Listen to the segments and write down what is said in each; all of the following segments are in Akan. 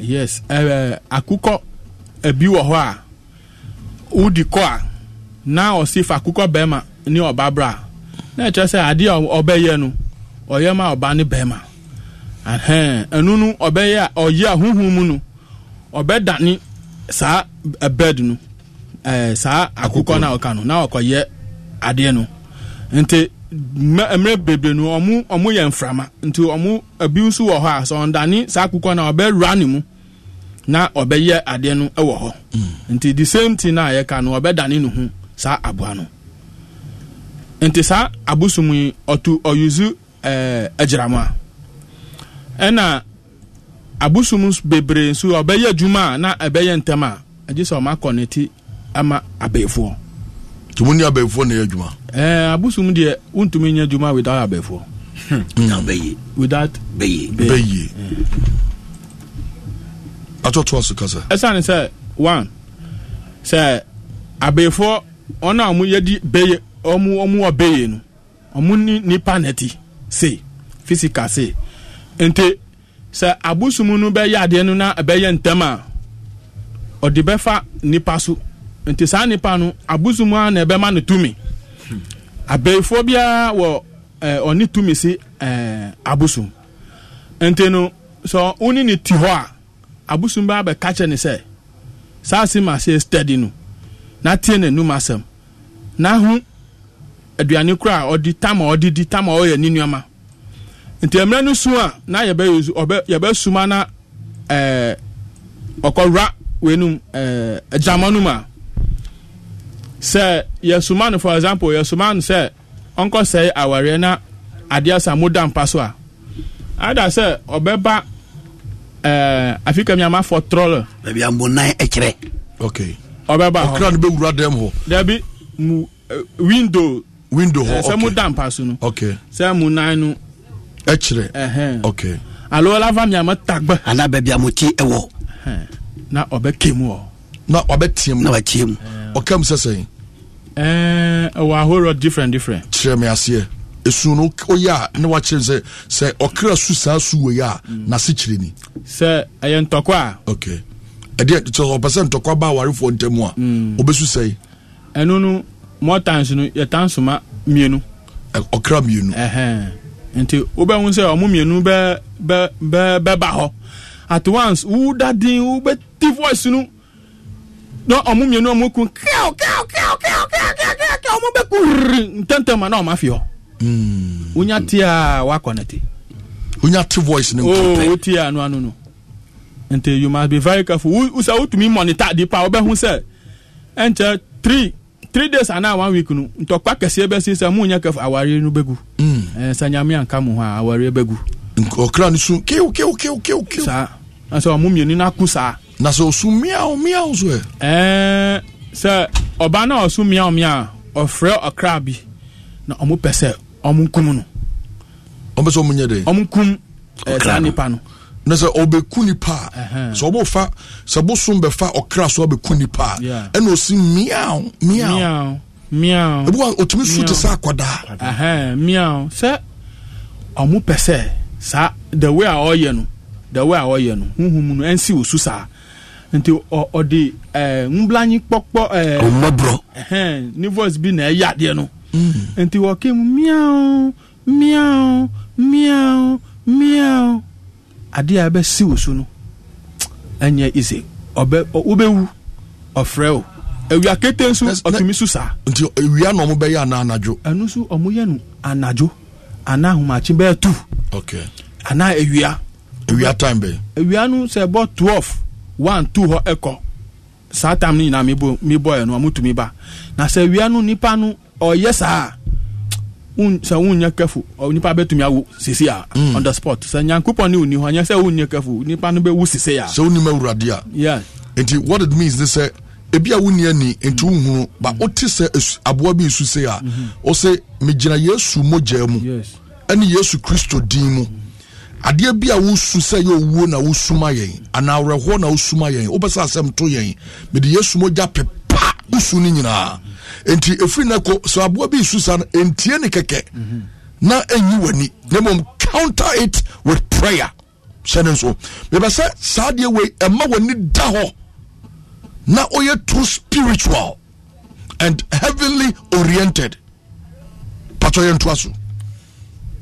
yes ɛɛ eh, eh, akụkọ ebi wọ hɔ a wodi kɔ a na ɔsi fa akụkọ bɛrima ne ɔba bra na ɛkyerɛ sɛ adeɛ a ɔbɛyɛ no ɔyɛ ma ɔba ne bɛrima ɛnu no ɔbɛyɛ a ɔyɛ ahuhum mu no ɔbɛdane saa bed no eh, saa akụkọ na ɔka no na ɔkɔyɛ adeɛ no nti mmerɛ bebree no ɔmo ɔmo yɛ mframa nti ɔmo ebi nso wɔ hɔ a sɛ ɔndane saa akokɔ na ɔbɛwura ne mu na ɔbɛyɛ adeɛ no wɔ hɔ mm. nti the same thing na yɛka no dani ne ho saa aboa no nti saa abosom yi ɔto ɔyuzu ɛɛ eh, agyirama ɛna abosom bebree nso ɔbɛyɛ adwuma a na ɛbɛyɛ ntɛm a agye sɛ ɔmo akɔ ne ti ama abɛɛfoɔ. Tumuni mo ni abɛɛfoɔ na yɛ adwuma. ɛɛ eh, abusum deɛ ntumi nyɛ adwuma without abɛɛfoɔ. Hmm. Hmm. na bɛyie. without bɛyie. bɛyie. Hmm. atɔtɔ aso kasa. ɛsan sɛ one sɛ abɛɛfoɔ ɔn a wɔn yɛdi bɛyie wɔn wɔn wɔ bɛyie no wɔn ni nipa nɛti se fisika se nti sɛ abusum no bɛyɛ adeɛ no na bɛyɛ ntɛm a ɔde bɛfa nipa so. nti saa nipa no abusu a na ɛbɛma no tumi abɛyifoɔ biara wɔ ɛɛ eh, ɔne tumi si ɛɛ eh, abusu nti no sɛ ɔne ne ti hɔ a abusu mu bɛ abɛka kyɛ ne sɛ saa si ma se no na tie n'anum asɛm na ho aduane kora a ɔde tam a ɔde di tam a ɔyɛ ne nneɛma nti mmerɛ no su a na yɛbɛ ɔbɛ yɛbɛ suma na ɛɛ eh, ɔkɔwura wɛnum ɛɛ ɛgyama no a. sɛ yɛsoma no for example yɛsoma no sɛ ɔnkɔ sɛe awareɛ na adeɛ sa moda mpa so a ada sɛ ɔbɛba ɛɛ eh, afika miama fɔ trɔlɔ. baabi a mbɔ nan ɛkyerɛ. ok ɔbɛba hɔ ɔkira no bɛ wura dɛm hɔ. dabi mu eh, window. window hɔ eh, ok sɛ mo da mpa so no. ok sɛ mo nan no. ɛkyerɛ ɛhɛn ok alo lava miama tagbɛ. ana baabi a mo ti ɛwɔ. na ɔbɛ kemu wɔ. na ɔbɛ tiɛ mu. na ɔbɛ tiɛ mu. ɔkɛ mu sɛsɛn. ɛwɔ eh, oh, ahoroɔ different different. kyerɛ me aseɛ oh, esu no oyɛ a ne wakyerɛ sɛ sɛ ɔkra su saa su wɔ yi a n'ase kyerɛ ni. sɛ ɛyɛ a. okay sɛ awarefoɔ a sɛɛ. ɛnu mmienu. mmienu. nti sɛ mmienu bɛ bɛ bɛ hɔ at once ti voice no. na ɔmo mmienu ɔmo kun kɛw kɛw kɛw kɛw kɛw kɛw kɛw ɔmo bɛ kuri ntɛntɛn ma na ɔmo afi hɔ. wonya hmm. te a wakɔ ne te. wonya te voice ne nkɔ pɛ. o te a anu anu no nti you must be very careful wusa wotumi monitor di pa ɔbɛ ho sɛ ɛnkyɛ three three days anaa one week no ntɔkpa kɛseɛ bɛ si sɛ mu nya careful awaare no bɛgu. Hmm. ɛɛ sɛ nyame anka mu hɔ a awaare bɛgu. ɔkra ne sun kew kew kew kew kew. saa ɛsɛ ɔmo mmienu na ku saa na sɛ ɔsu miao miao so ɛ eh, sɛ ɔba no a ɔso miao miao a ɔfrɛ ɔkra bi na ɔmo pɛ sɛ ɔmo nkum no ɔmo pɛ sɛ ɔmo nyɛ dɛ ɔmo nkum eh, saa nipa no na sɛ ɔbɛku nipa a sɛ ɔbɛfa sɛ bosom bɛfa ɔkra so ɔbɛku nipa a ɛna ɔsi miao miao miao ebi ɔtumi su te sɛ akwadaa miao sɛ ɔmo pɛ sɛ saa the way a ɔyɛ no the way a ɔyɛ no huhum no ɛnsi wɔ su saa nti ɔde nblanyi kpɔkpɔ ɔmɔbrɔ ne voice bi na ɛyɛ adeɛ no mm. nti wɔke mu miao miao miao miao adeɛ a ɛbɛsi wo so no ɛnyɛ ise ɔbɛ wobɛwu ɔfrɛ o awia kete nso ɔtumi so saa. nti awia na ɔmo bɛyɛ ana anadwo. ɛno nso ɔmo yɛ no anadwo ana ahomakye bɛyɛ tu. okay. ana awia. awia time bɛyɛ. awia no sɛ ɛbɔ twelve one two hɔ ɛkɔ saa tam no nyinaa mebɔ ɛno a motumi ba na sɛ wia no nipa no ɔyɛ saa sɛ wonyɛ kɛfo nipa bɛtumi awo sisi a mm. on the spot sɛ nyankopɔn ne wonni hɔ anyɛ sɛ wonyɛ kɛfo nipa no bɛwu sisi a sɛ wonim awurade a yeah. nti what it means ne sɛ ebi a wonni ani nti mm. wohunu ba mm. wote sɛ aboa bi nsu sei a wo mm-hmm. sɛ megyina yesu mogyaa mu ɛne yesu kristo din mu mm -hmm. adeɛ bi a wosu sɛ yɛ owuo na wosuma yɛn anaa awerɛhoɔ na wosuma yɛn wopɛ sɛ asɛm to yɛn mede yesu mogya pepa wosu no nyinaa enti ɛfiri no kɔ sɛ aboa bi su sa no ɛntie ne kɛkɛ na ɛnyi w'ani na mmom counter it with prayer sɛne nso mebɛ sɛ saa deɛ wei ɛma w'ani da hɔ na woyɛ to spiritual and heavenly oriented patɔ yɛ so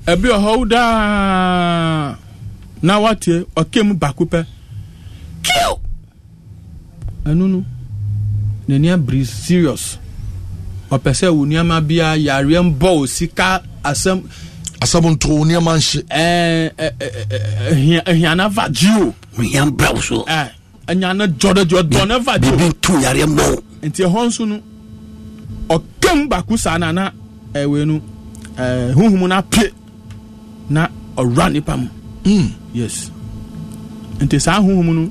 ebi ɔhɔ wo daa na watie ɔkee mu baako pɛ kiw ɛno no n'ani abiri serious ɔpɛ sɛ wo nneɛma biara yareɛ mbɔ o sika asɛm asɛm nto wo nneɛma nhye ɛɛ ɛhiana va gio ohia mbrɛ wo so ɛɛ ɛnyana jɔdɔjɔ dɔnɛ va gio bibi tu yareɛ mbɔ o nti ɛhɔ nso no ɔkee mu baako saa nana ɛwɛ no ɛɛ huhum na pie. na ɔwura nipa mu hmm. yes nti saa huhum no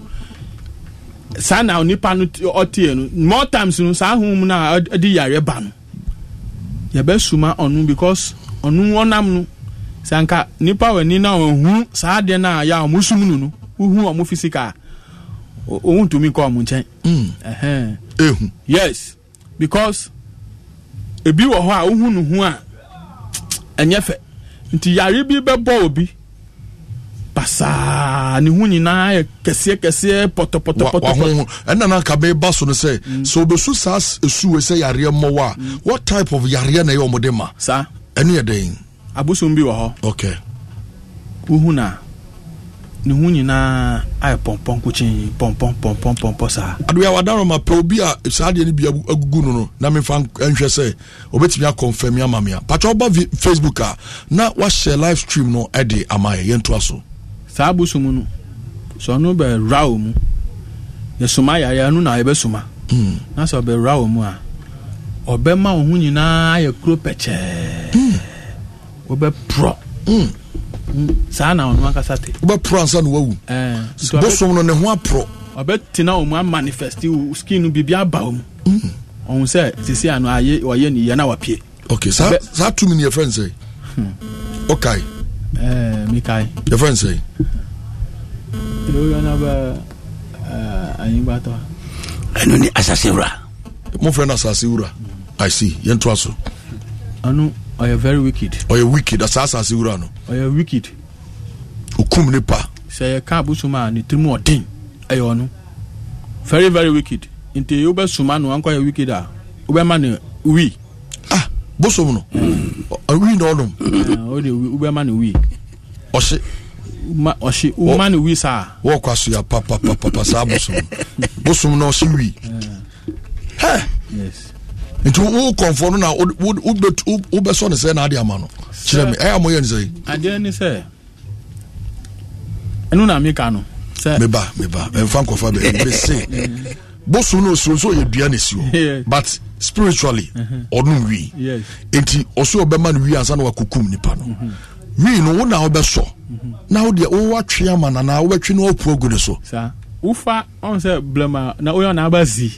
saa na nipa no ɔteɛ no more times no saa huhum no a ɔde yare ba no yɛbɛ suma ɔno because ɔno ɔnam no sanka nipa wɔ ani na ɔhu saa adeɛ no a yɛ a ɔmo sum no no wohu ɔmo fisika a ɔmo ntumi kɔ ɔmo nkyɛn hmm. ehu yes because ebi wɔ hɔ a wohu no ho a ɛnyɛ fɛ. nti yare bi bɛbɔ obi basaa ne ho nyinaa yɛ kɛseɛ kɛseɛ pɔtɔpɔtɔpɔtɔ ɛna na ka bɛba so no sɛ mm. sɛ obɛsu saa ɛsuwe sɛ yareɛ mmɔwɔ a mm. what type of yareɛ na ɛyɛ ɔmode ma saa ɛno yɛ dɛn abosom bi wɔ hɔ okay wohu no ne ho nyinaa ayɛ pɔmpɔn kokyin pɔmpɔn pɔmpɔn pɔmpɔn saa adeɛ awadaro ma pɛ obi a saa adeɛ no bi agugu no no na mefa nhwɛ sɛ obɛtumi akɔmfami ama me a patwa woba facebook a na wahyɛ live stream no de ama yɛ yɛntoa so saa abusu mu no sɛ ɔno bɛwra wɔ mu yɛsoma yɛayɛ no na yɛbɛsoma hmm. na sɛ ɔbɛwra wɔ mu a ɔbɛma wo ho nyinaa ayɛ kuro pɛkyɛɛ hmm. wobɛporɔ hmm. saa na ɔno ankasa te wobɛporɔ ansa na wawu bosom no ne ho aporɔ ɔbɛtena wɔ mu amanifest skin no biribi aba wɔ mu mm. ɔhu sɛ sesie ano ayɛ ɔyɛ ne yɛ na wapie okay saa tumi ne yɛfrɛ nsɛ ɔkae mekae yɛfrɛ nsɛ ɛno ne asase wura mofrɛ no asase wura i see yɛntoa so ɔno ɔyɛ very wicked. ɔyɛ wicked asa asase wura no. ɔyɛ wicked. okum nipa. sɛ yɛ ka abosom a ne tirim ɔden ɛyɛ ɔno very very wicked nti wobɛ soma no ankɔ yɛ wicked a wobɛma ne wi. ah bosom no. wi na ɔnom. ɔde ah, wi wobɛma ne wi. ɔsi. ma ɔsi woma ne wi saa. wɔɔkɔ aso ya papapapa saa bosom bosom na ɔsi wi. Ah. yes nti wo kɔnfɔ no na wobɛsɔ ne sɛ na ade ama no kyerɛ me ɛyɛ moyɛ ne sɛ meba meba ɛmfa nkɔfa bɛ mese bosom no osuro nso yɛ dua ne si hɔ but spiritually mm-hmm. ɔno wi nti ɔso ɔbɛma no wi ansa na wakokum nipa no mm-hmm. wi no wo na wobɛsɔ mm-hmm. na wodeɛ wowatwe ama nanaa wobɛtwe na wapu agu ne so wofa ɔn sɛ blama na woyɛ ɔna aba si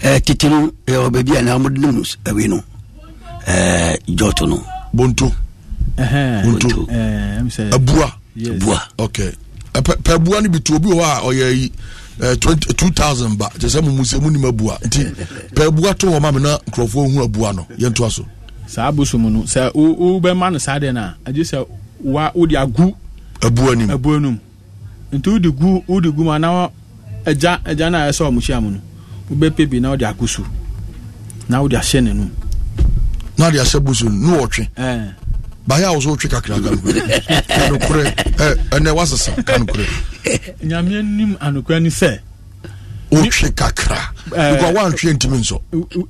eh, tete baabi a na mode nom awei no eh, jɔto no bonto bonto abua abua ok pɛbua no bi to obi wɔ a ɔyɛ yi 2000 ba kyɛ sɛ mumusɛ mu nim abua nti pɛbua to hɔ ma me nkurɔfoɔ hu abua no yɛntoa so saa bosom no sɛ wobɛma no saa deɛ no a agye sɛ wode agu abua nim abua nim nti wode gu wode gu ma na agya agya no a ɛsɛ ɔmo hyia mu no wobɛpɛ bi na wode ako su na wode ahyɛ ne nom na wode ahyɛ busu no ne wɔtwe bayɛ a wo so wotwe kakra kanokorɛ ɛnɛ woasesa kanokorɛ nyame nim anokora ne sɛ wotwe kakra bikwa woantwe ntimi nsɔ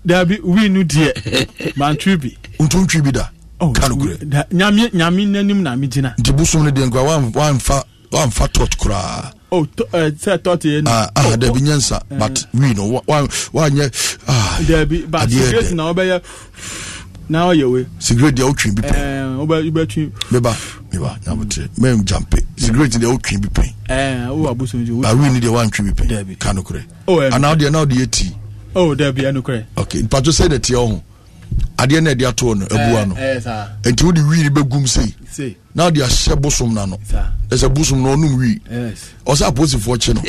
daabi wii no deɛ mantwe bi ntontwe bi da kanokorɛ nyame n'anim na megyina nti bosom no deɛ nkora wamfa wamfa tot koraa oh, eh, ah, ah, oh, dabi oh. nyansa eh. but we no wanyɛ adeɛ dɛ na ɔyɛ we cigarette deɛ wotwe bi pɛn eh, meba meba nyamote mɛm jampe cigarette deɛ wotwe bi pɛn bawi ni deɛ wantwe bi pɛn ka nokorɛ anaa deɛ na wode yɛ tii dabi ɛnokorɛ okay mpatwo sɛ dɛ teɛ wo ho adeɛ na ɛde ato no abua eh, no eh, nti wode wiiri bɛgum sei na wode ahyɛ bosom no ano ɛsɛ bosom no ɔnom wii ɔsɛ aposifoɔ kye no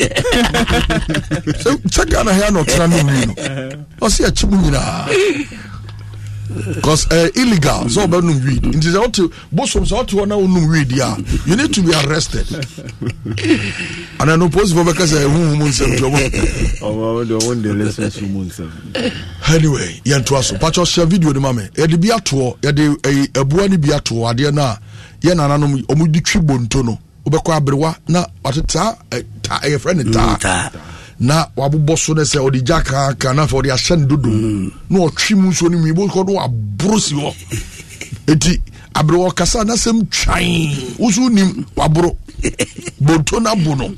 sɛ ghana hɛ na ɔtena nom wii no eh. ɔsɛ ɛkye mu nyinaa because uh, eh, illegal sɛ wobɛnom weed nti sɛ wote bosom sɛ wote hɔ na wonom weed a you need to be arrested ana oh, eh, eh, no posifoɔ bɛka sɛ huhu mu nsɛm nti anyway yɛntoa so pakyɛ hyɛ video no ma me yɛde bi atoɔ yɛde abua no bi atoɔ adeɛ no a yɛ nananom ɔmode twi bonto no wobɛkɔ aberewa na wate taa ɛyɛfrɛ ne taa na wabobɔ so no sɛ ɔde gya kaaka na afei ɔde ahyɛ no dodo mm. na ɔtwe mu nsuo no mmibo no waboro si hɔ enti aberɛ wɔkasa na sɛm twan wo so wonim waboro bonto no abo no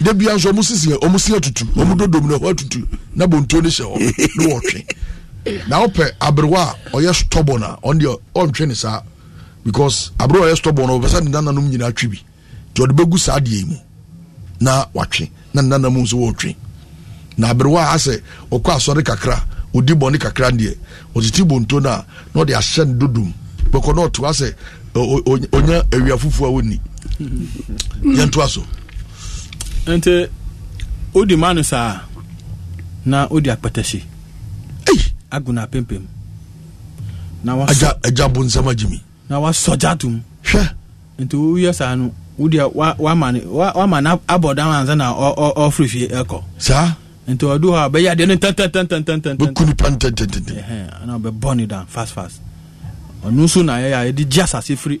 da bia nso ɔmo sisi ɔmo si atutu ɔmo dodo mu na ɛhɔ atutu na bonto no hyɛ hɔ na wɔtwe na wopɛ aberewa a ɔyɛ stubborn a ɔndeɛ ɔntwe ne saa because aberewa a ɔyɛ stubborn no ɔpɛ sɛ ne nananom nyinaa twe bi nti ɔde bɛgu saa deɛ yi mu na watwe na nana mu nso wɔretwe na aberewa a asɛ ɔkɔ asɔre kakra odi bɔne kakra deɛ ɔtete bonto no a na ɔde ahyɛ no dodom bɛkɔ na ɔtoa sɛ ɔnya awia fufuo a wɔnni yɛntoa so nti wodi ma no saa na wodi akpɛtɛhye agu no apempem na agya bonsɛm agye mi na wasɔ gya tom hwɛ nti woyɛ saa no wodeɛ wama no abɔ dam ansa na ɔforo fie ɛkɔ saa nti ɔdu hɔ a bɛyɛ adeɛ no tɛntɛntɛntɛntɛntɛbɛku nipa no tɛntɛntɛntɛna ɔbɛbɔ ne dan fast fast ɔno nso na yɛyɛ yɛde gye asase firi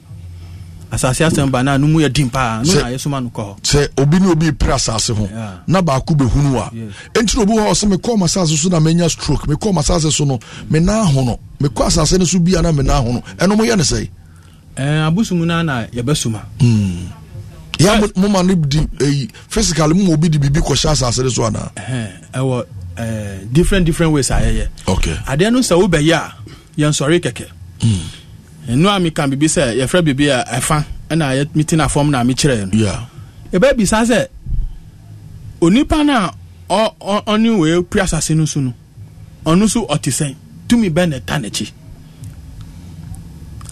asase asɛm ba na nomu yɛ din paa no na yɛsoma no kɔ hɔ sɛ obi ne obi pere asase ho na baako bɛhunu a ɛnti na obi hɔ sɛ mekɔɔ m asase so na manya stroke mekɔɔ m asase so no menaa ho no mekɔ asase no so bia na menaa ho no ɛno moyɛ ne sɛe abosom no na yɛbɛsoma ya mo ma no di eyi eh, physically mo obi di bibi kɔ hyɛ asase de so ana. ɛwɔ ɛɛ eh, different different ways a yɛyɛ. okay adeɛ no sɛ wo bɛ yɛ a yɛn sɔre kɛkɛ. Hmm. nnua mi kan bibi sɛ yɛfrɛ bibi a ɛfa ɛna mi ti na fam na mi kyerɛ yɛn. ebe bisa sɛ onipa na ɔ ɔne wee pia asase no so no ɔno so ɔte sɛn tumi bɛ na ɛta n'akyi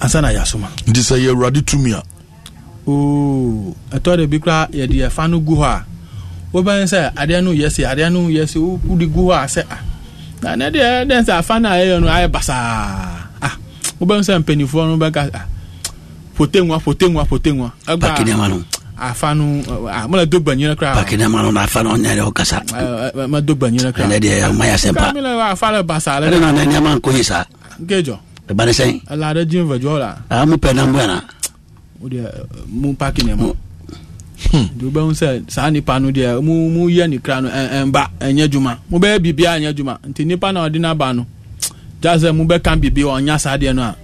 ansa na yɛ asoma. nti sɛ yɛ awurade tumi a oo ɛtɔ de bi kora yɛde ɛfa no gu hɔ a wobɛn sɛ adeɛ no yɛ se adeɛ no yɛ se wode gu hɔ a sɛ a ah, na ne deɛ dɛn sɛ afa no a ɛyɛ no ayɛ basaa a ah, wobɛn sɛ mpanimfoɔ no bɛka a ah, potenwa potenwa potenwa ɛgba afa no mala do gbanyina kra pakinama no na afa no nya le okasa ma do gbanyina kra ne de ma ya sempa kamila wa afa le basa le na na nya man ko yisa gejo de banese ala de jin vajola amu penambuana wodeɛ mu paki ne ma hmm. nti wobɛhu sɛ saa nipa no deɛ muyɛ ne kra no ɛmba ɛnyɛ adwuma mobɛyɛ biribiaa ɛnyɛ adwuma nti nipa na ɔde no aba no gya sɛ mobɛka biribi ɔnya saa deɛ no a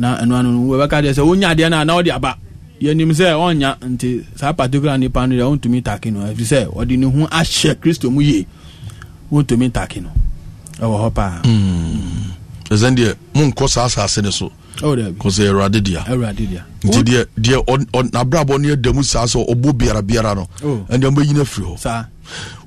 na ɛno ano no wobɛka deɛ sɛ wonya deɛ no a na ɔde aba yɛnim sɛ ɔnya nti saa particular nipa no deɛ wontumi take no ɛfiri sɛ ɔde ne ho ahyɛ kristo mu yie wontumi take no ɛwɔ hɔ paa hmm ɛsɛn deɛ monkɔ saa asase ne so oh, kɔsɛ awurade dea nti deɛ deɛ nabrabɔ no yɛda mu saa sɛ ɔbɔ biara biara no oh. ɛnde mɛyina firi hɔ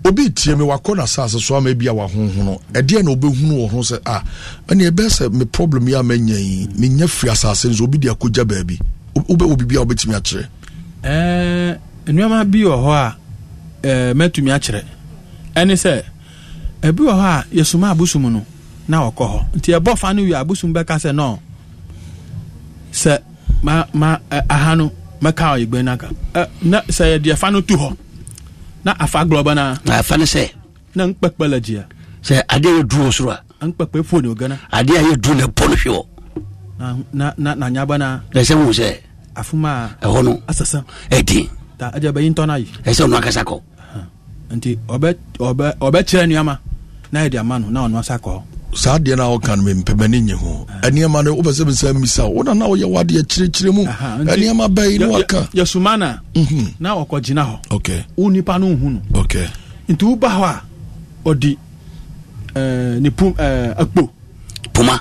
obi tie me wakɔ nasase so ama bia wahohono ɛdeɛ na wobɛhunu wɔ ho sɛ a ah, ɛne ɛbɛɛ sɛ me problem yi a manya yi menya firi asase no so obi de akɔgya baabi wobɛ obibia wobɛtumi akyerɛ nnoɔma bi wɔ hɔ a mɛtumi akyerɛ ɛne sɛ ɛbi wɔ hɔ a yɛsoma abosom no na ɔkɔ hɔ nti ɛbɔ fa no wie abosom bɛka sɛ no sɛ ma ma ɛ aha no mɛka ɔyɛgbɛn naka na sɛ yɛde ɛfa no tu hɔ na afa agorɔ na. na afa no sɛ. na nkpɛkpɛ la jia. sɛ adeɛ yɛ duro soro a. nkpɛkpɛ fo ne o adeɛ yɛ duro na bɔ no hwɛ wɔ. na na na nyaba na. ɛsɛ wo sɛ. afuma. ɛhɔ no asasa. ɛdi. ta ɛdi ɛbɛyi ntɔ na yi. ɛsɛ ɔno akasa kɔ. nti ɔbɛ ɔbɛ ɔbɛ kyerɛ nneɛma na yɛ de ama no na ɔno asa kɔ. saa deɛ no a woka no mempɛmani nye ho ɛnneɛma no wopɛ sɛ mesa misa wo mhm. eh, eh, na na woyɛ wadeɛ kyerɛkyerɛ mu ɛnneɛma bɛi eh, ne waka yɛsoma no a na ɔkɔgyina hɔ wo nipa no nhu no nti woba hɔ a ɔde ne akpo poma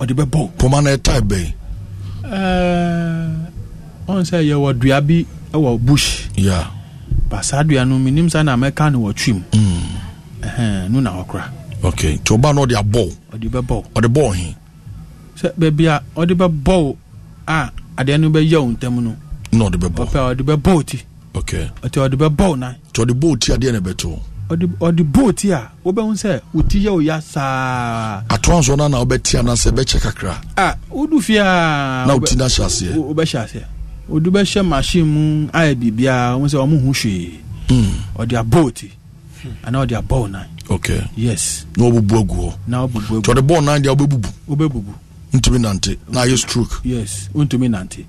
ɔde bɛbɔ poma no ɛtae bɛi ɔn sɛ yɛwɔ dua bi e wɔ bush ba saa dua no menim sa na mɛka no wɔ twim mm. no na ɔkora okay nti ɔbaa no ɔde abɔ wo ɔde bɛbɔ wo ɔde bɔɔ he sɛ baabi a ɔde bɛbɔ wo a adeɛ no bɛyɛ wo ntam no na ɔde bɛbɔ ɔpɛ ɔde bɛbɔ wo ti okay ɔte ɔde bɛbɔ wo nan nti ɔde bɔ wo ti adeɛ na ɛbɛto wo ɔde ɔde bɔ wo ti a wobɛhu sɛ wo ti yɛ wo ya saa atoa nso no na wobɛti anaasɛ ɛbɛkyɛ kakra a wodu fie a na wo ti no ahyɛ aseɛ wobɛhyɛ aseɛ wode bɛhyɛ machine mu ayɛ biribiaa wo sɛ ɔmo ho hwee ɔde abɔ wo ti ana ɔde abɔ ɔnan. ok yes. na ɔbubu agu hɔ. na ɔbubu agu hɔ tɔde bɔ ɔnan deɛ ɔbɛbubu. ɔbɛbubu. ntumi nante na ayɛ stroke. yes ntumi nante.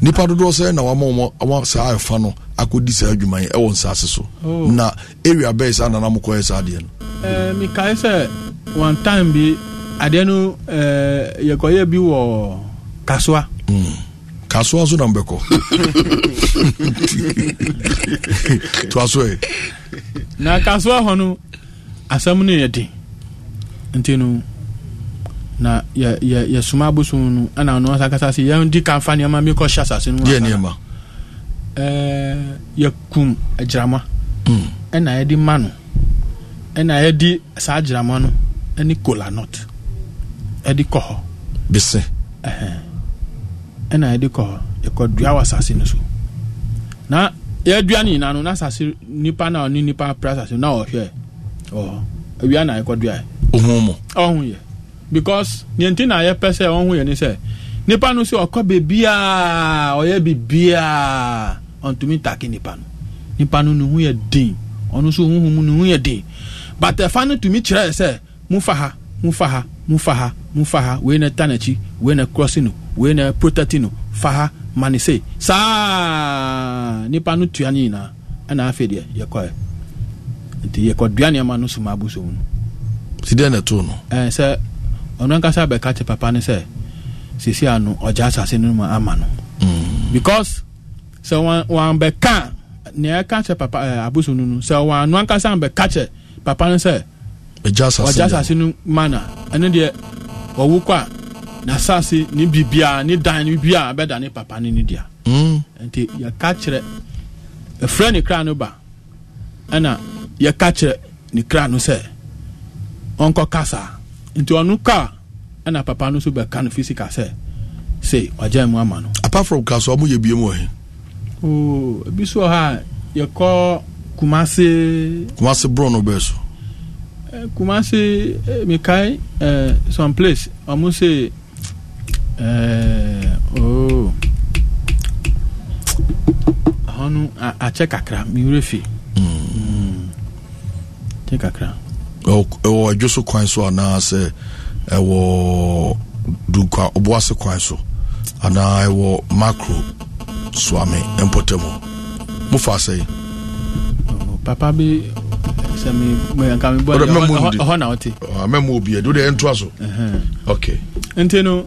nipa dodoɔ sɛ na wama wɔn wɔn saa ɛfa no akɔdi saa adwuma yi ɛwɔ nsaase so. Oh. na area bɛyɛ saa nana mo kɔɛ saa adeɛ no. ɛɛ eh, sɛ one time bi adeɛ no eh, yɛkɔyɛ bi wɔ kasoa. Mm. kasoa nso na mbɛkɔ to aso yɛ. na kasoa hɔ no asɛm no yɛ den nti no na yɛsoma abosom no ɛna ɔno asa kasa se yɛdi ka mfa nneɛma bi kɔhyɛ asase no nneɛma yɛkum agyirama hmm. ɛna yɛde ma no ɛna yɛde saa agyirama no ɛne kolanot ɛde kɔ hɔ bese ɛna yɛde kɔ hɔ yɛkɔdua wɔ asase no so na yɛadua no nyinaa no na asase nipa na a ɔne nipa pra asase na ɔhwɛ ɔhɔ awia na yɛkɔdua ɔhu mu ɔhu yɛ because nenti na yɛpɛ sɛ ɔhu yɛ ne sɛ nipa no sɛ ɔkɔ beebiaa ɔyɛ beebiaa ɔntumi take nipa no nipa no ne ho yɛ den ɔno nso huhu mu ne ho yɛ den but ɛfa no tumi kyerɛ sɛ mufa ha mufa ha mufa ha mufa ha wei na ta n'akyi wei na crossing no wei na protecting no fa ha ma se saa nipa no tua ne nyinaa ɛna afei deɛ yɛkɔɛ nti yɛkɔdua nneɛma no soma abo so mu si dɛn na no sɛ ɔno ankasa bɛka kyɛ papa ne sɛ sisi ano ɔgya asase no mu ama no mm. because sɛ wɔn wɔn bɛka nea ɛka kyɛ papa abu abo so no no sɛ wɔn ankasa bɛka kyɛ papa ne sɛ ɔgya asase no mana, na ɛne deɛ ɔwu kɔ a na asase ni bibia ni dan no biaa bɛda ne papa ne ne dea hmm. nti yɛka kyerɛ ɛfrɛ ne kra no ba ɛna yɛka kyerɛ ne kra no sɛ ɔnkɔ kasa nti ɔno ka ɛna papa no nso bɛka no fisika sɛ se wagya mu ama no apart from kasa so ɔmo yɛ biem wɔ he ebi so ha yɛkɔ kumase kumase borɔ no bɛɛ so kumase eh, mekae eh, some place ɔmo se hɔ no akyɛ kakra mewerɛ fi kyɛ kakra ɛwɔ adwo so kwan so anaasɛ ɛwɔ dunkwa ɔboase kwan so anaa ɛwɔ macro soame mpɔtamu mofa sɛi papa bi sɛ mɛmɛhɔ na wote mɛmu obiɛ de wode ɛntoa so ok nti no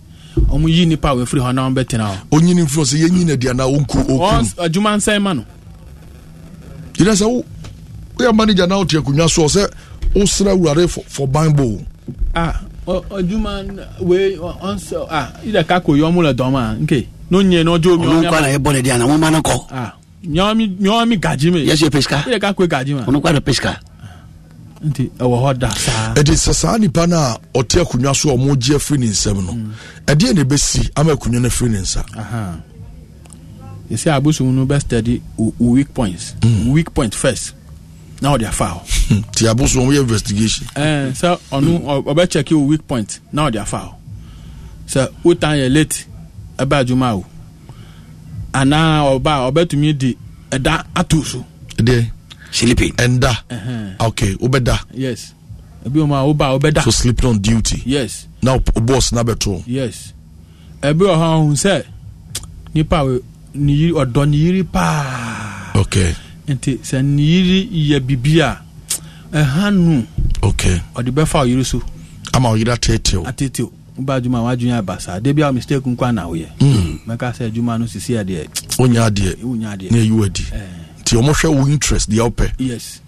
ɔmo yi nipa a wafiri hɔ na ɔmo bɛtena hɔ. onyini nfiri sɛ yɛn nyina deɛ na onku okuru. ɔn adwuma nsɛn ma no. yìnyɛn sɛ wo yɛ manager na ɔte akonnwa soɔ sɛ o sra wurare fɔ ban bo. a ɔdwuma wee ɔnsɛ a yíyá kakò yɔ ɔmo lɛ dɔn ma nke n'onye n'ɔjɔ omi ɔmo nkwa na yɛ bɔ ne di yan na mo ma kɔ. a nyɔmi nyɔmi gaji mi. yɛsi ye pesika. yíyá kakò gaji ma. ɔno nkwa na pesika. nti ɛwɔ hɔ da saa ɛdi sɛ saa nipa no a ɔte akonnwa so a ɔmo gye afiri ne nsam no mm. ɛdeɛ na ɛbɛsi ama akonnwa no afiri ne nsa yɛsɛ abosom no bɛstudy weak points mm. weak point first na ɔde afa hɔ hmm. nti abosom woyɛ investigation sɛ ɔno hmm. ɔbɛkyɛke wo weak point na ɔde afa hɔ sɛ wotan yɛ late ɛba adwuma o anaa ɔba ɔbɛtumi de ɛda ato so ɛdeɛ sleeping. ẹnda uh-huh. okay o da. yes ebi wɔ mu a o da. so sleeping on duty. yes na o boss na bɛ to. yes ebi wɔ hɔ ahun sɛ nipa ni yiri ɔdɔ ni paa. okay nti sɛ ni yiri yɛ bibi a ɛha nu. okay ɔde bɛ fa o yiri so. ama o yiri atetew. atetew ba adwuma wa adwuma aba saa de bi a mistake nkwa na o yɛ. Hmm. mɛka sɛ adwuma no sisi adeɛ. o nya adeɛ ne yi wa di. Eh nti ɔmo hwɛ wo interest deɛ ɔpɛ. yes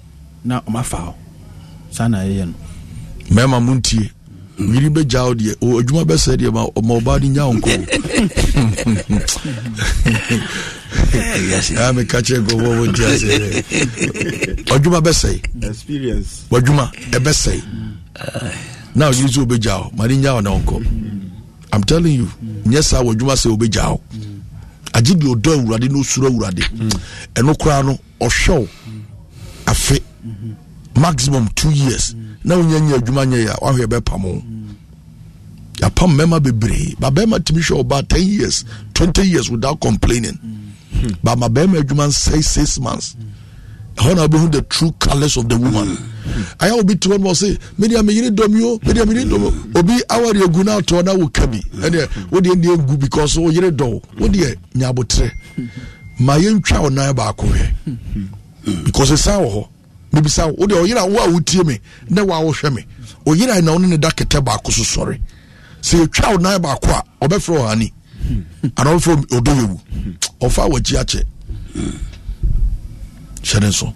na ɔmo afa hɔ saa na ɛyɛ no. mɛɛma mu ntie yiri bɛ gya o deɛ o adwuma bɛ sɛ deɛ ma ɔmo ɔbaa de nya nkɔ. ɛɛ ah, meka kyerɛ nkɔmɔ mo nti ase dɛ ɔdwuma bɛ sɛ. experience. ɔdwuma ɛbɛ sɛ. na ɔyiri nso o bɛ gya o ma de nya o na nkɔ i'm telling you nyɛ saa ɔdwuma sɛ o bɛ gya o. Mm agye deɛ ɔdɔ awurade na ɔsuro awurade ɛno koraa no ɔhwɛw afe maximum two years na wonya nya adwuma nyɛ a wahwɛ bɛpamo yɛpam mmarima bebree ba bɛrima tumi hwɛ ɔba 10 years 20 years without complaining hmm. ba ma bɛrima adwuma nsɛe 6 months mm -hmm ɛhɔ na wobɛhu the true colours of the woman ayɛ obi te hɔ no ɔse medeɛ meyere dɔm yo medeɛ meyere dɔm obi aware agu no atɔ na woka bi ɛneɛ wodeɛ ne ɛgu because woyere dɔ wodeɛ nya aboterɛ ma yɛntwa wo nan baako hwɛ because ɛsan wɔ hɔ mebisa wo wodeɛ ɔyere a wo a wotie me na woa wohwɛ me ɔyere a na wo ne ne da kɛtɛ baako so sɔre sɛ yɛtwa wo nan baako a ɔbɛfrɛ ɔhane anaa ɔbɛfrɛ ɔdɔ yɛwu ɔfa wɔgye akyɛ kyerɛ nso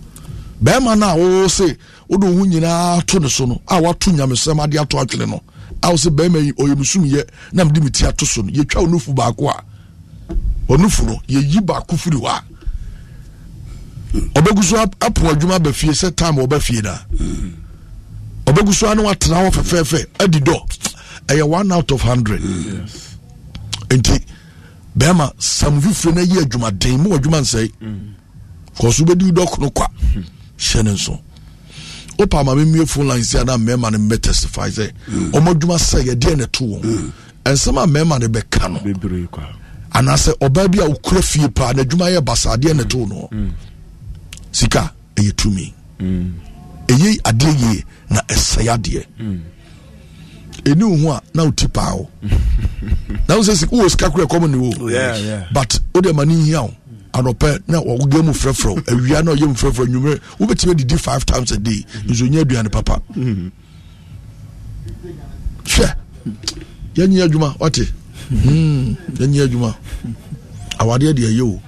bɛrima no a wɔwɔ se wode wo ho nyinaa to ne so no a wato nyamesɛm ade ato atwene no a wo sɛ bɛrima yi ɔyɛmesumyɛ na mede meti ato so no yɛtwa wo nufu baako a ɔnufu no yɛyi baako firi hɔ a ɔbɛgu so apo adwuma ba fie sɛ time ɔba fie no a ɔbɛgu so ane watena hɔ fɛfɛɛfɛ adi dɔ ɛyɛ one out of hundred nti bɛrima sam fifire no ayi adwuma den mu adwuma nsɛe mm kɔsu bɛ di dɔkono kwa hyɛ ne nso wopa maame mmie phone line si ana mmarima no mbɛ testify sɛ mm. ɔmo adwuma sɛ yɛdeɛ ne to wɔn mm. nsɛm a mmarima no bɛka no anaasɛ ɔbaa bi a okura fie paa n'adwuma yɛ basa adeɛ ne to no mm. sika ɛyɛ tumi ɛyɛ adeɛ yie na ɛsɛɛ adeɛ ɛni wo ho a na wo ti paa wo na wo sɛ wowɔ sika kora ɛkɔm ne wo but wode ma ne nhia wo anɔpɛ na wɔyɛ mu frɛfrɛ awia na ɔyɛ mu frɛfrɛ nwumere wobɛtumi adidi five times a day mm-hmm. nso nyɛ aduane papa mm-hmm. hwɛ yɛnyɛ adwuma ɔte mm-hmm. yɛnyɛ adwuma awadeɛ deɛ ɛyɛ o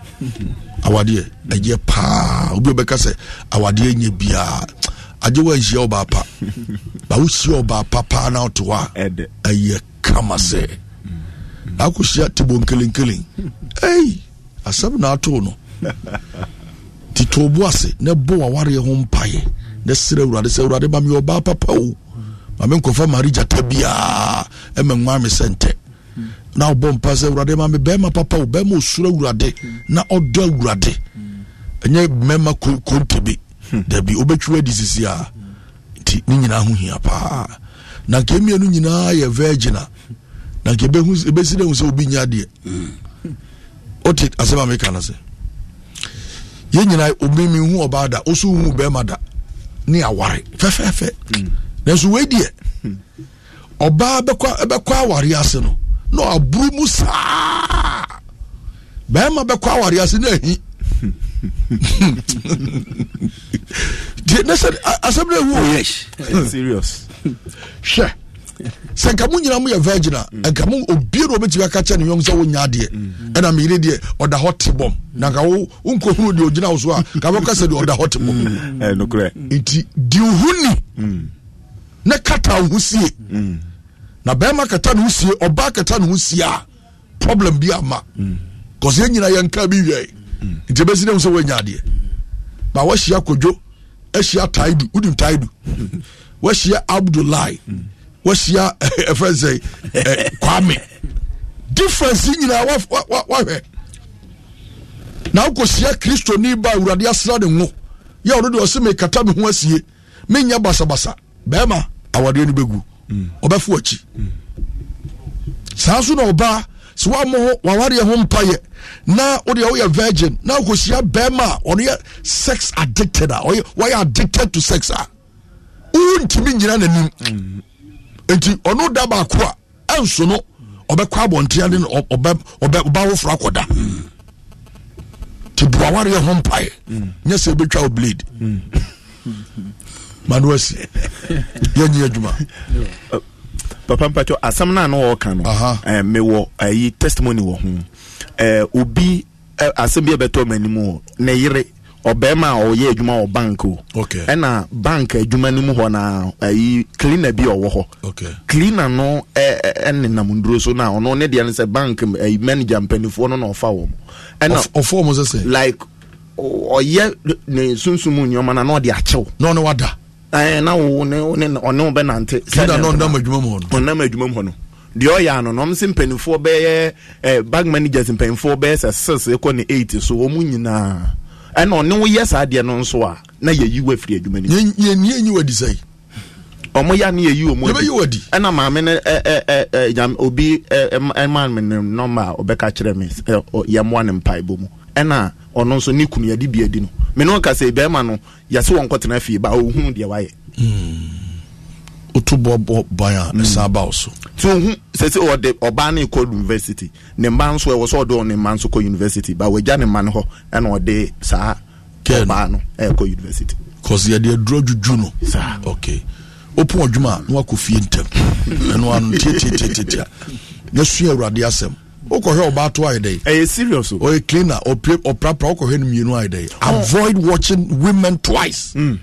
awadeɛ ɛyɛ paa obi bɛka sɛ awadeɛ nyɛ biaa agye wa nhyia ɔbaa pa ba wohyia ɔbaa pa paa na wote hɔ a ɛyɛ kama sɛ na akɔhyia tebɔ nkelenkelen ei hey. asɛm na ato no nti to bo ase na bɔ awareɛ ho mpaeɛ na serɛ awurade sɛ awurade ma meyɛ ɔbaa papa o ma me nkɔfa mare gyata biaa ɛma nwa me sɛ ntɛ na wobɔ mpa sɛ awurade ma me bɛrima papa o bɛrima ɔsuro awurade na ɔdɔ awurade ɛnyɛ mɛma kontebe dabi wobɛtwi wadi sisi a nti ne nyinaa ho hia paa na nka mmienu nyinaa yɛ virgin a na nka ɛbɛsi dɛ hu sɛ obi nya adeɛ wote asɛm a meka no sɛ yɛn nyinaa omimi hu ɔbaa da ɔso hu bɛrima da ne aware fɛfɛɛfɛ hmm. nanso wei deɛ ɔbaa bɛkɔ aware ase no na aburu mu saa bɛrima bɛkɔ aware ase na ahi deɛ ne asɛm no hwɛ sɛ nka mo nyinaa moyɛ virgin a mm. nka mo obie na wɔbɛtumi aka kyɛ ne yɔn sɛ wonya adeɛ mm. ɛna meyere deɛ ɔda hɔ te bɔm na nka wo wonkɔhunu deɛ ogyina wo so a ka bɛka sɛ deɛ ɔda hɔ te bɔm mm. eh, nti di wo ho ni na kata wo ho sie na bɛrima kata ne ho sie ɔbaa kata ne ho sie a problem bi ama kɔsɛ nyina yɛnka bi wiɛ nti ɛbɛsi ne mu sɛ woanya adeɛ ba wahyia kodwo ahyia taidu wodim taidu wahyia abdulai mm. wahyia eh, ɛfɛ sɛ eh, kwame difference nyinaa wahwɛ na wokɔhyia kristoni ba awurade asra ne ngo yɛ ɔno deɛ ɔsɛ mekata me ho asie menyɛ basabasa bɛrima awadeɛ no bɛgu mm. ɔbɛfo akyi mm. saa nso na ɔbaa sɛ mo, ho wawareɛ ho mpayɛ na wode woyɛ virgin na wokɔhyia bɛrima a ɔno yɛ sex addicted a wɔyɛ addicted to sex a wontumi nyina n'anim mm eti ɔno da baako a ɛnso no ɔbɛkɔ abɔntea de ɔbɛwo foro akɔda nti buawareɛ ho mpae nyɛ sɛ ɛbɛtwa wo blade mano asi yɛnyi adwuma papa mpatwo asɛm no eh, eh, eh, a na wɔɔka no mewɔ ayi testimony wɔ ho obi asɛm bi ɛbɛtɔ m'anim wɔ ne yere ɔbɛrima a ɔyɛ adwuma wɔ bank o ɛna bank adwuma no mu hɔ na ayi eh, cleaner bi ɔwɔ hɔ cleaner no ɛnenam nduro so na ɔno ne deɛ no sɛ bank ayi eh, manager mpanimfoɔ no na ɔfa wɔn ɛna ɔfɔ wɔn sɛ sɛ like ɔyɛ ne sunsun mu nneɛma na na ɔde akyɛw na wada ɛɛ na wo ne ne ɔne wo bɛ nante cleaner na ɔnam adwuma mu hɔ no ɔnam adwuma mu hɔ no deɛ ɔyɛ ano na ɔmo sɛ bɛyɛ ɛɛ eh, bank managers mpanimfoɔ bɛyɛ sɛ six ɛkɔ ne eight so wɔn nyinaa. ɛna ɔne wo yɛ saa deɛ no nso a na yɛyi wo afiri adwuma no yɛnie nyi wadi sɛi ɔmo ya ne yɛyi ɔmo adi wadi ɛna maame no ɛ ɛ ɛ nyame obi ɛ ɛma me ne nɔmba a ɔbɛka kyerɛ me ɛ yɛmoa ne mpaebɔ mu ɛna ɔno nso ne kunu yɛde bi adi no me ne ɔka sɛ bɛrima no yɛse wɔn kɔtena afie ba ohun deɛ wayɛ hmm wotu bɔ bɔn a ɛsan hmm. ba o so. tí o hun hmm, sese ɔde ɔbaa ne kɔ university ne mba nso ɛwɔ sɛ ɔde ɔne mba nso kɔ university ba wɔgya ne mba no hɔ ɛna ɔde saa ɔbaa no ɛkɔ university. kɔsi yɛde aduro juju no. saa ok opun ɔdwuma na wakɔ fie ntɛm ɛnu ano tietietietia na sua awurade asɛm wokɔhwɛ ɔbaato ayɛ dɛ ɛyɛ serious ɔyɛ cleaner ɔprapra wokɔhwɛ no mmienu ayɛ dɛ avoid watching women twice hmm.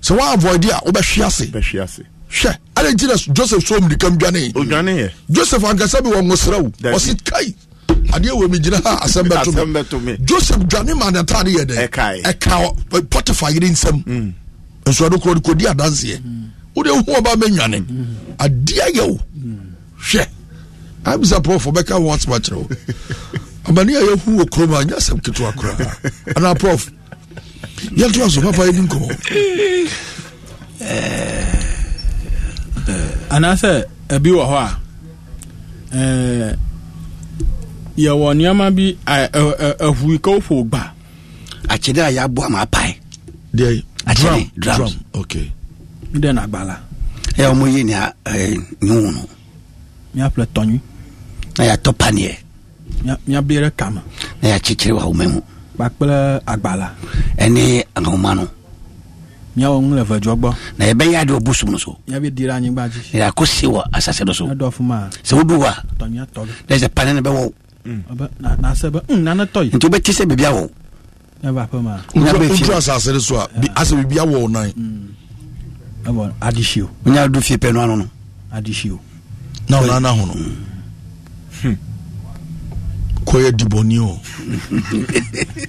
sɛ woavoid a wobɛhwe ase hwɛ ɛna nti na joseph so omirika mu dwane odwane joseph ankasa bi wɔ ŋosira wo ɔsi kai adeɛ wɔ mi gyina ha asɛm bɛ to joseph dwane ma n'ataade yɛ dɛ ɛka pɔtifa yiri nsɛm mm. nsɔɔdo kuro ko di adanseɛ mm. o de hu ɔba bɛ nwane mm. adeɛ yɛ o hwɛ abisa pɔfo bɛka wɔn asoma kyerɛ o amani a yɛ hu wɔ kurom a nyɛ asɛm ketewa koraa anaa pɔf yɛnto aso papa yɛ di nkɔmɔ. anaasɛ ebi wɔ hɔ a eh, yɛwɔ nneɛma bi eh, eh, ahuikawfo gba akyɛde a yɛaboa ma apae deɛ drum drum okay dɛn na agbala ɛ ɔmo yi ni a ɛɛ nyuhu no mi apilɛ tɔnyi na yàtɔ paniɛ mi abiyɛrɛ kama na yàtɔ kyekyere wa ɔmo mu kpakpɛrɛ agbala ɛni ahoma no miawo ŋu le vedzɔ gbɔ. na ebe ya ɖe o bu sunu so. ya bi di ɖe anyigba dzi. yàrá ko se wa asase dɔ so. ne dɔ fuma. sewu du wa. tɔnyɛ tɔ bi. ne zɛ pane bɛ wɔ. Mm. ɔbɛ na na se bɛ n mm, nane tɔ yi. nti o bɛ ti se bibi awɔ. ne b'a fɔ ma. n tura asase de so a bi ase bibi awɔ mm. o nan ye. e adi si o. n y'a du fie pɛnu anu. adi si o. n'aw nana hun kɔyɛ dibɔni o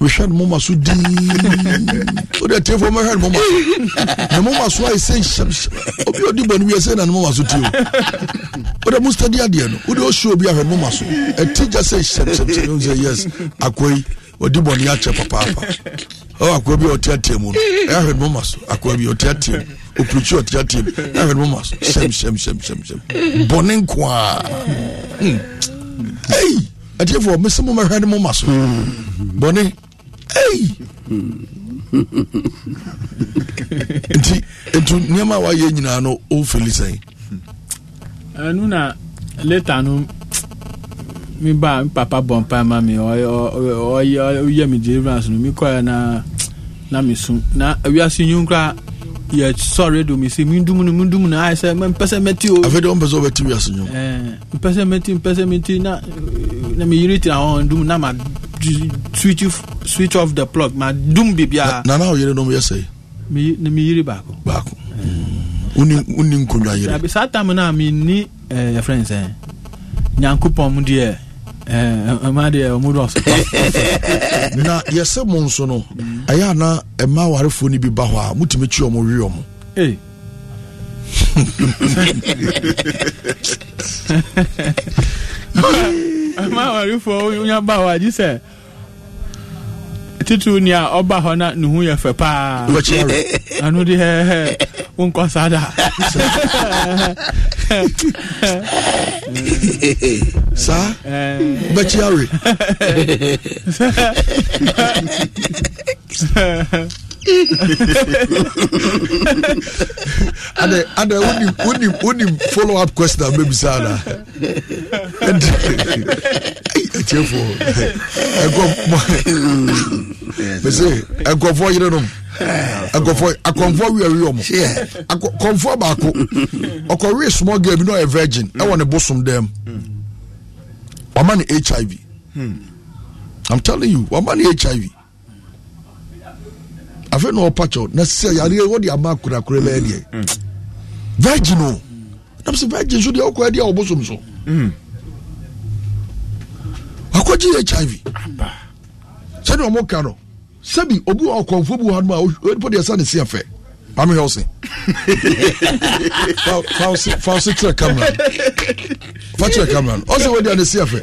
wohwɛ no moma so dii wode atiefoɔ mɛhwɛ no moma ne moma so ayɛ sɛ nhyɛmhyɛ obi ɔdi bɔne wie sɛ na ne moma so tio wode mu stadi adeɛ no wode ɔhyɛ obi ahwɛ no moma so ɛti gya sɛ hyɛmhyɛmhyɛ sɛ yes akɔi ɔdi bɔne akyɛ papaapa ɔ akɔa bi a ɔteatea mu no ɛhwɛ no moma so akɔa bi ɔteatea mu opirikyi ɔteatea mu ɛhwɛ no moma so hyɛmhyɛmhyɛmhyɛm bɔne nko a hmm. ei ɛtiɛfoɔ mese mo mɛhwɛ ne mo ma so bɔne ei nti nti nneɛma a wayɛ nyinaa no ɔmfili sɛn ɛno na leta no mi ba mi papa bɔ mpa ma mi ɔyɛ mi deliverance mi kɔɛ na na mi sun na awiase nyu koraa yɛ sɔre do mi se mi dum no mi dum no ayɛ sɛ mpɛ sɛ mɛti o. Oh. afei de wɔn mpɛ sɛ wɔbɛti wiase eh, nyom. ɛɛ mpɛ sɛ mɛti mpɛ sɛ mɛti na na mi yiri tira wɔn dum na ma switch switch off the plug ma dum bibia. nana awo yɛrɛ dɔn yɛ sɛ. mi na mi yiri baako. baako hmm. uni uni nkonnwa yɛrɛ. saa tam na mi ni ɛɛ yɛ fɛn sɛn nyankopɔn mu deɛ. Eh, na yɛsɛ mo nso no ɛyɛ ana ɛma awarefoɔ no bi ba hɔ a motumi kyi ɔmo ɔmo awarefoɔ ba hɔ agye titiri ni a ɔba hɔ na ne ho yɛ fɛ paa ano de hɛhɛ wo nkɔ saa da saa eh. ada ada wonim wonim wonim follow up question amebisa na akyɛfoɔ e e mese nkɔfoɔ e yerenom nkɔfoɔ akɔnfoɔ wiawie ɔmo kɔnfoɔ baako ɔkɔwie small girl bi na ɔyɛ virgin ɛwɔ ne bosom dɛm wama ne hiv hmm. i'm telling you wama ne hiv Afe na ɔpa kyɛw na sɛ yareɛ wɔde ama akorakora bɛyɛ deɛ mm, mm. virgin o nam sɛ virgin so deɛ wokɔa deɛ wɔbosom so mm. wakɔgye hiv sɛdeɛ ɔmo ka no sɛbi obi wɔ ɔkɔmfoɔ bi wɔ hanom a onipa deɛ sa ne si afɛ mame hɛ ɔse fa ɔse kyerɛ camera fa kyerɛ camera no ɔsɛ wɔde si afɛ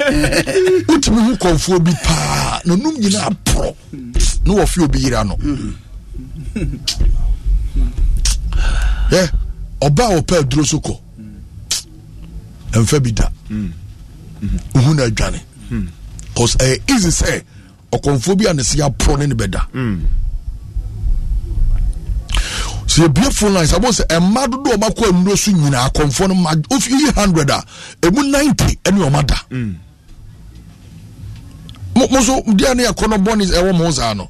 wotumi ho kɔmfoɔ bi paa na nom nyinaa porɔ na wɔfe obi yera no ɛ hmm. ɔbaa eh, wɔpɛ aduro so kɔ ɛnfɛ bi da ohun hmm. na adwane hmm. cause ɛyɛ eh, easy sɛ ɔkɔnfo bi a ne se apɔ ne ne bɛ da so yɛbue phone lines abo sɛ ɛma dodoɔ ɔma kɔ nnuro so nyinaa akɔnfo no ma ofi yi hundred a emu ninety ɛne ɔma da mo mo so deɛ ne yɛ kɔnɔ bɔ ne ɛwɔ mo saa no.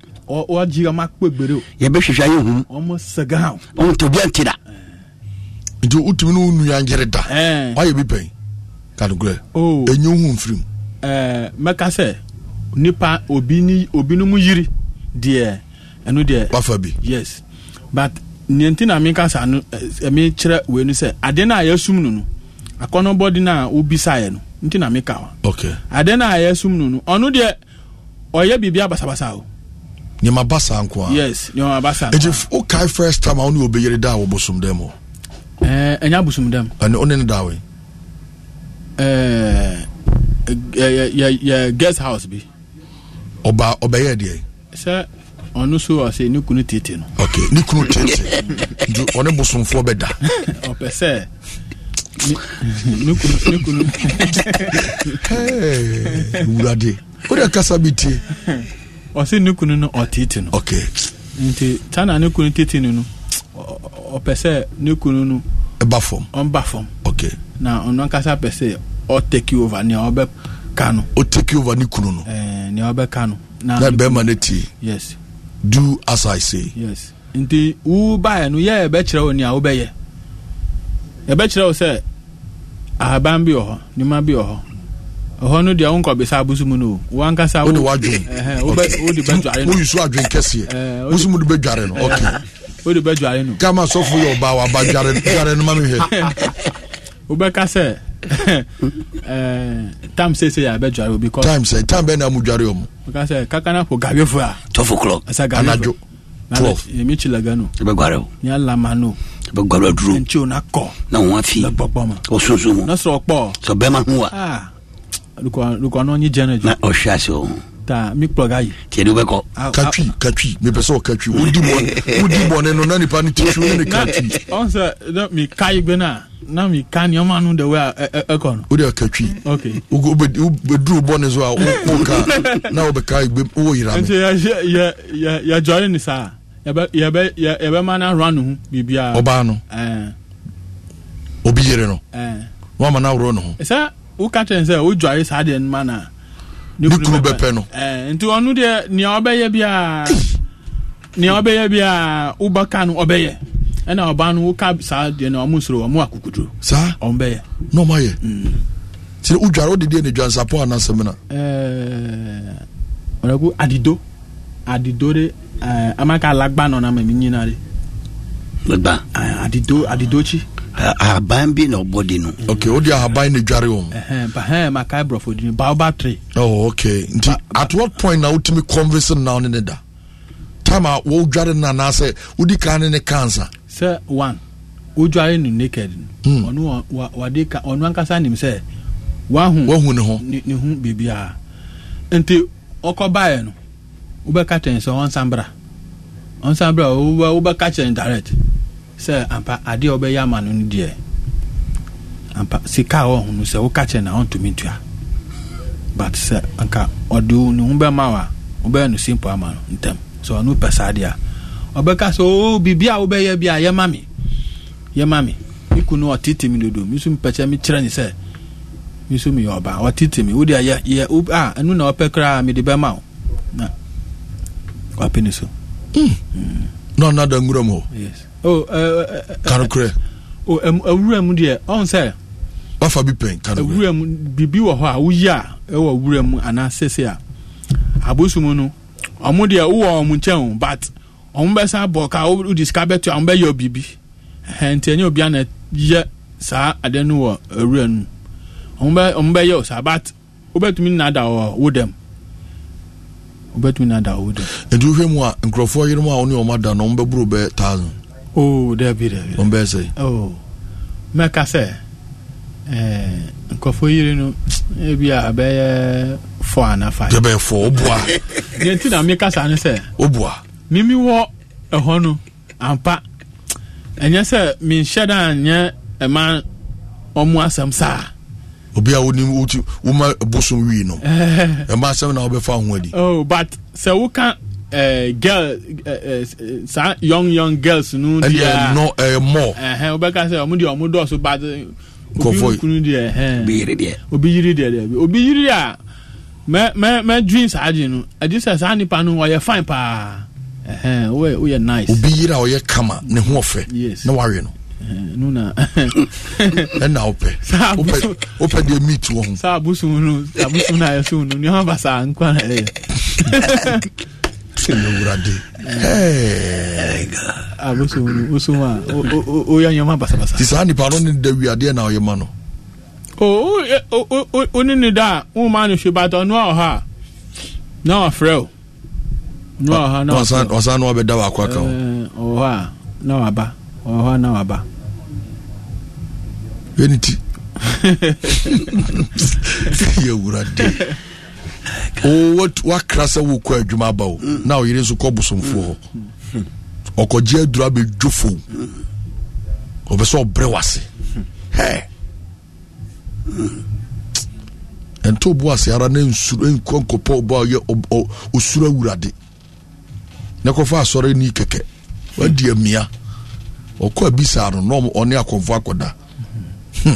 ɔgye ɔma kpɛ gbere o yɛbɛhwehwɛ ayɛ hum ɔmo sɛga o ɔmo tobi ɛnti da nti wotumi ne wo nua nyere da wayɛ bi pɛn kanekorɛ ɛnyɛ hu mfiri mu mɛka sɛ nipa obi ni obi no mu yiri deɛ ɛno deɛ wafa bi yes but nea nti mi ka saa no eh, ɛmi kyerɛ wei no sɛ adeɛ no a yɛasum no no akɔnɔbɔde no a wobisaeɛ no nti na ka. hɔ adeɛ no a yɛasum no no ɔno deɛ ɔyɛ biribi abasabasa o nneɛma ba saa nko a yes nneɛma ba saa nko wokae first time a wo ne da a wɔ bosom dɛm o ɛɛ eh, ɛnya bosom dɛm ɛne wo ne ne yɛ eh, eh, guest house bi ɔba ɔbɛyɛ deɛ sɛ ɔno so ɔsɛ ne kunu tete no ok ne kunu tete nti ɔne bosomfoɔ bɛda ɔpɛ sɛ ne kunu ne kunu wurade wode kasa bi tie ɔsi ne kunu no ɔtete no nti saa ne kunu tete no no ɔpɛ sɛ ne kunu no ɛba fam fam na ɔno ankasa pɛ sɛ ɔtake over nea ɔbɛka no ɔtake over ne kunu no nea ɔbɛka no na bɛrima no tie yes do as i say yes nti wo baeɛ no yɛ ɛbɛkyerɛ wo nea wobɛyɛ wo sɛ ahaban bi wɔ hɔ nneɛma bi wɔ ɛhɔ no deɛ wonkɔ bɛsa abosom no wankasa wode wadwen woyusu adwen kɛseɛ wosom de bɛdware no ok wode bɛdware no kama sɔfo yɛ ɔba waba dware no ma mehwɛ wobɛka sɛ time sɛ sɛ yɛabɛdware o because time sɛ time bɛ na mu dware ɔ mu woka sɛ kakanapo gawefo a ɛsɛ anadwo yɛmɛkyilaga na kɔ na mu na sɛ sɛ ɔbɛma ho a ah lukɔnɔ nyi jɛnɛ ju. na o si ase o. ta mi plug ayi. tiɲɛ bɛ kɔ. katwi katwi mɛ pɛsɛ o katwi o di bɔnɛ o di bɔnɛ nɔ nani pani tisu ne ni katwi. ɔn sɛ ne mi ka yi gbɛna na mi ka ni ɔma nu de o y'a ɛ ɛ kɔnɔ. o de y'a katwi. ok o bɛ o bɛ du bɔnɛ so a o k'o ka n'a o bɛ ka yi gbɛ o y'o yira mi. ɛnse yɛ yɛ yɛ jɔlen nin sa yɛ bɛ yɛ bɛ mana run nu bibi ɔbaa nu. obi yɛrɛ nu. wọn a ma n'a nu. sɛ woka kyerɛ sɛ wodwae saa deɛ noma no ne kuru bɛpɛ no nti ɔno deɛ nea ɔbɛyɛ bia nea ɔbɛyɛ bia wobɛka no ɔbɛyɛ ɛna ɔba no woka saa deɛ na ɔmo soro ɔmo akukuduro saa ɔmo bɛyɛ na ɔmo ayɛ nti mm. wodware wode deɛ ne dwansapɔ ana sɛmina ɔrɛgu adido adido de amaka lagba nɔ na mɛ mi nyina de lagba adido adido kyi ahaban bi na ɔbɔ di no. ok o di ahaban na dware wɔn. ɛhɛn maka borɔfo di ni baoba tree. oh ok nti at what point na o ti mi convince na ɔne ne da time a o dware na na sɛ kan ne ne cancer. sɛ one o dware ni naked. Hmm. ɔno wa wade ka ɔno ankasa nim sɛ wahun wahun ne ho ne ho beebiara nti ɔkɔ baayɛ no wobɛka kyɛn sɛ ɔnsan bra ɔnsan bra wobɛka direct. sɛ ampa adeɛ a wɔbɛyɛ ama no no deɛ ampa sika a ɔho no sɛ woka kyerɛ na ɔntumi ntua but sɛ anka ɔde ne ho bɛma wo a wobɛyɛ no simple ama no ntɛm sɛ ɔno pɛ saa deɛ a ɔbɛka sɛ oo biribi a wobɛyɛ bi a yɛma me yɛma me me kunu ɔtete me dodo me nso mpɛkyɛ me kyerɛ ne sɛ me nso meyɛ ɔbaa ɔtete me wode yɛ a ɛno na ɔpɛ koraa mede bɛma wo na wapɛ ne so hmm. Hmm. na ɔnada nwuram hɔ yes Oh, uh, uh, uh, kanokorɛ oh, awura mu deɛ ɔhu sɛ wafa bi pɛn awura mu bibi wɔ hɔ a woyi ɛwɔ awura mu ana sese a abosu mu no ɔmo deɛ wowɔ ɔmo nkyɛn o but ɔmo bɛsa bɔ ka wode sika bɛto bɛyɛ biribi nti ɛnyɛ obi ana yɛ saa wɔ awura mu ɔmo bɛyɛ o saa but wobɛtumi nada wɔ wo dɛm wobɛtumi nti mu a nkurɔfoɔ o dabi dabi o bɛ sɛ o mɛ ka sɛ nkɔfo yiri no ebi a bɛyɛ fɔ ana fa ye bɛyɛ fɔ o bua yen ti na mi kasa ni sɛ o bua mimi wɔ ɛhɔ no ampa ɛnyɛ sɛ mi nhyɛ da nyɛ ɛma ɔmo asɛm saa obi a woni wo ma bosom wi no ɛma asɛm na wobɛfa ho adi oh but sɛ woka Eh, girl eh, eh, saa young young girls n'u no deɛ ɛdeɛ ah. no ɛyɛ mɔ ɛhɛn wobɛka sɛ ɔmo deɛ ɔmo dɔɔso ba obi nkunu deɛ ɛhɛn obi yiri diɛ. obi yiri diɛ. deɛ obi yiri a ah. mɛ mɛ mɛ dream saa de no ɛdi sɛ saa nipa no ɔyɛ fine paa ɛhɛn o o woyɛ nice obi yiri a ɔyɛ kama ne ho ɔfɛ yes na wawe no nuna ɛna wopɛ wopɛ deɛ meat wɔ ho saa abusum no abusum no ayɛ so no nneɛma ba saa nkwa na ɛyɛ sɛnwuradenti saa nipa no ne da wiadeɛ na ɔyɛ ma no wone ne da a woma no hwe bat ɔnoa ɔhɔ a na wafrɛ o ɔsan na wabɛda waakɔ aka ho ɔhɔ a na waba ɔhɔ a na waba ɛni ti yɛ wurade wakra sɛ wokɔ adwuma aba o mm. na ɔyere nso kɔ bosomfoɔ hɔ mm. ɔkɔgye adura bɛdwo fo mm. ɔbɛ sɛ ɔbrɛ wase hɛ ɛnto bo ase ara na nsuro nkɔ nkɔpɔ ɔbɔ ɔyɛ ɔsuro awurade na kɔfa asɔre ni kɛkɛ wadi amia ɔkɔ abisa no na ɔne akɔmfo akɔda hmm.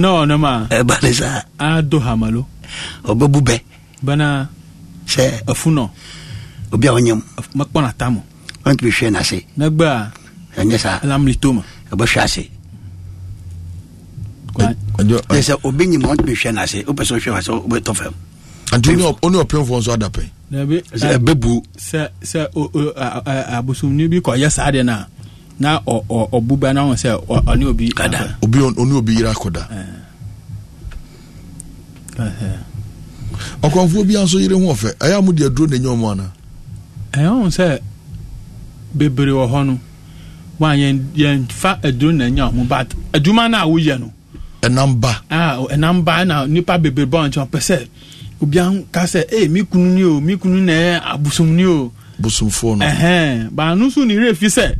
na ɔno ma ɛbane saa ado hamalo ɔbɛbu bɛ bana sɛ afunɔ obi a ɔnyam makpɔna tamo ɔntumi hwɛ n'ase na gba ɛnyɛ saa lamli toma ɔbɛhwɛ ase sɛ obi nyim ɔntumi hwɛ n'ase wopɛ sɛ wohwɛ ase wobɛtɔ fam nti one ɔpɛmfoɔ nso adapɛ ɛbɛbu sɛ abosomni bi kɔyɛ saa deɛ no a na ɔbuba no ho sɛ ɔne obi obi ɔne obi yere akɔda ɔkɔmfoɔ bia nso yere ho ɔfɛ ɛyɛ a mode aduro na ɛnya ɔmu ana ɛyɛ ho sɛ bebree wɔ hɔ no wa yɛmfa aduro na ɛnya ho but adwuma no a woyɛ no ɛnam ba ɛnam ba na nipa bebree bɔ nkyɛn ɔpɛ sɛ obiara ka sɛ ee mi kunu ni o mi kunu na ɛyɛ abosomni o bosomfoɔ no ɛhɛn baanu nso ne yere fi sɛ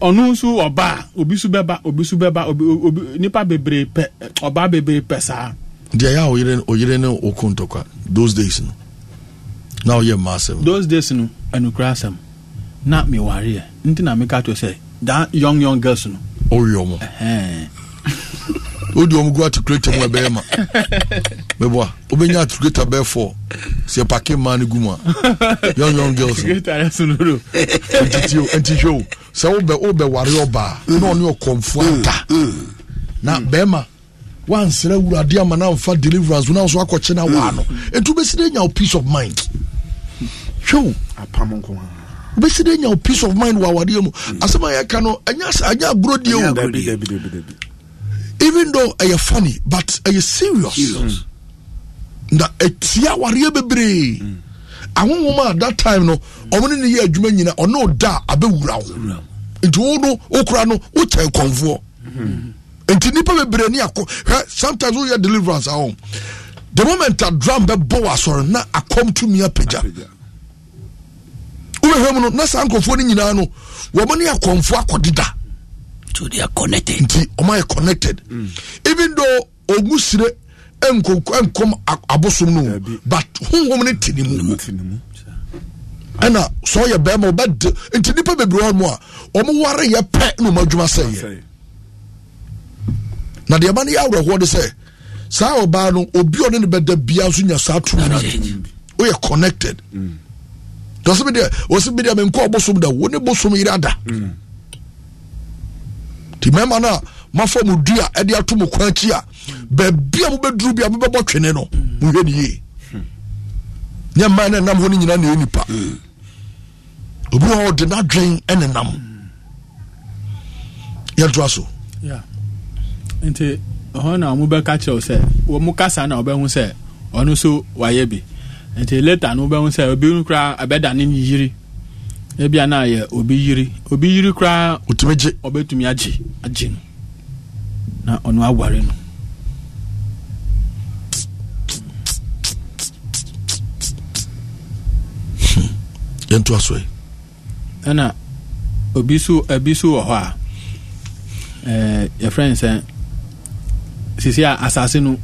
ɔno nso ɔbaa obi so bɛba obi so bɛba obi obi nipa bebree pɛ ɔbaa bebree pɛ saa. deɛ yà oyere oyere ne okun ntɔkwa those days no na oyɛ mmaa asɛm. those days no ɛnukura asɛm na mi wari yɛ nti na mi ka to sɛ that young young girls no. o yɔ mo. wodi ɔm gu atikulata mu ɛbɛyɛ ma meboa wobɛnya atikulata bɛɛ fɔ sɛ pake ma no gu mu a young young girls ntitio ntihwɛ o sɛ wobɛ wobɛ ware ɔbaa na ɔne ɔkɔmfo mm, ata mm. na mm. bɛrima wansrɛ awurade ama na amfa deliverance na nso akɔkye no waa no ɛnti wobɛsi dɛ nya wo peace of mind hwɛ o wobɛsi dɛ nya wo peace of mind wɔ awadeɛ mu asɛm a yɛka no ɛnyɛ agorɔ die o even though ɛyɛ funny but ɛyɛ serious, serious. Mm. na ɛtia awareɛ bebree mm. ahohoma at that time no mm. ɔmo ne ne yɛ adwuma nyina ɔno da abɛwura wo nti wo no wokora no wokyɛn kɔnfoɔ mm. nti nipa bebree ni akɔ hwɛ sometimes woyɛ deliverance ahom the moment a drum bɛbɔ wɔ asɔre na akɔm tumi apagya wobɛhwɛ mu no na saa nkurɔfoɔ no nyinaa no wɔmo ne akɔmfoɔ akɔdeda so they are connected nti ɔmo ayɛ connected mm. even though ogun sire nkom abosom no but honhom ne te ne mu ɛna sɛ ɔyɛ bɛrima ɔbɛde nti nipa bebree hɔ nom a ɔmo ware yɛ pɛ na ɔmo adwuma sɛ yɛ na deɛ ɛma no yɛ awerɛhoɔ de sɛ saa ɔbaa no obi ɔne ne bɛda bia nso nya saa tum na woyɛ connected mm. dɔsɛ bi deɛ wɔsɛ bi deɛ menkɔ ɔbosom da wo ne bosom yere ada mm. nti mmarima no a mafa mu dua de ato mu kwan akyi a baabi a mobɛduru bi a mobɛbɔ twene no mohwɛ ne yie nyɛ mmaa no ɛnam hɔ no nyinaa na ɛnipa obi hɔ ɔde n'adwen ne nam yɛntoa so nti hɔ na mobɛka kyerɛw sɛ mo kasa na wobɛhu sɛ ɔno so wayɛ bi nti later no wobɛhu sɛ obi no koraa ɛbɛda ne yiri ebi ana yɛ obi yiri obi yiri koraa otumi gye ɔbɛtumi agye agye no na ɔno aware no hmm. yɛnto aso yi ɛna obi so ebi so wɔ hɔ a ɛɛ yɛfrɛ nsɛn sisi a asase no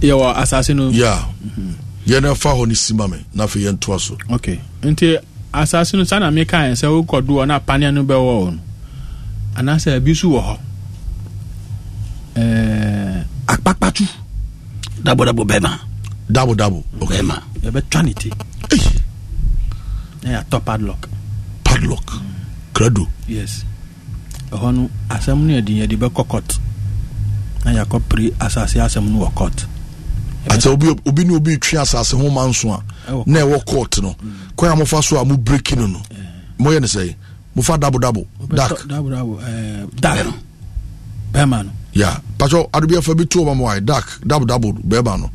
yɛwɔ asase no. yɛa mm-hmm. yɛn fa hɔ ne sima mi n'afɛ yɛn aso. okay nti asase no sana meka yɛn sɛ wokɔdo hɔ na apaneɛ no bɛwɔ wo no anaasɛ abi so wɔ hɔ akpakpatu dabodabo bɛma dabodabo bɛma yɛbɛtwa ne ti na yɛatɔ padlock padlock krado yes ɛhɔ no asɛm no di yɛde bɛkɔ cot na yɛakɔpere asase asɛm no wɔ cot ati obi obi ni obi twi asase ho ma nso a na ɛwɔ court no mm. kwan a mofa so a mo breaki no no eh. moyɛ ne sɛ mofa dabo dabo dak dak no bɛrima no ya patro adubi afa bi tuo ma mo ayi dark dabo dabo bɛrima no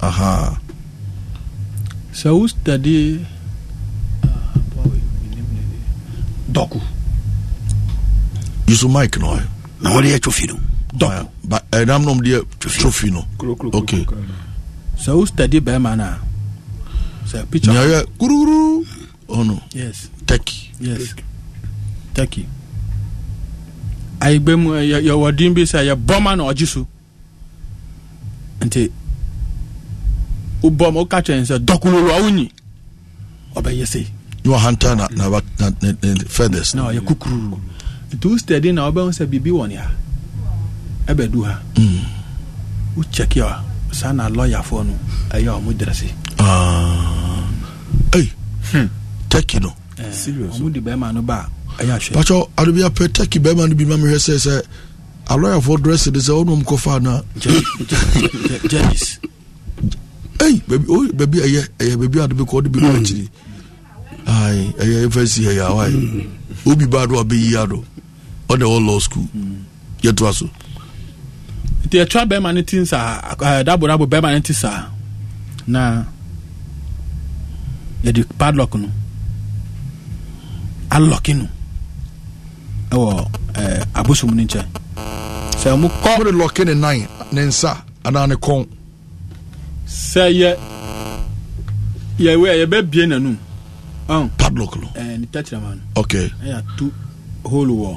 aha. sɛ wo study ah, dɔko yusu mike no eh? na wɔde yɛ twofie no dɔp ɛnam nom deɛ trophy no ok sɛ wo study bɛrima no a sɛ picture nyɛ kurukuru ɔno yes turkey yes turkey ayigbe mu yɛwɔ din bi sɛ yɛ bɔma na ɔgye so nti wobɔ ma woka kyerɛ sɛ dɔkololo a wonyi ɔbɛyɛ sei ne wɔhanta na feathers na ɔyɛ kukuru nti wo study na wobɛhu sɛ biribi wɔ ne a ɛbɛdu ha wo kyɛki a saa na lɔyafoɔ no ɛyɛ ɔmo dɛrɛse ei tɛki no ɔmo de bɛrima no ba ɛyɛ ahwɛ patsɔ adubi apɛ tɛki bɛrima no bi ma mi hwɛ sɛ sɛ alɔyafoɔ dɛrɛse de sɛ ɔno mu kɔ fa na jɛnis ei bɛbi o bɛbi ɛyɛ ɛyɛ bɛbi adubi kɔ ɔde bi kɔ akyiri ayi ɛyɛ efa si ɛyɛ awa yi obi ba do a bɛ yi ya do ɔna ɛwɔ law school hmm. yɛ to aso nti ɛtwa bɛrima no ti saa dabo dabo bɛrima no ti saa na yɛde padlock no alɔki no ɛwɔ ɛɛ abosom no nkyɛn sɛ ɔmo kɔ. ɔmo de lɔki ne nan ne nsa anaa ne kɔn. sɛ yɛ yɛwɛ yɛbɛ bie n'anum. padlock no ɛɛ ne tɛkyerɛma no. ok ɛyɛ atu hole wɔ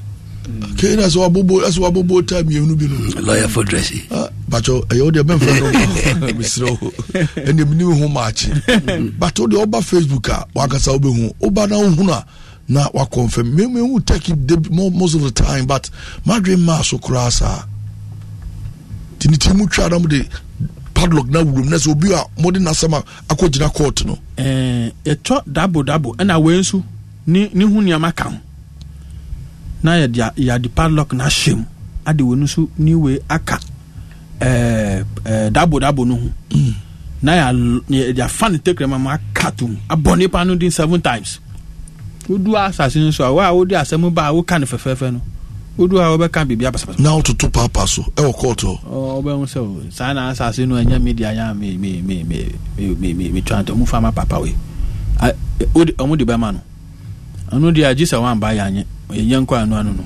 kei na sɛ wabobɔ ta mmienu bi nobakyɛ ɛyɛ wodeɛ bɛmfrɛ no mesrɛ wo ɛne menim ho maakye but wodeɛ woba facebook a ọba wobɛhu a na wakɔmfam mehu turkey most of the time but maa na mode padlock na wurom na sɛ obi a court eh, e na yɛde yɛde padlock na ahyɛ mu ade wɔn nso ne wei aka ɛɛ ɛɛ dabo no ho na yɛde afa ne tekere ma ma aka to mu abɔ nipa no den seven times wodu asase no so a wo a wodi asɛm ba a woka ne fɛfɛɛfɛ no wodu a wɔbɛka biribi abasabasa. na wototo paapa so ɛwɔ kɔɔtɔ. ɔ ɔbɛn sɛ o saa na asase no ɛnyɛ media ya a mi mi mi mi mi mi mi mi tura ntɛ ɔmu fa ma papa we ɔmu de bɛ ma no ɔno deɛ agye sɛ woamba yɛ anyɛ yɛnyɛ nkɔ ano ano no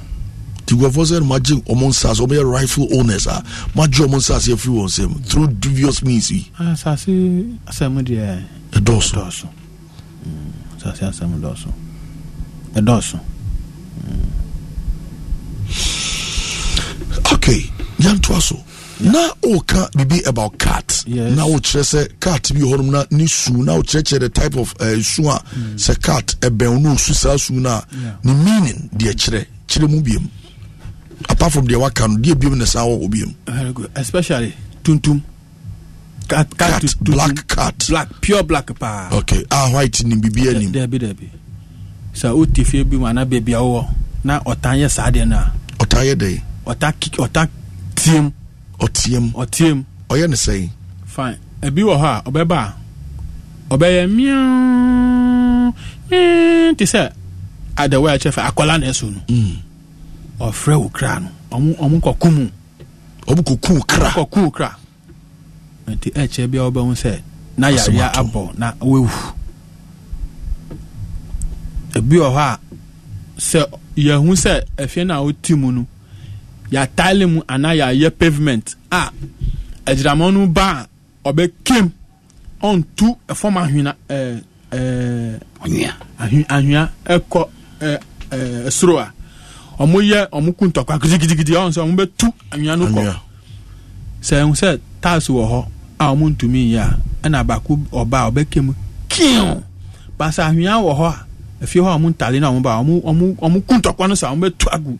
nti nkurɔfoɔ sɛ no magye ɔmo nsase ɔmɛyɛ rifle owners a magye ɔmo nsase afiri wɔn nsɛm through dubious means yi ah, asase asɛm deɛ ɛdɔɔso mm, asase asɛm dɔɔso ɛdɔɔso mm. okay nyantoa so na woka biribi about cat yes. na wokyerɛ sɛ cat bi hɔnom na ne su na wokyerɛkyerɛ the type of uh, su a hmm. sɛ cat ɛbɛn no su saa su no a ne meaning deɛ kyerɛ kyerɛ mu biom apart from deɛ waka no deɛ biom ne saa wɔ biom especially tuntum cat, cat, cat tuntum. black cat black pure black paa okay a ah, white nim biribi anim dabi dabi sɛ wote fie bi mu anaa baabi a na ɔtan yɛ saa deɛ no a ɔtan yɛ dɛn ɔta tie mu ɔteam ɔteam ɔyɛ ne sɛn fine ebi wɔ hɔ a ɔbɛba a ɔbɛyɛ miau te sɛ fɛ akɔla na ɛso no ɔfrɛ wo kra no ɔmo kɔko mu ɔmo kɔku kra kɔku kra nti ɛkyɛ sɛ na yareɛ abɔ na wawu ebi wɔ hɔ a sɛ yɛhu sɛ efie na o ti mu no yɛataale mu anaa yɛayɛ pavement a agyinamɔ no ba a ɔbɛkem ɔntu ɛfam ahwena ɛɛ ɛɛ ahwea ɛkɔ ɛɛ ɛɛ soro a ɔmo yɛ ɔmo ku ntɔkwa gidigidi ɔmo sɛ ɔmo bɛtu ahwea no kɔ sɛ ɛhu sɛ taas wɔ hɔ a ɔmo ntumi yɛ a ɛna baako ɔba a ɔbɛkem kiw baasa ahwea wɔ hɔ a efie hɔ a ɔmo ntaale na ɔmo e ba ɔmo ɔmo ɔmo ku ntɔkwa no sɛ ɔmo agu.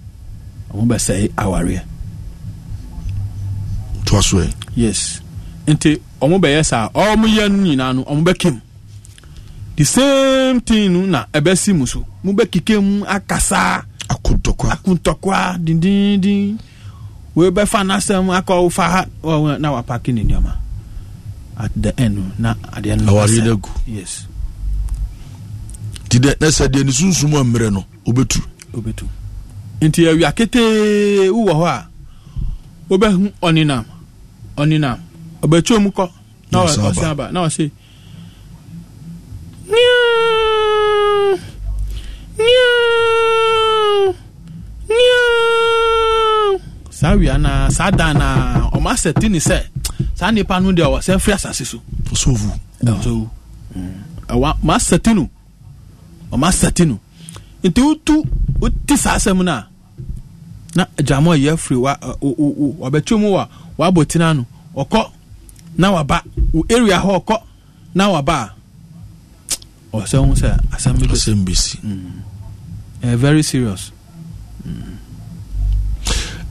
ɔmo bɛsɛe awareɛ toa so ɛ yes nti ɔmo bɛyɛ saa ɔmo yɛ no nyinaa no ɔmo bɛkem the same thing no na ɛbɛsi mu so mo bɛkeke mu akasa akuntɔkwa akuntɔkwa dindindin wei bɛfa n'asɛm akɔ wofa ha ɔwɔ na wapaki ne nneɛma at the end na adeɛ no awareɛ no agu yes ti dɛ na sɛ deɛ ne sunsum a mmerɛ no wobɛtu wobɛtu nti awia ketee wowɔ hɔ a wobɛhu ɔnenam ɔnenam ɔbɛtwa mu kɔ na ɔse aba na ɔse saa wia na saa dan na ɔma asɛte ne sɛ saa nipa no deɛ ɔwɔ sɛ firi asase so ɔsɔwu ɔsɔwu ɛwa ɔma asɛte no ɔma asɛte no nti wotu woti saa asɛm no a na adwama wa wabɛtwe mu wa wabɔ tena ọkọ na waba wo area hɔ na waba a ɔsɛ ho sɛ asɛm bi asɛm bi si mm. very serious mm.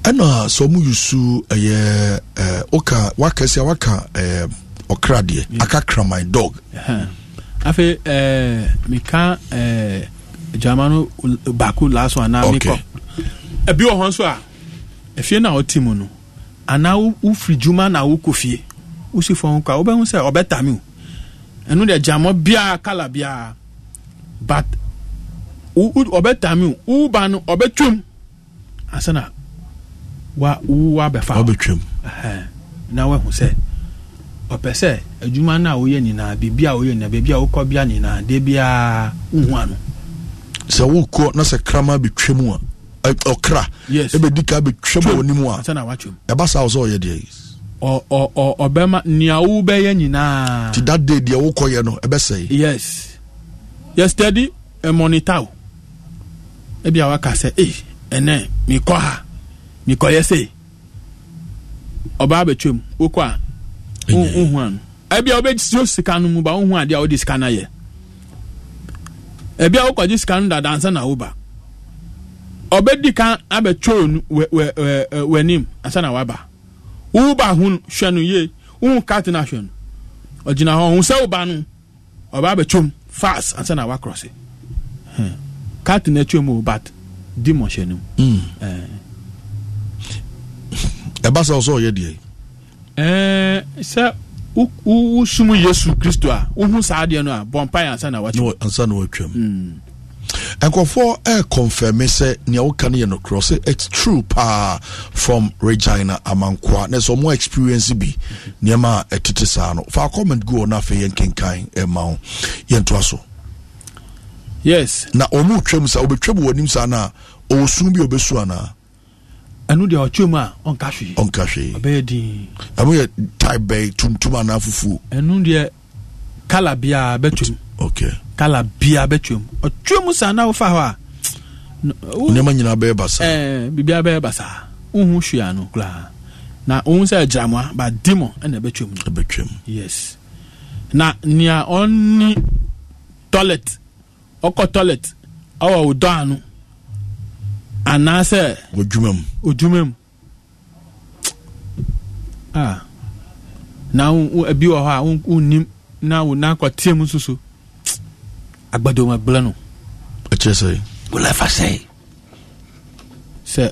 ɛna sɛ ɔmo yusu ɛyɛ ɛɛ waka waka ɛɛ my dog hafe ɛɛ mika ɛɛ no baako na okay. ebi wɔ hɔ nso a efie na ɔte mu no ana wofiri juma na wokɔ fie wosi fɔn kɔ a wobɛhu sɛ ɔbɛta o ɛnu deɛ gyamɔ biara kala biara but ɔbɛta mi o wuba no ɔbɛtwam asana wa wa bɛfa o ɔbɛtwam na wahu sɛ ɔpɛ sɛ adwuma no a woyɛ nyinaa biribi a woyɛ nyinaa biribi a wokɔ bia nyinaa de biara nhu ano sɛ wokɔ na sɛ krama bɛtwam a ɔkra ɛbɛdi ka bɛtwam wɔ ne mu a ɛba saa wo sɛ ɔyɛ deɛ ɔbɛma nea wobɛyɛ nyinaa nti that day deɛ wokɔyɛ no ɛbɛsɛe yes yesterday ɛmɔnita wo ebia waka sɛ ee ɛnɛ mekɔ ha mekɔyɛ sei ɔbaa bɛtwam wokɔ a wohu a no ebia wobɛgyisio sika no mu ba wohu adeɛ a wode sika no ayɛ ebia wokɔgye sika no dadansa na woba ɔbɛdi kan abɛtwa w'anim ansa na waba woba ho hwɛ no yie wohu kate no ahwɛ no ɔgyina hɔ ɔhu sɛ woba no ɔba abɛtwam fast ansa na wakrɔse kate no atwam o but di mɔhyɛ no ɛba sɛ wo ɔyɛ deɛ sɛ yesu kristo a wohu saa deɛ no a bɔmpae ansa na watwam nkurɔfoɔ ɛɛkɔnfɛmi sɛ nea woka no yɛ nokorɔ sɛ its true paa from regina amankoa na sɛ ɔmo experience bi nneɛma a ɛtete saa no fa comment go no afei yɛnkenkan ɛma wo yɛntoa so yes na ɔmo twam saa wobɛtwam w'anim saa no a ɔwɔ sum bi a ɔbɛsu anaa ɛno deɛ ɔtwe mu a ɔnka hwee ɔnka hwee ɔbɛyɛ din ɛmo yɛ type bɛn tuntum anaa fufuo ɛno deɛ kala biara bɛtum kala bia bɛtwam ɔtwa saa na wofa hɔ a nneɛma nyinaa bɛyɛ biribia eh, bɛyɛ wohu no koraa na wohu sɛ agyiramoa bade ɛna ɛbɛtwam no yes na nea ɔne toilet ɔkɔ toilet ɔwɔ wo dɔ ano anaasɛ odwuma mu odwuma mu a ah. na ebi wɔ hɔ a wonnim na wo na akɔteɛ mu nso so agbadoma gblẽ no ɛkyerɛ sɛ wòlɛ fa sɛ sɛ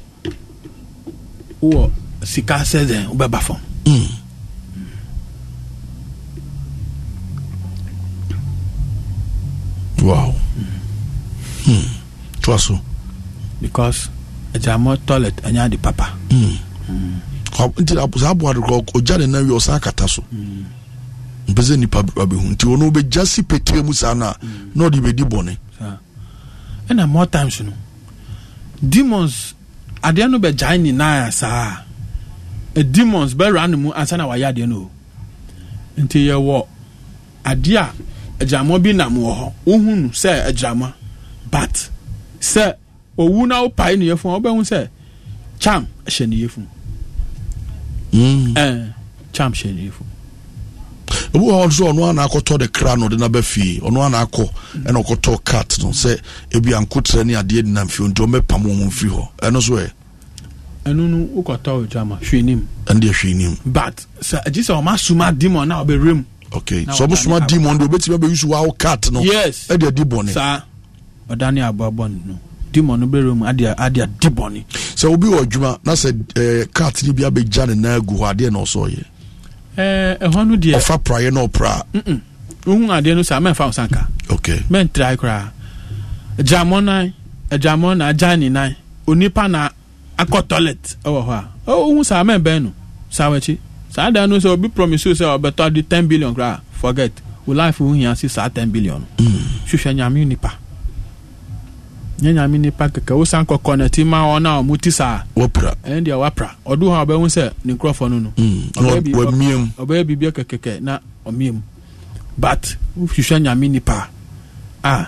wowɔ sika sɛ dɛn wobɛba fam hmm. wow hmm. a so because agyamɔ toilet ɛnyɛ ade papa hmm. nti saa aboa de korɔ ɔgya ne na wie ɔsan kata so mm mpɛ sɛ nipa abɛhu nti ɔno bɛgya si petee mu saa no na ɔde bɛdi bɔne ɛna more times no demons adeɛ no bɛgyae nyinaa saa a demons bɛwura ne mu ansa na wayɛ adeɛ no o nti yɛwɔ adeɛ a agyirammɔ bi nam wɔ hɔ wohu no sɛ agyirama but sɛ owu na wopae ne yɛfu a wobɛhu sɛ cham hyɛ ne yɛfu mm. eh, cham hyɛ ne yɛfu ewu hɔ nso ɔno ana akɔtɔ de kra no de naba fie ɔno ana akɔ ɛna ɔkɔtɔ cat no sɛ ebi ankotrɛ ne adeɛ de nam fie nti ɔmɛpam wɔn firi hɔ ɛno so ɛ. ɛnu no wokɔtɔ odwa ma hwɛ nim. ɛn deɛ hwɛ nim. but sɛ agye sɛ ɔma suma demon na ɔbɛwura mu. okay sɛ ɔmo suma demon de obetumi abɛyi so wawo cat no. yes ɛde adi bɔnne. saa ɔdani aboa bɔnne no demon no bɛwura mu adi adi adi bɔnne. sɛ obi wɔ adwuma na sɛ ɛɛ cat ni bi abɛgya ne nan agu hɔ adeɛ na ɔsɔ Eh, ɛhɔ no deɛ ɔfa na ɔpra wohu adeɛ no mɛmfa wo sanka mɛntrae koraa na agya ne onipa na akɔ toilet ɛwɔ hɔ a wohu saa no saa wakyi saa da no sɛ obi promise sɛ ɔbɛtɔ ade 10 billion koraa forget wo life saa 10 billion no mm. hwehwɛ nyɛ nyame nipa kɛkɛ wo san kɔkɔ na ti ma ɔna ɔmo ti saa wapra ɛn deɛ wapra ɔdo hɔ sɛ ne no no mm. ɔbɛyɛ biribi kɛkɛkɛ na ɔmiam but wohwehwɛ nyame a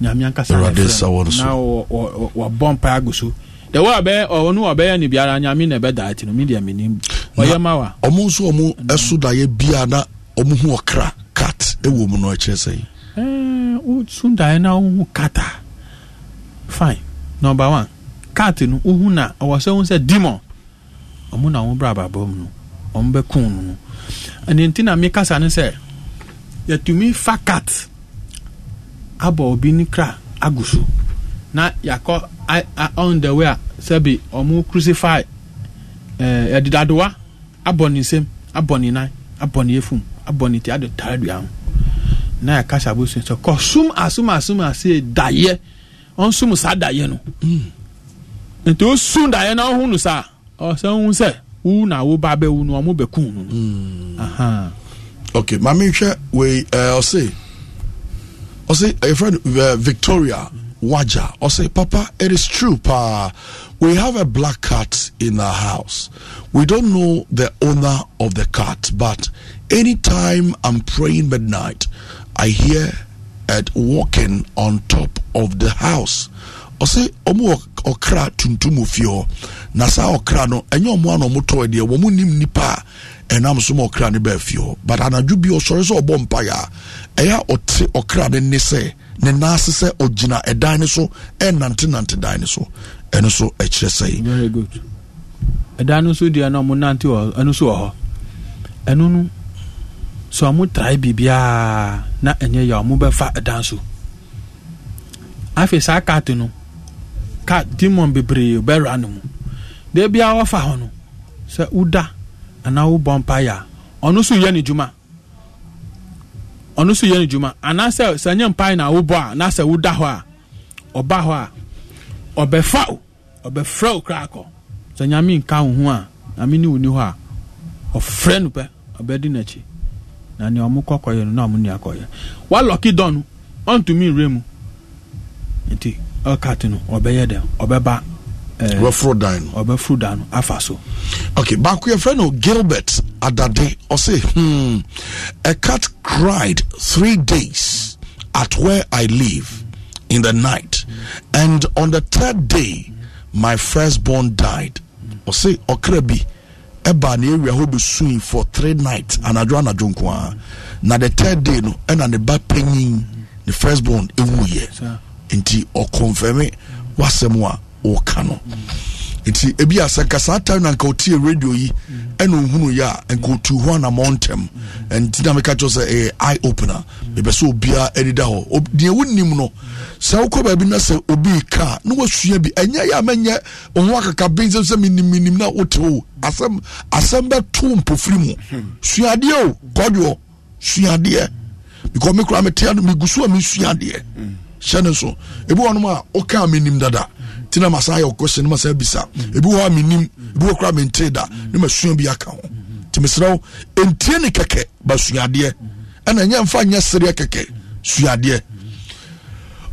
nyame ankasana wabɔ mpa ago so the way ɔno ɔbɛyɛ ne biara nyame na ɛbɛdaa ti no ɔyɛ ma wa ɔmo nso ɔmo ɛso na ɔmo ɔkra cat ɛwɔ mu na fine number one cat no wohu na ɔwɔ sɛ wohu sɛ demon ɔmo na ɔmo bra abrabɔ mu no ɔmo bɛ kun no ɛne nti na mekasa ne sɛ yɛtumi fa cat abɔ obi ne kra agu so na yakɔ on the way eh, a sɛbi ɔmo crucify ɛɛ eh, ɛdidadowa abɔ ne nsam abɔ ne nan abɔ ne efum abɔ ne ti adi tara dua ho na yakasa bo so kɔ sum asum asum ase dayeɛ. ɔnso mu saa daeɛ no nti osu daeɛ na ɔho no saa ɔsɛ ɔho sɛ wo na wo ba bɛwu no ɔmo bɛku no ok maame hwɛ wei ɔse ɔse ɛyɛfrɛ victoria waja ɔse papa it is true paa we have a black cat in our house we don't know the owner of the cat but anytime i'm praying midnight i hear at walking on top of the house ɔsɛ ɔmo ɔkra tuntum fie hɔ na saa ɔkra no ɛnyɛ ɔmo ano ɔmo tɔɔ deɛ wɔn nim nipa a ɛnam so ma ɔkra no bɛɛ fie hɔ but anadwo bi ɔsɔre sɛ ɔbɔ mpaeɛ a ɛyɛ ɔte ɔkra no ne sɛ ne nan ase sɛ ɔgyina ɛdan no so ɛnante nante dan no so ɛno so ɛkyerɛ sɛ. very good ɛdan no nso deɛ no ɔmo nante ɛno nso wɔ hɔ ɛno no. so ọmụ trae biribiara na ɛnyɛ yɛ ɔmo fa ɛdan so afei saa kaate no kaa demon bebree bɛwura no mu deɛ biara wɔfa hɔ no sɛ woda anaa wobɔ mpaeɛ a ɔno so yɛ ne dwuma ɔno so yɛ ne dwuma anaasɛ sɛ na wobɔ a anaasɛ woda hɔ a ɔba hɔ a ɔbɛfa wo ɔbɛfrɛ sɛ nyame nka wo ho a nyame ne wo ni hɔ a ɔfrɛ no pɛ ɔbɛdi n'akyi na nea ɔmo kɔ kɔyɛ no na ɔmo ni akɔyɛ walɔki dɔ no ɔntumi nre mu nti ɔkat no ɔbɛyɛ dɛ ɔbɛba ɛɛ ɔbɛforo dan no ɔbɛforo dan no afa so. okay baako yɛfrɛ no gilbert adade ɔse hmm a cat cried three days at where i live in the night and on the third day my firstborn died ɔse ɔkra bi. Mm ɛbaa ne area hɔ bɛsui for three night anadwo anadwo nko a na the third day no ɛna ne ba panyin ne first born ɛwuiɛ nti ɔkɔnfɛme wasɛm a wɔka no mm -hmm nti ebi asa kasa time na nka otie radio yi ɛna ohunu yi a nka otu hɔ anamɔ ntɛm nti na meka kyerɛ sɛ ɛyɛ eye opener ebɛ sɛ obiara ɛdeda hɔ deɛ wonim no sɛ wokɔ baabi na sɛ obi ka na wasua bi ɛnyɛ yɛ a mɛnyɛ ɔho akaka ben sɛ sɛ menim menim na wote o asɛm asɛm bɛto mpofiri mu suadeɛ o kɔdeɔ suadeɛ because me kora metea no megu so a mesua hyɛ ne so ebi wɔ nom a wokaa menim dada tina na masa ayɛ question no masa bisa mm-hmm. ebi wɔ a menim ebi wɔ kora mentee da mm-hmm. ne masua bi aka ho nti mesrɛ wo kɛkɛ ba suadeɛ ɛna mm-hmm. ɛnyɛ mfa nyɛ sereɛ kɛkɛ suadeɛ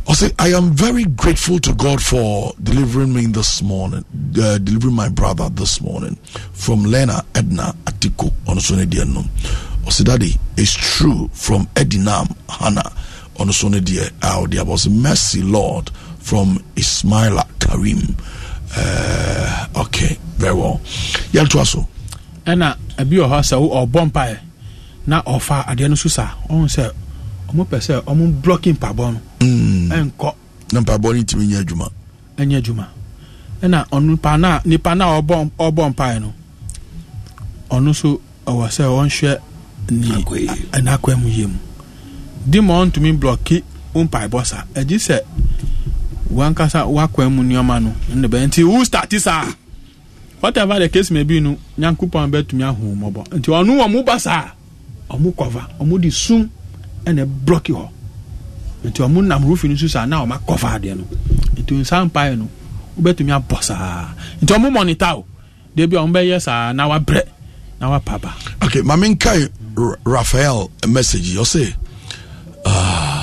ɔsɛ i am very grateful to god for delivering me this morning uh, delivering my brother this morning from lena edna atiko ɔno so ne deɛ nom ɔsɛ daddy is true from edinam hana ɔno so ne deɛ a mercy lord from Ismaila Karim. Uh, okay, very well. Yɛntoa so. Ɛna ebi wɔ hɔ sɛ wo ɔbɔ mpaeɛ na ɔfa adeɛ no so saa ɔhu sɛ ɔmo pɛ sɛ ɔmo blɔki mpabɔ no. Hmm. Ɛnkɔ. Na mpabɔ no ntumi nyɛ adwuma. Ɛnyɛ adwuma. Ɛna ɔno nipa na nipa na ɔbɔ ɔbɔ mpaeɛ no ɔno nso ɔwɔ sɛ ni ɛnakɔ mu yie mu. Di ma ɔntumi blɔki wo mpaebɔ saa. Ɛgye sɛ wankasa wakwan mu nneɛma no ɛna bɛyɛ nti wo start saa whatever the case may be no nyankopɔn bɛtumi ahu mmɔbɔ nti ɔno wɔn mu ba saa ɔmo kɔfa de sum ɛna blɔki hɔ nti ɔmo nam rufi no saa na ɔmo akɔfa adeɛ no nti nsa no wobɛtumi abɔ saa nti ɔmo mɔnita o debi ɔmo bɛyɛ saa na wabrɛ na wapaba. okay maame nkae raphael message yɛ ɔsɛ. Uh, ah,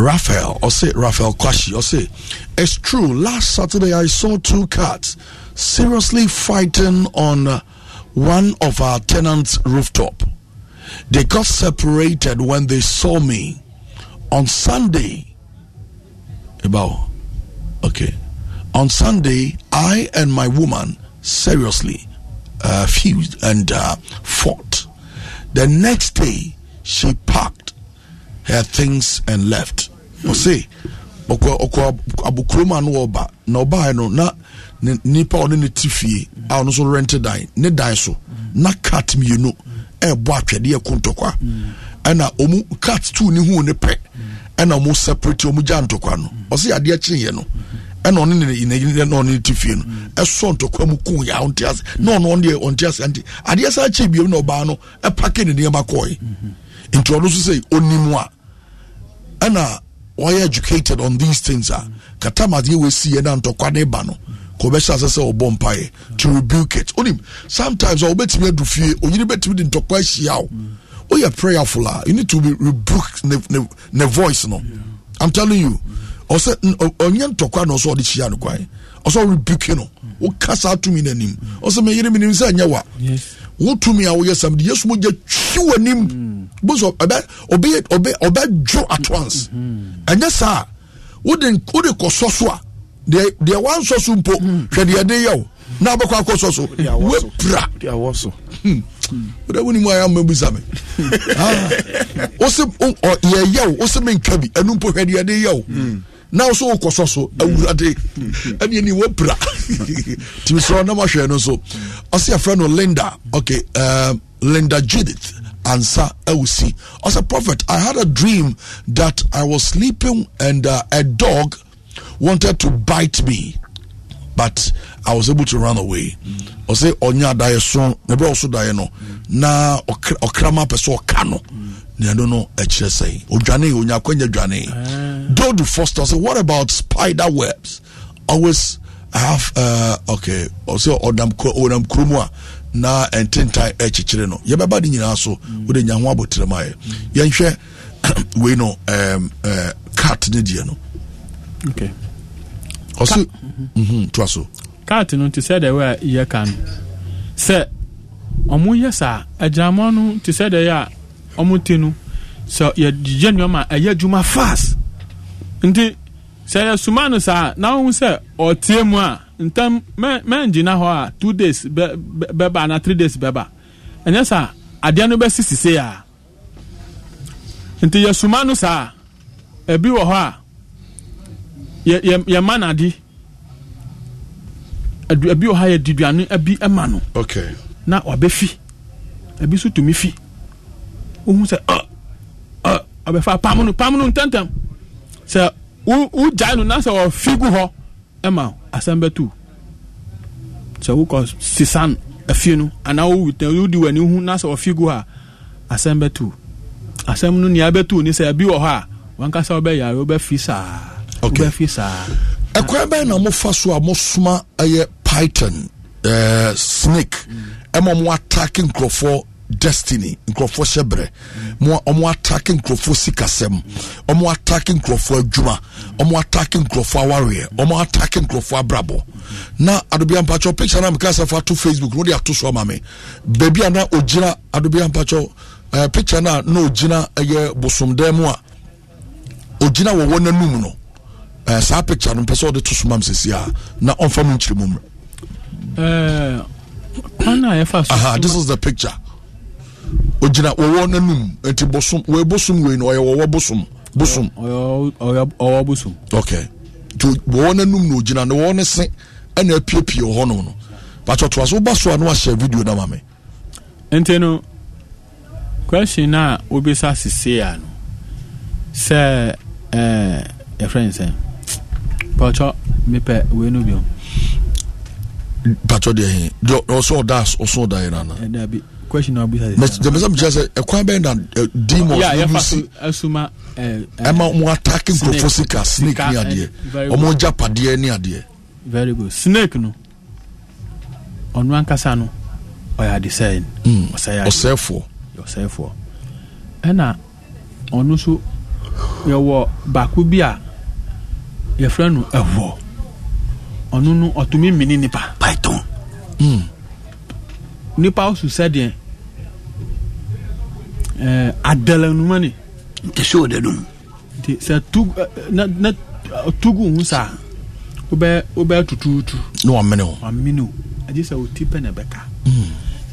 Raphael, or say Raphael Kwashi, or say, it's true. Last Saturday, I saw two cats seriously fighting on one of our tenants' rooftop. They got separated when they saw me on Sunday. About okay, on Sunday, I and my woman seriously uh, fused and uh, fought. The next day, she packed her things and left ɔse ɔkɔ abokuroma no wɔba na ɔbaeɛ no na nipa ɔne ne ti fie a ɔno nso rente dan ne dan so na cat mmienu ɛɛbɔ atwɛdeɛ ɛko ntɔkwa ɛna ɔmu cat two ne hu ne pɛ ɛna ɔmu separate ɔmu gya ntɔkwa no ɔse hmm. adeɛ kyeneɛ no ɛna ɔne ne na ɔne ti fie no ɛsɔ ntɔkwa mu kun ya ɔnte ase na ɔno ɔne ɔnte ase ante adeɛ saa kye biem na ɔbaa no ɛpake ne nneɛma kɔɔe hmm. nti ɔno nso sɛ onimu a ɛna wɔyɛ educated on these things a ah, katamadeɛ wɔsi yɛ na ntɔkwa ne ba no kɔbɛhyɛ asɛ sɛ wɔbɔ mpaeɛ to rebuke it onim sometimes a ah, wɔbɛtumi adu fie onyini bɛtumi de ntɔkwa ahyia wo woyɛ prayerful a ah, you need to be rebuke ne, ne, ne voice no i'm telling you ɔsɛ ɔnyɛ ntɔkwa na ɔsɛ ɔde hyia no kwan ɔsɛ rebuke no wokasa atumi no anim ɔsɛ meyere menim sɛ ɛnyɛ wa wotumi a woyɛ sɛm de yesu mu gye twi w'anim mm. bóso ɔbɛ ɔbɛ mm-hmm. ɛnyɛ saa wode wode kɔ sɔ so a deɛ deɛ wansɔ so mpo mm. hwɛ deɛ de yɛ o na abɛkɔ akɔ sɔ so wepra wode hmm. wo ni mu a yɛama bisa me ah. wose yɛyɛ o wose menka bi ɛno mpo hwɛ deɛ de yɛ o na nso wokɔ sɔ so awurade ɛne ni wopra timi sɛ na mahwɛ no so ɔse yɛfrɛ no linda okay um, linda judith answer awusi ɔsɛ prophet i had a dream that i was sleeping and uh, a dog wanted to bite me but i was able to run away ɔsɛ ɔnyɛ adaeɛ so na ɛberɛ ɔso daeɛ no na ɔkrama pɛ sɛ ɔka no mm neɛno no ɛkyerɛ sɛ odwane onyakwanya dwane dodi ah. foster so what about spider webs always I have uh, okay ɔsɛ ɔnam ɔnam kurom a na ntentan ɛkyekyere no yɛbɛba ne nyinaa so mm. wode nya ho abɔtirɛm mm. ayɛ yɛnhwɛ wei no um, uh, cat ne deɛ no okay. ɔsɛ toa so cat no te sɛ deɛ wɛ yɛ ka no sɛ ɔmo yɛ saa agyinamɔ no te sɛ deɛ yɛ a ɔmo te no sɛ yɛgyegye nneɛma a ɛyɛ adwuma fast nti sɛ yɛsoma no saa na wohu sɛ ɔtie mu a ntam mɛngyina hɔ a two days bɛba na three days bɛba ɛnyɛ saa adeɛ no bɛsi sise a nti yɛsoma no saa ebi wɔ hɔ a yɛma nade ebi wɔ ha yɛdi duane bi ma no na wabɛfi ebi nso tumi fi. wohu sɛ ɔbɛfa pam no pam no ntɛntɛm sɛ wogyae no na sɛ ɔfi gu hɔ ɛma asɛm bɛtu sɛ wokɔ sisan afie no anaa wowodi w'ani hu na sɛ ɔfi gu hɔ a asɛm bɛtu asɛm no nea bɛtu ni sɛ bi wɔ hɔ a wankasa wobɛyare wobɛfi saa wobɛfi saa ɛkwan bɛn na mofa so a mosoma ɛyɛ python snake ɛma mo atake nkurɔfoɔ destiny nkurɔfoɔ hyɛ berɛ ɔmo atake nkurɔfoɔ sikasɛm ɔmo atake nkurɔfoɔ adwuma ɔmo atake nkurɔfoɔ awareɛ ɔmo atake nkurɔfoɔ abrabɔ na adobia mpakyɛw picture na meka sɛfo ato facebook no de ato so ama me baabi a na ogyina adobia mpakyɛw uh, eh, picture no a na ogyina ɛyɛ bosomdan mu a ogyina wɔwɔ n'anum no uh, saa picture no mpɛ sɛ ɔde to so ma m sɛsi a na ɔmfa mu nkyerɛ mu mmerɛ eh, this is the picture ogyina wɔwɔ n'anum nti bosom wɔyɛ bosom wei no ɔyɛ wɔwɔ bosom bosom ɔwɔ bosom ok nti wɔwɔ n'anum na ogyina na wɔwɔ ne se ɛna apiepie wɔ hɔnom no bàtɛ ɔtɔ aso ba so a no ahyɛ video na ma nti no question na obisa sise ya no sɛ ɛɛ yɛfrɛ nsɛm pɔtɔ mepɛ wei no bi o. pàtɔ deɛ hin deɛ ɔsɔ ɔda ɔsɔ ɔda yɛ nana. ɛdabi. E question na bisa jẹmẹsẹ mi kyerɛ sɛ ɛkwan bɛyɛ na demons yeah, yeah, si ɛma ɔmo attacking nkurɔfo sika snake ni adeɛ ɔmo gya padeɛ ni adeɛ. very good snake no ɔno ankasa no ɔyɛ adesɛn ɔsɛɛfoɔ ɔsɛɛfoɔ ɛna so nso yɛwɔ baako bi a yɛfrɛ no ɛwɔ ɔno no ɔtumi mini nipa python mm. nipa osu sɛdeɛ eh, adalanuma ne nti sɛ ɔda nom nti sɛ eh, eh, na eh, tugu ho saa wobɛyɛ tutuutu na wamene wo wamene wo agye sɛ ɔti pɛ na ɛbɛka hmm.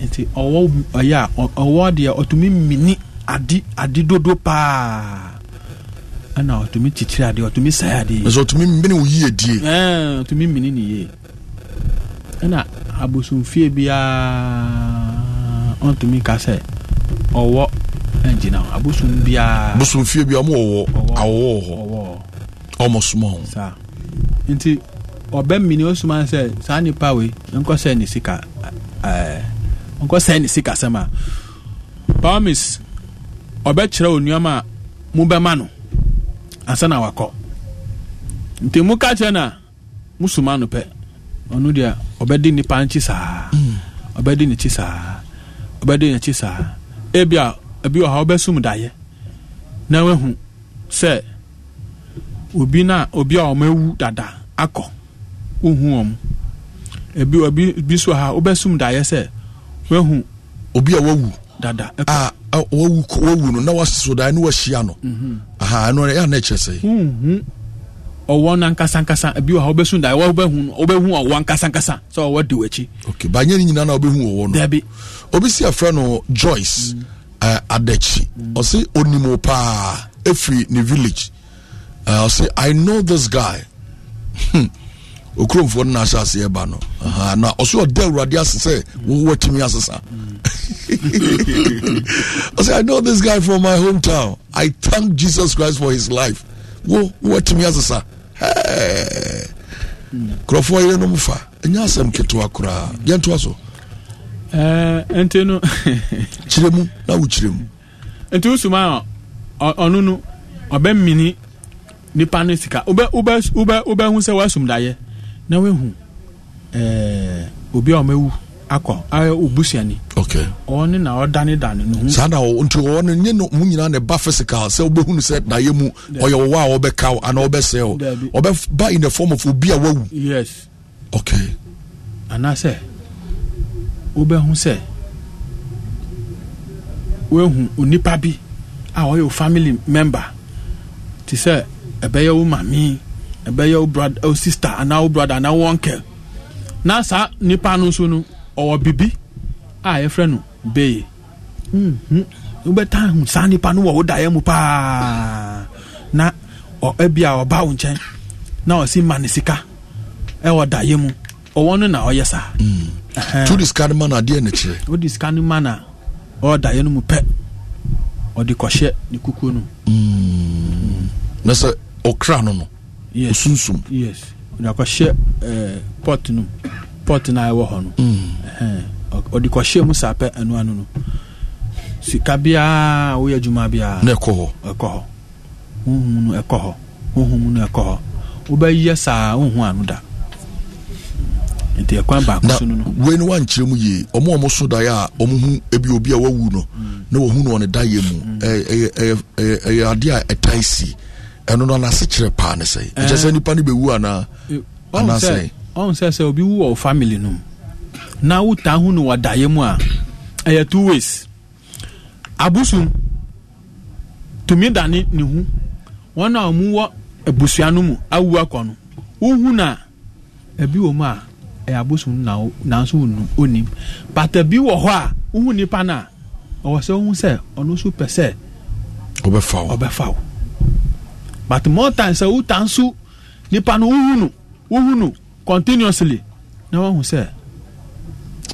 nti ɔwɔ ɔyɛ a ɔwɔ deɛ ɔtumi mini ade ade dodo paa ɛna ɔtumi kyikyiri adeɛ ɔtumi sɛe adeɛ ɛsɛ ɔtumi mini wo yie die ɔtumi mini ne yie ɛna abosomfie biara ɔntumi ka ɔwɔ ɛngyina hɔ abosom biara bosom fie bi ɔmo wɔwɔ awɔwɔ hɔ ɔmo soma ho saa nti ɔbɛn mi ni o suma sɛ saa nipa wei nkɔsɛ ne sika ɛɛ nkɔsɛ ne sika sɛm a promise ɔbɛkyerɛ o nneɛma a mo bɛma no ansa na wakɔ nti mo ka kyerɛ na mo suma no pɛ ɔno deɛ ɔbɛdi nipa nkyi saa ɔbɛdi mm. ne kyi saa ɔbɛdi ne kyi saa ebia. ebi wɔ ha wobɛsum daeɛ na wehu sɛ obi na obi a ɔma ewu dada akɔ wohu wɔn ebi obi bi so ha wobɛsum daeɛ sɛ wehu obi a wawu dada a wawu wawu no na wasoso daeɛ na wahyia no mhm. aha ɛno yɛ ana ɛkyerɛ sɛ ɔwɔ no ankasankasa bi wɔ ha wobɛsum daeɛ wobɛhu wobɛhu ɔwɔ ankasankasa sɛ ɔwɔ di w'akyi okay banyɛ no nyinaa na wobɛhu ɔwɔ no dabi obi si afrɛ no joyce mm -hmm. uh, Adechi. Mm. Ɔsi onimo paa efiri ne village. Uh, eh, ɔsi I know this guy. Hmm. Okuromfoɔ no n'ahyɛ ase ɛba no. Na ɔsi ɔda awurade ase sɛ wɔwɔ tumi asesa. Ɔsi mm. I know this guy from my hometown. I thank Jesus Christ for his life. Wo wɔwɔ tumi asesa. Hey. Mm. Kurɔfoɔ yɛn nom fa. Ɛnyɛ asɛm ketewa koraa. Yɛn to so. Eh, nti no kyerɛ mu na wokyerɛ mu nti wosoma a ɔno no ɔbɛmini nipa no sika wobɛhu sɛ woasum dayɛ na woahu eh, obi a ɔmawu akɔ ayɛ obusuani ɔne na ɔdane dane no saa na nti ɔwɔ no mu nyinaa na ɛba physical sɛ wobɛhu no sɛ dayɛ mu ɔyɛ wɔwɔ a wɔbɛka wo anaa wɔbɛsɛe wo ɔbɛba in the form of obi a wawu yes wobɛhu sɛ woahu onipa bi a ɔyɛ wo family member te sɛ ɛbɛyɛ wo mame ɛbɛyɛ wo sister anaa wo brother anaa wo uncle na saa nipa no nso no ɔwɔ bibi a yɛfrɛ no beye mhm. wobɛta hu saa nipa no wɔ wo daeɛ mu paa na ɛbi a ɔba wo nkyɛn na ɔsi ma ne sika ɛwɔ daeɛ mu ɔwɔ no na ɔyɛ saa mm. through this kind of manner adeɛ ne kyerɛ through this kind of manner ɔda yɛn mu pɛ ɔde kɔhyɛ ne kukuo no na sɛ ɔkra no no osunsum yes ɔde akɔhyɛ eh, pot no pot na ɛwɔ hɔ no ɔde kɔhyɛ mu saa pɛ ɛnoa no no sika biara woyɛ adwuma biara na ɛkɔ hɔ ɛkɔ hɔ honhum e no ɛkɔ e hɔ honhum no ɛkɔ e hɔ wobɛyɛ saa honhum ano da nti ɛkwan baako so no no wei no wankyerɛ mu yie so a ɔmo hu ebi obi a wawu no mm. na wɔhu no ɔne daeɛ mu mm. ɛyɛ ɛyɛ ɛyɛ adeɛ a ɛno paa ne sɛ ɛkyɛ sɛ nipa ana. ɔn sɛ sɛ obi family na mu a ɛyɛ two ways abusu tumi ne ho a wɔ ebusua awu akɔ no wohu na ebi wɔ a. ɛyɛ abosom na nanso onim pata bi wɔ hɔ a wohu nipa no ɔwɔ sɛ wohu sɛ ɔno nso pɛ sɛ ɔbɛfa wo ɔbɛfa wo but more time sɛ wota nso nipa no wohu no wohu no continuously na wahu sɛ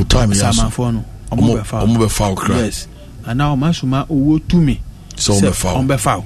samanfoɔ no ɔmo bɛfa wo yes anaa ɔma soma owó tumi sɛ ɔmo bɛfa wo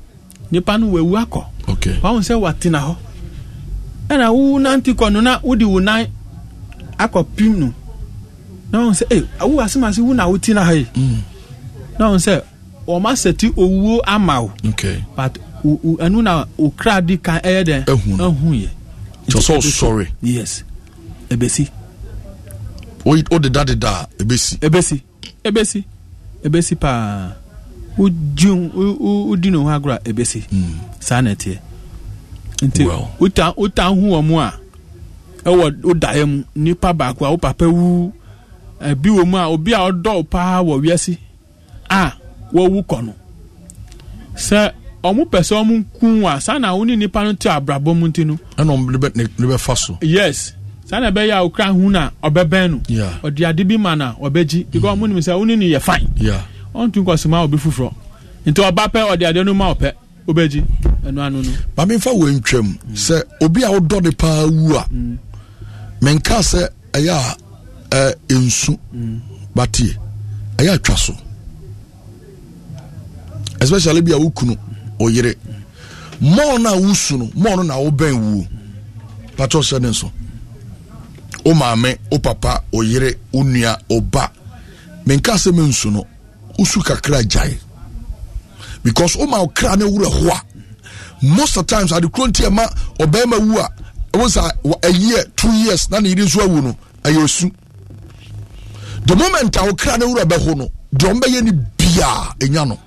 nipa no w'ewu akɔ wahu sɛ watena hɔ ɛna wowu nante kɔ no na wode wo nan akɔ pim no na wahu sɛ ee awo asemase wo na wotena hɔ yi mm. na wahu sɛ wɔma sɛti owuo ama wo but ɛnu na okra di kan ɛyɛ dɛ ɛhu yɛ kyɛ sɛ ɔsɔre yes ebesi o deda deda ebesi ebesi ebesi ebesi paa. wodi ne ho agorɔ a hmm. saa na ɛteɛ nti wota ho wɔ mu a ɛwɔ wodaeɛ mu nipa baako a wo papa wu bi wɔ mu a obi a ɔdɔw paa wɔ wiase a wɔwu kɔ no sɛ ɔmo pɛ sɛ ɔmo kun wa saa na ni nipa no te abrabɔ mu nti no ɛna ɔmo ne bɛfa so yes saa na ɛbɛyɛ a wokra ho na ɔbɛbɛn no ɔde ade bi ma na ɔbɛgyi because hmm. ɔmo nim sɛ wo ne no yɛ fine ɔntu nkɔsoma obi foforɔ nti ɔba pɛ ɔde adeɛ no ma ɔpɛ wobɛgyi ɛno ano no mamemfa wɔntwam sɛ obi a wodɔ de paa wu a menka sɛ ɛyɛ a ɛnsu batie ɛyɛ atwa so especially bi a wokunu ɔyere mɔɔ no a wosu no mɔɔ no na wobɛn wuo patɔ ọ ne nso wo maame wo papa ɔyere wo nua ɔba menka sɛ mensu no wosu kakra gyae because woma wo kra ne werɛ ho a most of times ade kuro nti ɛma ɔbɛrima wu a ɛwo sa a year two years na ne yere nso awu no ɛyɛ osu the moment a wo kra ne werɛ bɛho no deɛ ɔmbɛyɛ ne biaa ɛnya no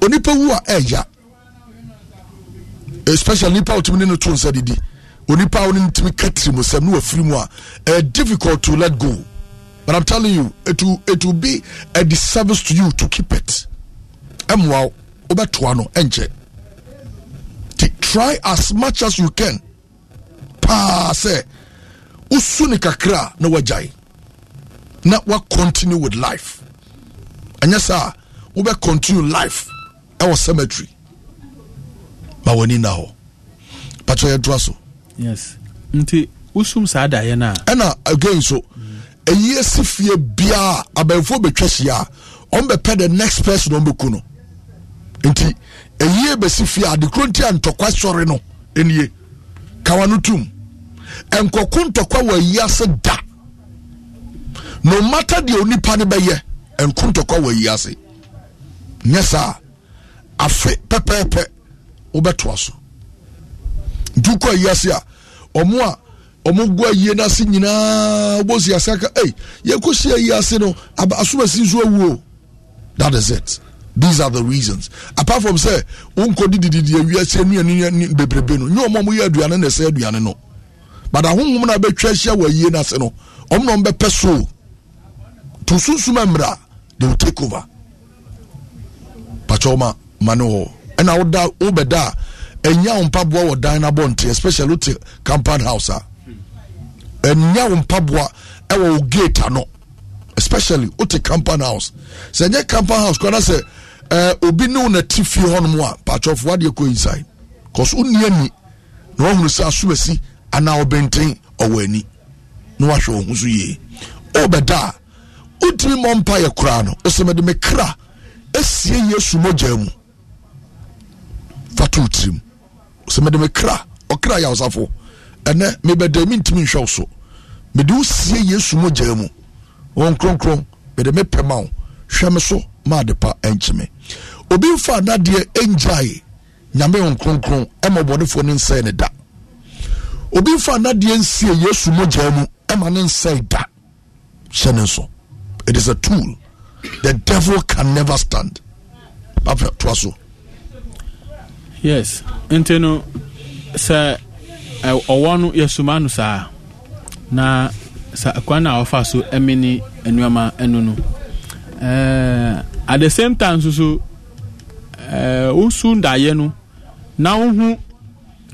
onipa wu a ɛɛya especially nipa a wotumi ne no to nsa didi onipa a wo ne ntumi katiri mu sɛm ne wafiri mu a ɛyɛ difficult to let go but I'm telling you, it will it will be a disservice to you to keep it. Mwa obetuano enche. Try as much as you can. Pa say, usuni na wajai. Na wa continue with life. And yes, sir, ube continue life. Our cemetery. But we need now. But you Yes. Nti usum sada yena. Ena again so ɛyi esi fie biara abɛnfo betwa hyia wɔn bɛpɛ the next person wɔn bɛku no nti ɛyi ebesi fie adekoro nti a ntɔkwa sɔre no enie kawa no tum nkɔko ntɔkwa wɔ ɛyi ase da no matter deɛ onipa ne bɛyɛ nko ntɔkwa wɔ ɛyi ase nyɛ saa afe pɛpɛɛpɛ wobɛtoa so nti wokɔ ase a wɔn a ɔmo gu ayie n'ase nyinaa wɔsi ase aka ɛy yɛkɔ si ayie ase no aba asomasi nso awuo that is it these are the reasons apart from sɛ nkɔdi dididi awia se nua nua bebrebe no nyɛ ɔmo ɔmo yɛ aduane na ɛsɛ aduane no but ahohom na abɛtwa ahyia wɔ ayie n'ase no ɔmo na ɔmo bɛpɛ so to sunsun mmerɛ they will take over patsɔ ma ma ne hɔ ɛna ɔda ɔbɛda ɛnya mpaboa wɔ dan na nti especially te compound house a. Uh, ɛnyɛ wo mpaboa ɛwɔ wo gate ano especially wote campan house sɛ ɛnyɛ campan house kora na sɛ eh, ɛɛ obi ne wo na ti fie hɔnom a patrɔfo adeɛ kɔ inside kɔs wonni ani na wahunu sɛ asomasi anaa ɔbɛnten ɔwɔ ani na wahwɛ wo ho so yie wobɛda a wotumi mɔ mpa yɛ koraa no ɔsɛmɛde me kra asie yesu mogya mu fa to wo tirim ɔsɛmɛde me kra ɔkra yɛ awosafo ɛnɛ mebɛda mi nhwɛ wo so mede wo sie yesu mogyaa mu wɔn kronkron mede me pɛ ma wo hwɛ me so ma ade pa ɛnkyeme obi mfa anadeɛ ɛngyae nyame wɔn kronkron ɛma ɔbɔnefoɔ ne nsɛe ne da obi mfa anadeɛ nsie yesu mogyaa mu ɛma ne nsɛe da hyɛ ne nso it is a tool the devil can never stand papa toa so yes nti no sɛ ɔwɔ no yɛsoma no saa na kwan na ɔfa so ɛmi ne nneɛma ɛno no ɛɛ at the same time nso so ɛɛ wosu ndaeɛ no na wohu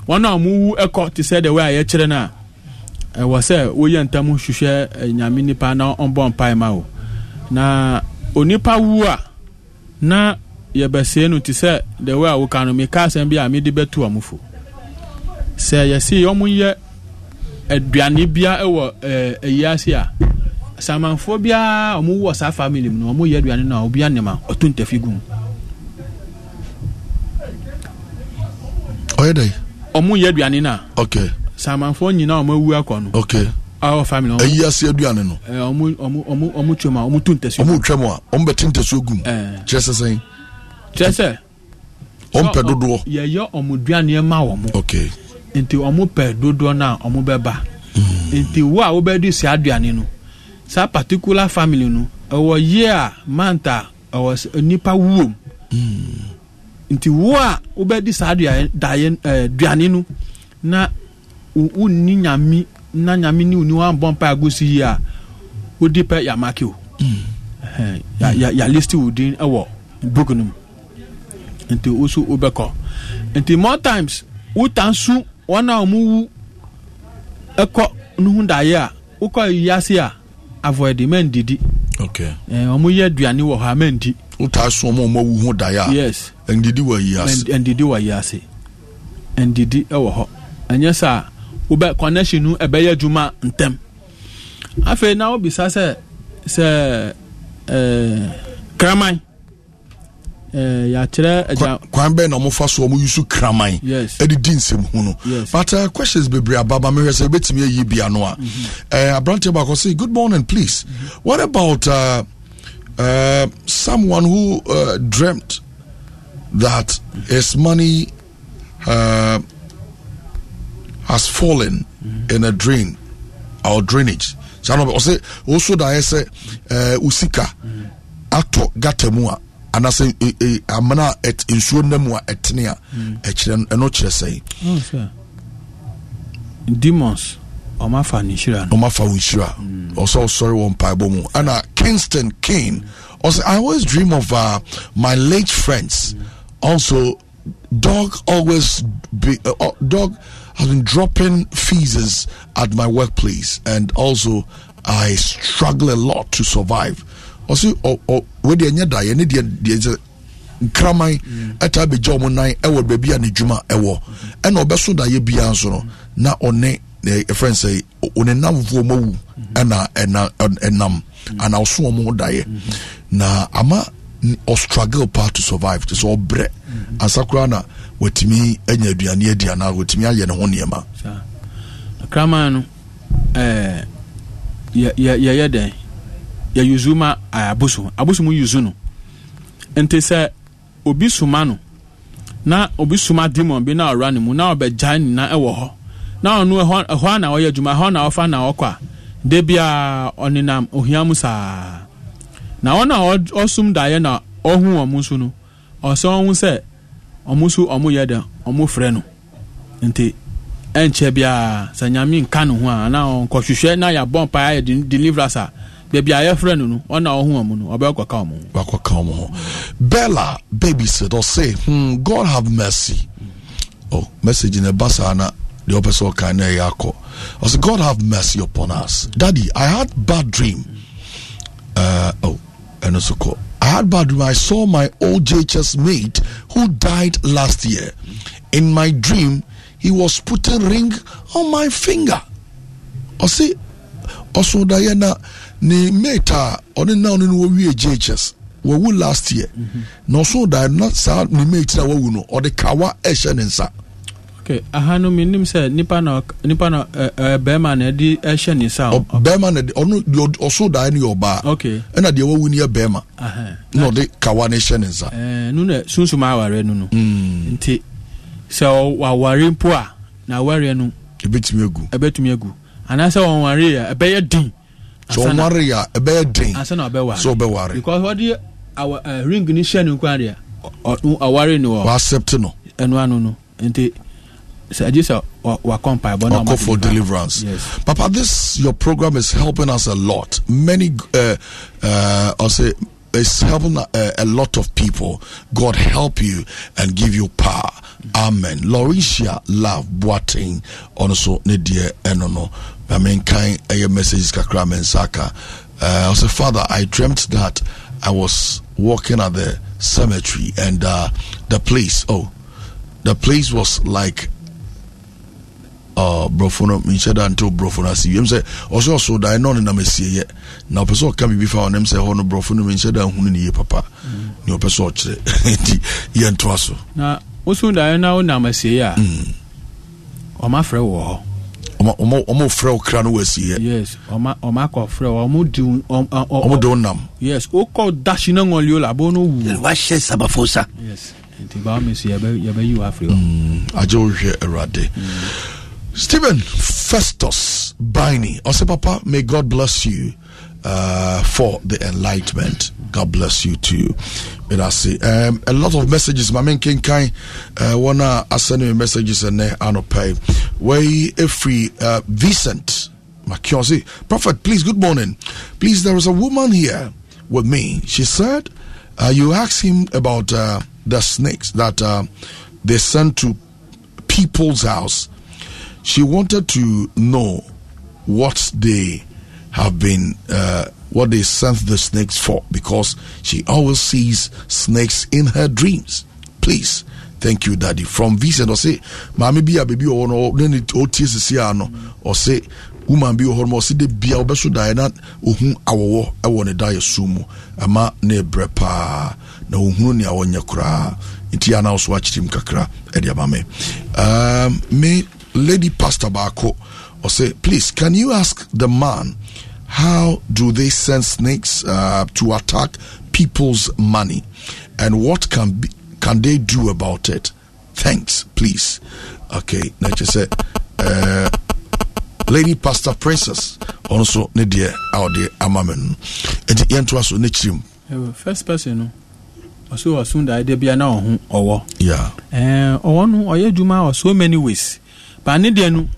wɔn a wɔwu ɛkɔ te sɛ deɛ wɔyɛ a yɛkyerɛ no a ɛwɔ sɛ woyɛ ntam hwehwɛ eh, nyame nipa na ɔmbɔ mpae ma o na onipa wu a na yɛbɛsie no te sɛ deɛ wɔyɛ a woka no meka asɛm bi a de bɛtu ɔmo fo sɛ yɛsi ɔmo yɛ aduane bia wɔ ɛyi ase a samanfoɔ biara wɔn wɔ saa family mu no wɔn yɛ aduane no a obi anim a ɔto ntafi gum. ɔyɛ dɛ. wɔn yɛ aduane no a. ok samanfoɔ nyinaa wɔn awu akɔ no. ok awɔ family. ɛyi ase aduane no. ɛɛ wɔn wɔn wɔn wɔn twɛm a wɔn to ntafi. wɔn twɛm a wɔn bɛ te ntafi gum. ɛɛ kyerɛ sɛsɛn. kyerɛ sɛ. wɔn pɛ dodoɔ. yɛyɛ wɔn aduane ma wɔn. ok nti wɔn pɛ dodoɔ na a wɔn ba, nti wo a wobɛdi si aduane no saa particular family no ɛwɔ yie a mant a ɛwɔ nipa wuom hmm. nti wo a wobɛdi saa aduane no na wonni nyame na nyami ni wonni wambɔ mpa agosi yie a wodi pɛ yamake o hmm. yalisti wo din ɛwɔ book no mu nti wo so wobɛkɔ nti more times wota nso wọn a wɔwu kɔ no ho daeɛ a wokɔ yiase a avoid mandidi wɔn yɛ aduane wɔ hɔ a mandi wotaa so ɔma ɔma wu ho daeɛ a yes ndidi wɔ yiase ndidi wɔ yiase ndidi wɔ hɔ ɛnyɛ saa wobɛ connection no ɛbɛyɛ adwuma ntɛm afei na wobisa sɛ sɛ ɛɛ kraman yɛakyerɛ kwan bɛɛ na ɔmofa so ɔmo yusu kraman ɛde di nsɛm hu no but uh, questions bebree ababa mehwɛ sɛ ɛbɛtumi ayi bia no a mhm. eh, aberanteɛ baakɔ se good morning please mm -hmm. what about uh, uh, someone who uh, dreamt that his money uh, has fallen mm-hmm. in a drain or drainage saa na ɔsɛ ɔso da ayɛ sɛ osika mhm. atɔ gata mu a anaasɛ amana nsuo nam a ɛtene a ɛkyerɛ ɛno kyerɛ sɛe demons ɔmafa ne nhyira no ɔmafa wo nhyira ɔsɛ hmm. ɔsɔre wɔ mpaebɔ mu ana kingston kane hmm. ɔsɛ i always dream of uh, my late friends mm. also dog always be uh, uh dog has been dropping feces at my workplace and also i struggle a lot to survive ɔsi ɔ wɔde ɛnyɛ da yɛ ne deɛ deɛ sɛ nkraman ɛta abɛgya ɔmo nan ɛwɔ beebi a ne dwuma ɛwɔ ɛna ɔbɛso da yɛ biara nso no na ɔne eh, ne efɛn sɛ ɔne namfoɔ ɔmo awu ɛna ɛna ɛnam ana ɔso ɔmo da yɛ na ama ɔstruggle pa to survive te sɛ ɔbrɛ asakura na wɔtumi anya aduane adi ana, wɔtumi ayɛ ne ho nneɛma kraman no ɛɛ eh, yɛ yɛ yɛ dɛn yɛusu ma abosom abosom usu no nti sɛ obi suma no na obi soma demon bi na ɔra ne mu na ɔbɛgyae nina ɛwɔ hɔ na ɔno ɛhɔ ɛhɔ na ɔyɛ adwuma ɛhɔ na ɔfa na ɔkɔ a debia ɔnenam ohia mu saa na ɔn a ɔsom daeɛ na ɔhu ɔmo nso no ɔsɛ ɔhu sɛ ɔmo nso ɔmo yɛ dɛ ɔmo frɛ no nti ɛnkyɛ biaa sɛ nyame nka ne ho a na ɔnkɔhwehwɛ na yɛabɔ mpaeɛ ayɛ deliverance a baabi a yɛfrɛ no no ɔna ɔho mu no ɔbɛkɔka ɔmo ho wakɔka ɔmo ho bella baby said say, hmm, god have mercy oh, message in ɛba saa ah, The deɛ ɔpɛ sɛ ɔka ne ɛyɛ akɔ ɔse god have mercy upon us daddy i had bad dream uh, oh, ɛno so kɔ I had bad dream. I saw my old JHS mate who died last year. In my dream, he was putting ring on my finger. I see, also Diana. Ni meta a ɔne na ɔne no wɔwie ghs wɔwu last year na ɔso da na saa ne mate na wawu no ɔde kawa ɛhyɛ ne nsa ahanu mi nim sɛ nipa na nipa na ɛɛ eh, eh, bɛrima na ɛdi ɛhyɛ ne nsa. bɛrima na ɛdi ɔno deɛ ɔso dan ne yɛ ɔbaa. ok ɛna deɛ wawu ni yɛ bɛrima. na ɔde kawa ne hyɛ ne nsa. ɛɛ eh, nu na sunsun aware nu no. Hmm. nti sɛ waware mpo a na aware no. ebetumi egu. ebetumi egu anaasɛ wɔn ware yɛ ɛbɛyɛ din so ɔware a ɛbɛyɛ den so ɔbɛware because wɔde awa uh, ring ni hyɛ no kwan deɛ ɔware ni wɔ accept no ɛno ano no nti sɛ agye sɛ wakɔ mpaebɔ na ɔkɔ for deliverance yes. papa this your program is helping us a lot many uh, uh, I'll say it's helping a, a, lot of people. God help you and give you power. Amen. Lauricia Love Boating also Nidia Enono. I mean kind a message kakra mensaka. I uh, said, Father, I dreamt that I was walking at the cemetery and uh, the place, oh, the place was like uh brofono me said until I see him say also so that I know in a messiah yet. na ɔpɛ sɛ ɔka biribi fa nem sɛ hɔ no borɔfo no menhyɛ da hunu ne yie papa mm. ne ɔpɛ sɛ ɔkyerɛ nti yɛntoa so na wosu daeɛ na wonam asiei a mm. ɔma frɛ wɔ hɔ ɔmo frɛ wo kra no wɔ asieɛ ɔma kɔ frɛ ɔmo de wo nam yes wokɔ dahye no ngɔlio labɔ no wu wahyɛ sabafo sa nti ba me so yɛbɛyi wo afiri hɔ mm, agye wohwɛ awurade Stephen Festus Biney, Ose Papa, may God bless you. uh, for the enlightenment. God bless you too. um, a lot of messages. My main king kind uh, wanna I send messages and then I don't pay. Way every uh, Vicent Makiosi Prophet, please. Good morning. Please, there is a woman here with me. She said uh, you asked him about uh, the snakes that uh, they sent to people's house. She wanted to know what they have been uh, what they sent the snakes for because she always sees snakes in her dreams. Please. Thank you, Daddy. From Vincent, I say, Mammy be a baby or no, then it OTS no, or say, woman bi wɔ hɔ no ma ɔsi de bia wɔbɛso daeɛ na ohun awɔwɔ ɛwɔ ne daeɛ sumo mu ne brɛ paa na ohun nea wɔnyɛ koraa nti ana so kakra ɛde ama um, me lady pastor or say please can you ask the man how do they send snakes uh, to attack people's money, and what can be, can they do about it? Thanks, please. Okay, let kyerɛ say, lady pastor princess Also, nso ne deɛ a ɔde ama me no nti yɛntoa so ne eh, first person no ɔso ɔso daedeɛ bia na ɔho ɔwɔ ɔwɔ no ɔyɛ adwuma wɔ so many ways ba ne deɛ no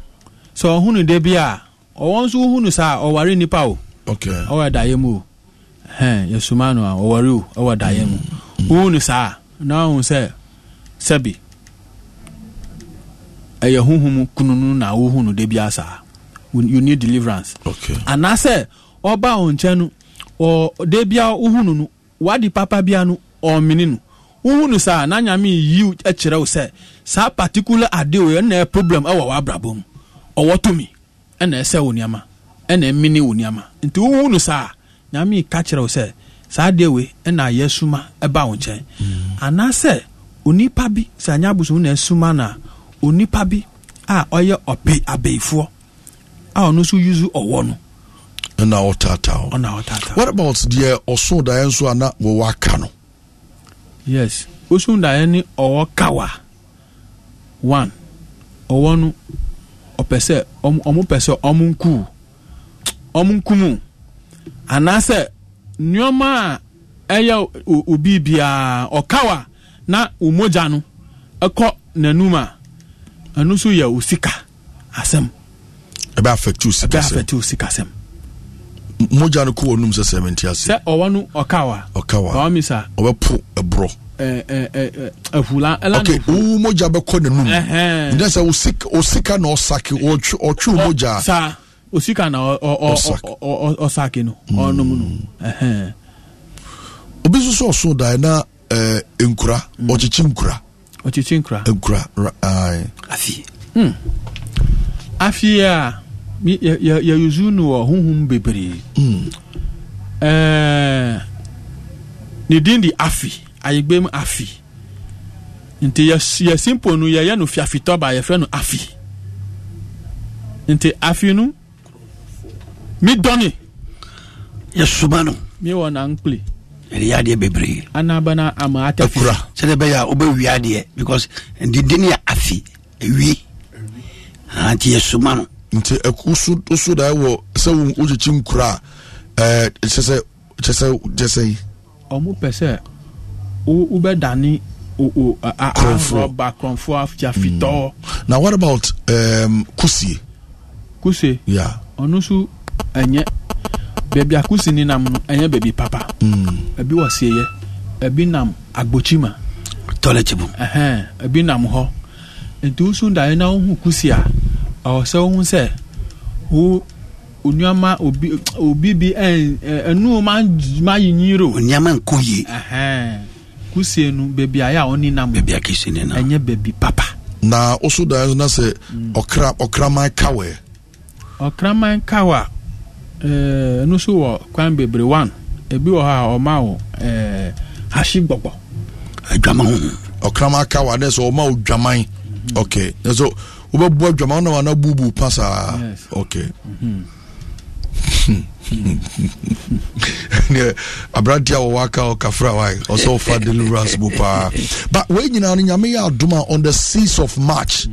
sɛ ɔho no da bi a ɔwɔ nso wohu no saa ɔware nipa o ɔwɔ daeɛ mu o yɛsoma no a ɔware o ɛwɔ daeɛ mu wohu mm-hmm. no saa na wohu sɛ sɛbi ɛyɛ honhom kununu na wohu no da biara saa you need deliverance anaasɛ ọba wo nkyɛn no ọ biara wohu no no papa bia no ɔmene no wohu no saa na nyame yiw kyerɛ wo saa particular ade o ɛna problem ɛwɔ w'abrabɔ mu ɔwɔ tumi ɛna ɛsɛ wo nneɛma ɛna ɛmini wo nneɛma nti wowu no saa nyame ka kyerɛ wo sɛ saa deɛ wei ɛna ayɛ suma ɛba wo nkyɛn hmm. anaasɛ onipa bi sɛ anyɛ abosom na ɛsuma na onipa bi a ɔyɛ ɔpe abɛifoɔ a ɔno nso yusu ɔwɔ no ɛna ɔtaataa ɔna ɔtaataa what about deɛ ɔso daeɛ nso ana wɔwɔ aka no yes osun daeɛ ne ɔwɔ kawa one ɔwɔ no ɔpɛ sɛ ɔmo pɛ sɛ ɔmo nku ɔmo nku mu anaasɛ nneɛma a ɛyɛ obi biara ɔkawa na omogya no ɛkɔ n'anum a ɛno nso yɛ osika asɛm. ɛbɛ afɛti osika sɛm ɛbɛ afɛti osika sɛm. mogya no kɔ wɔn num sɛ sɛmɛnti ase. sɛ ɔwɔ no ɔkawa ɔkawa ɔwɔ misa. ɔbɛ po E ahula eh, eh, eh, ɛla okay wo mogya bɛkɔ n'anum nyina sɛ osika na ɔsake ɔtwe wo mogya osika na ɔsake no no obi nso so ɔso na nkura ɔkyekye hmm. nkura ɔkyekye nkura nkura a no wɔ bebree ne din ayegbe mu afi nti yɛ simple no yɛyɛ no fiafitɔba yɛfrɛ no afi nti afi no mi dɔni. yɛsoma no. mi wɔ nankule. ɛde yɛ adeɛ bebree. anaba na ama atɛ fi. ekura sɛdeɛ bɛyɛ a wobɛwi adeɛ because ndidini yɛ afi ewi nti yɛsoma no. nti ɛkusu osu da wɔ sɛ wo kyekyi nkura ɛɛ kyesɛ kyesɛ kyesɛ yi. ɔmo pɛ sɛ wobɛdane bakrɔmfoɔ afya fitɔɔ mm. na what about um, kusie kusie yeah. ɔno ɛnyɛ baabi akusi nam no ɛnyɛ baabi papa mm. wɔ ebi nam ma. tɔlɛkyibu ɛhɛn ebi nam hɔ nti wosu da na wohu kusi a ɔwɔ sɛ wohu sɛ wo onuama obi obi bi ɛn ɛnu ma ma yi kusie no baabi ayɛ a ɔne nam ɛnyɛ baabi papa na woso dan so na sɛ mm. ɔkra ɔkraman kawɛ ɔkraman kawa eh, ɛno so wɔ kwan bebree wan, ebi wɔ hɔ a ɔma wo eh, hasi gbɔgbɔ adwama ho ɔkraman kawa dɛ sɛ ɔma wo dwaman mm. ok so wobɛboa dwaman no ana bubu pa saa ok mm -hmm. deɛ aberante a wɔwɔ aka ɔkafra wa ɔsɛ ɔfa deliverance mu paa but wei nyinaa no nyame yɛ adom a on the six of march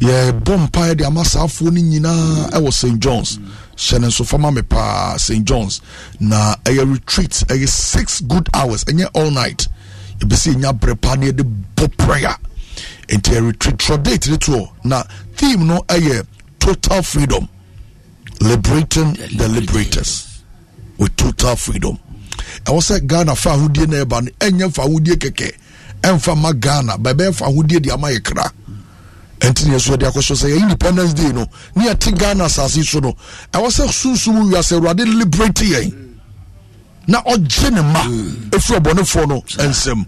yɛbɔ mpaeɛ de ama saafoɔ no nyinaa ɛwɔ st johns hyɛ ne nso fama me paa st johns na ɛyɛ retreat ɛyɛ six good hours ɛnyɛ all night ɛbɛsɛ ɛnya berɛ paa ne yɛde bɔ prayer nti ɛretreat trɔdate ne toɔ na theme no ɛyɛ total freedom liberating the liberators with total freedom ɛwɔ sɛ ghana fa ahodie na ɛba no ɛnyɛ fa ahodie kɛkɛ ɛmfa ma ghana bɛbɛ fa ahodie de ama yɛ kra ɛnti ne ɛso de akɔhyɛ sɛ yɛ independence day no ne yɛte ghana asase so no ɛwɔ sɛ sunsum wiase awurade liberate yɛn na ɔgye ne ma ɛfiri ɔbɔnefoɔ no nsɛm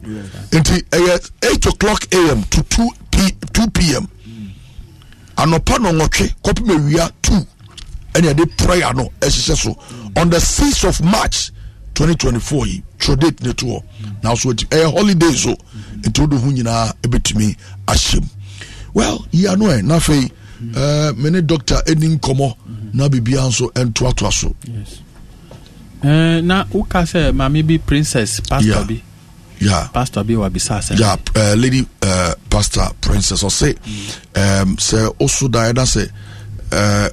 nti ɛyɛ 8 o'clock am to two pm anɔpa nɔnwɔtwe kɔpem awia two ɛna yɛde prayer no ɛhyehyɛ so on the sixth of march 2024, twenty four yi tro date ne toɔ so ɛyɛ holiday so nti o de ho nyinaa ebetumi ahyɛ mu well yia no ɛ n'afɛn ɛɛ mɛ ne doctor ɛni nkɔmɔ na biribiara nso ɛntoatoa so. Yes. Eh, na woka sɛ maame bi princess pastor yeah. bi yeah. pastor bi wa wabisa sɛ yeah, uh, lady uh, pastor princess ɔse mm. um, sɛ woso daeɛ na sɛ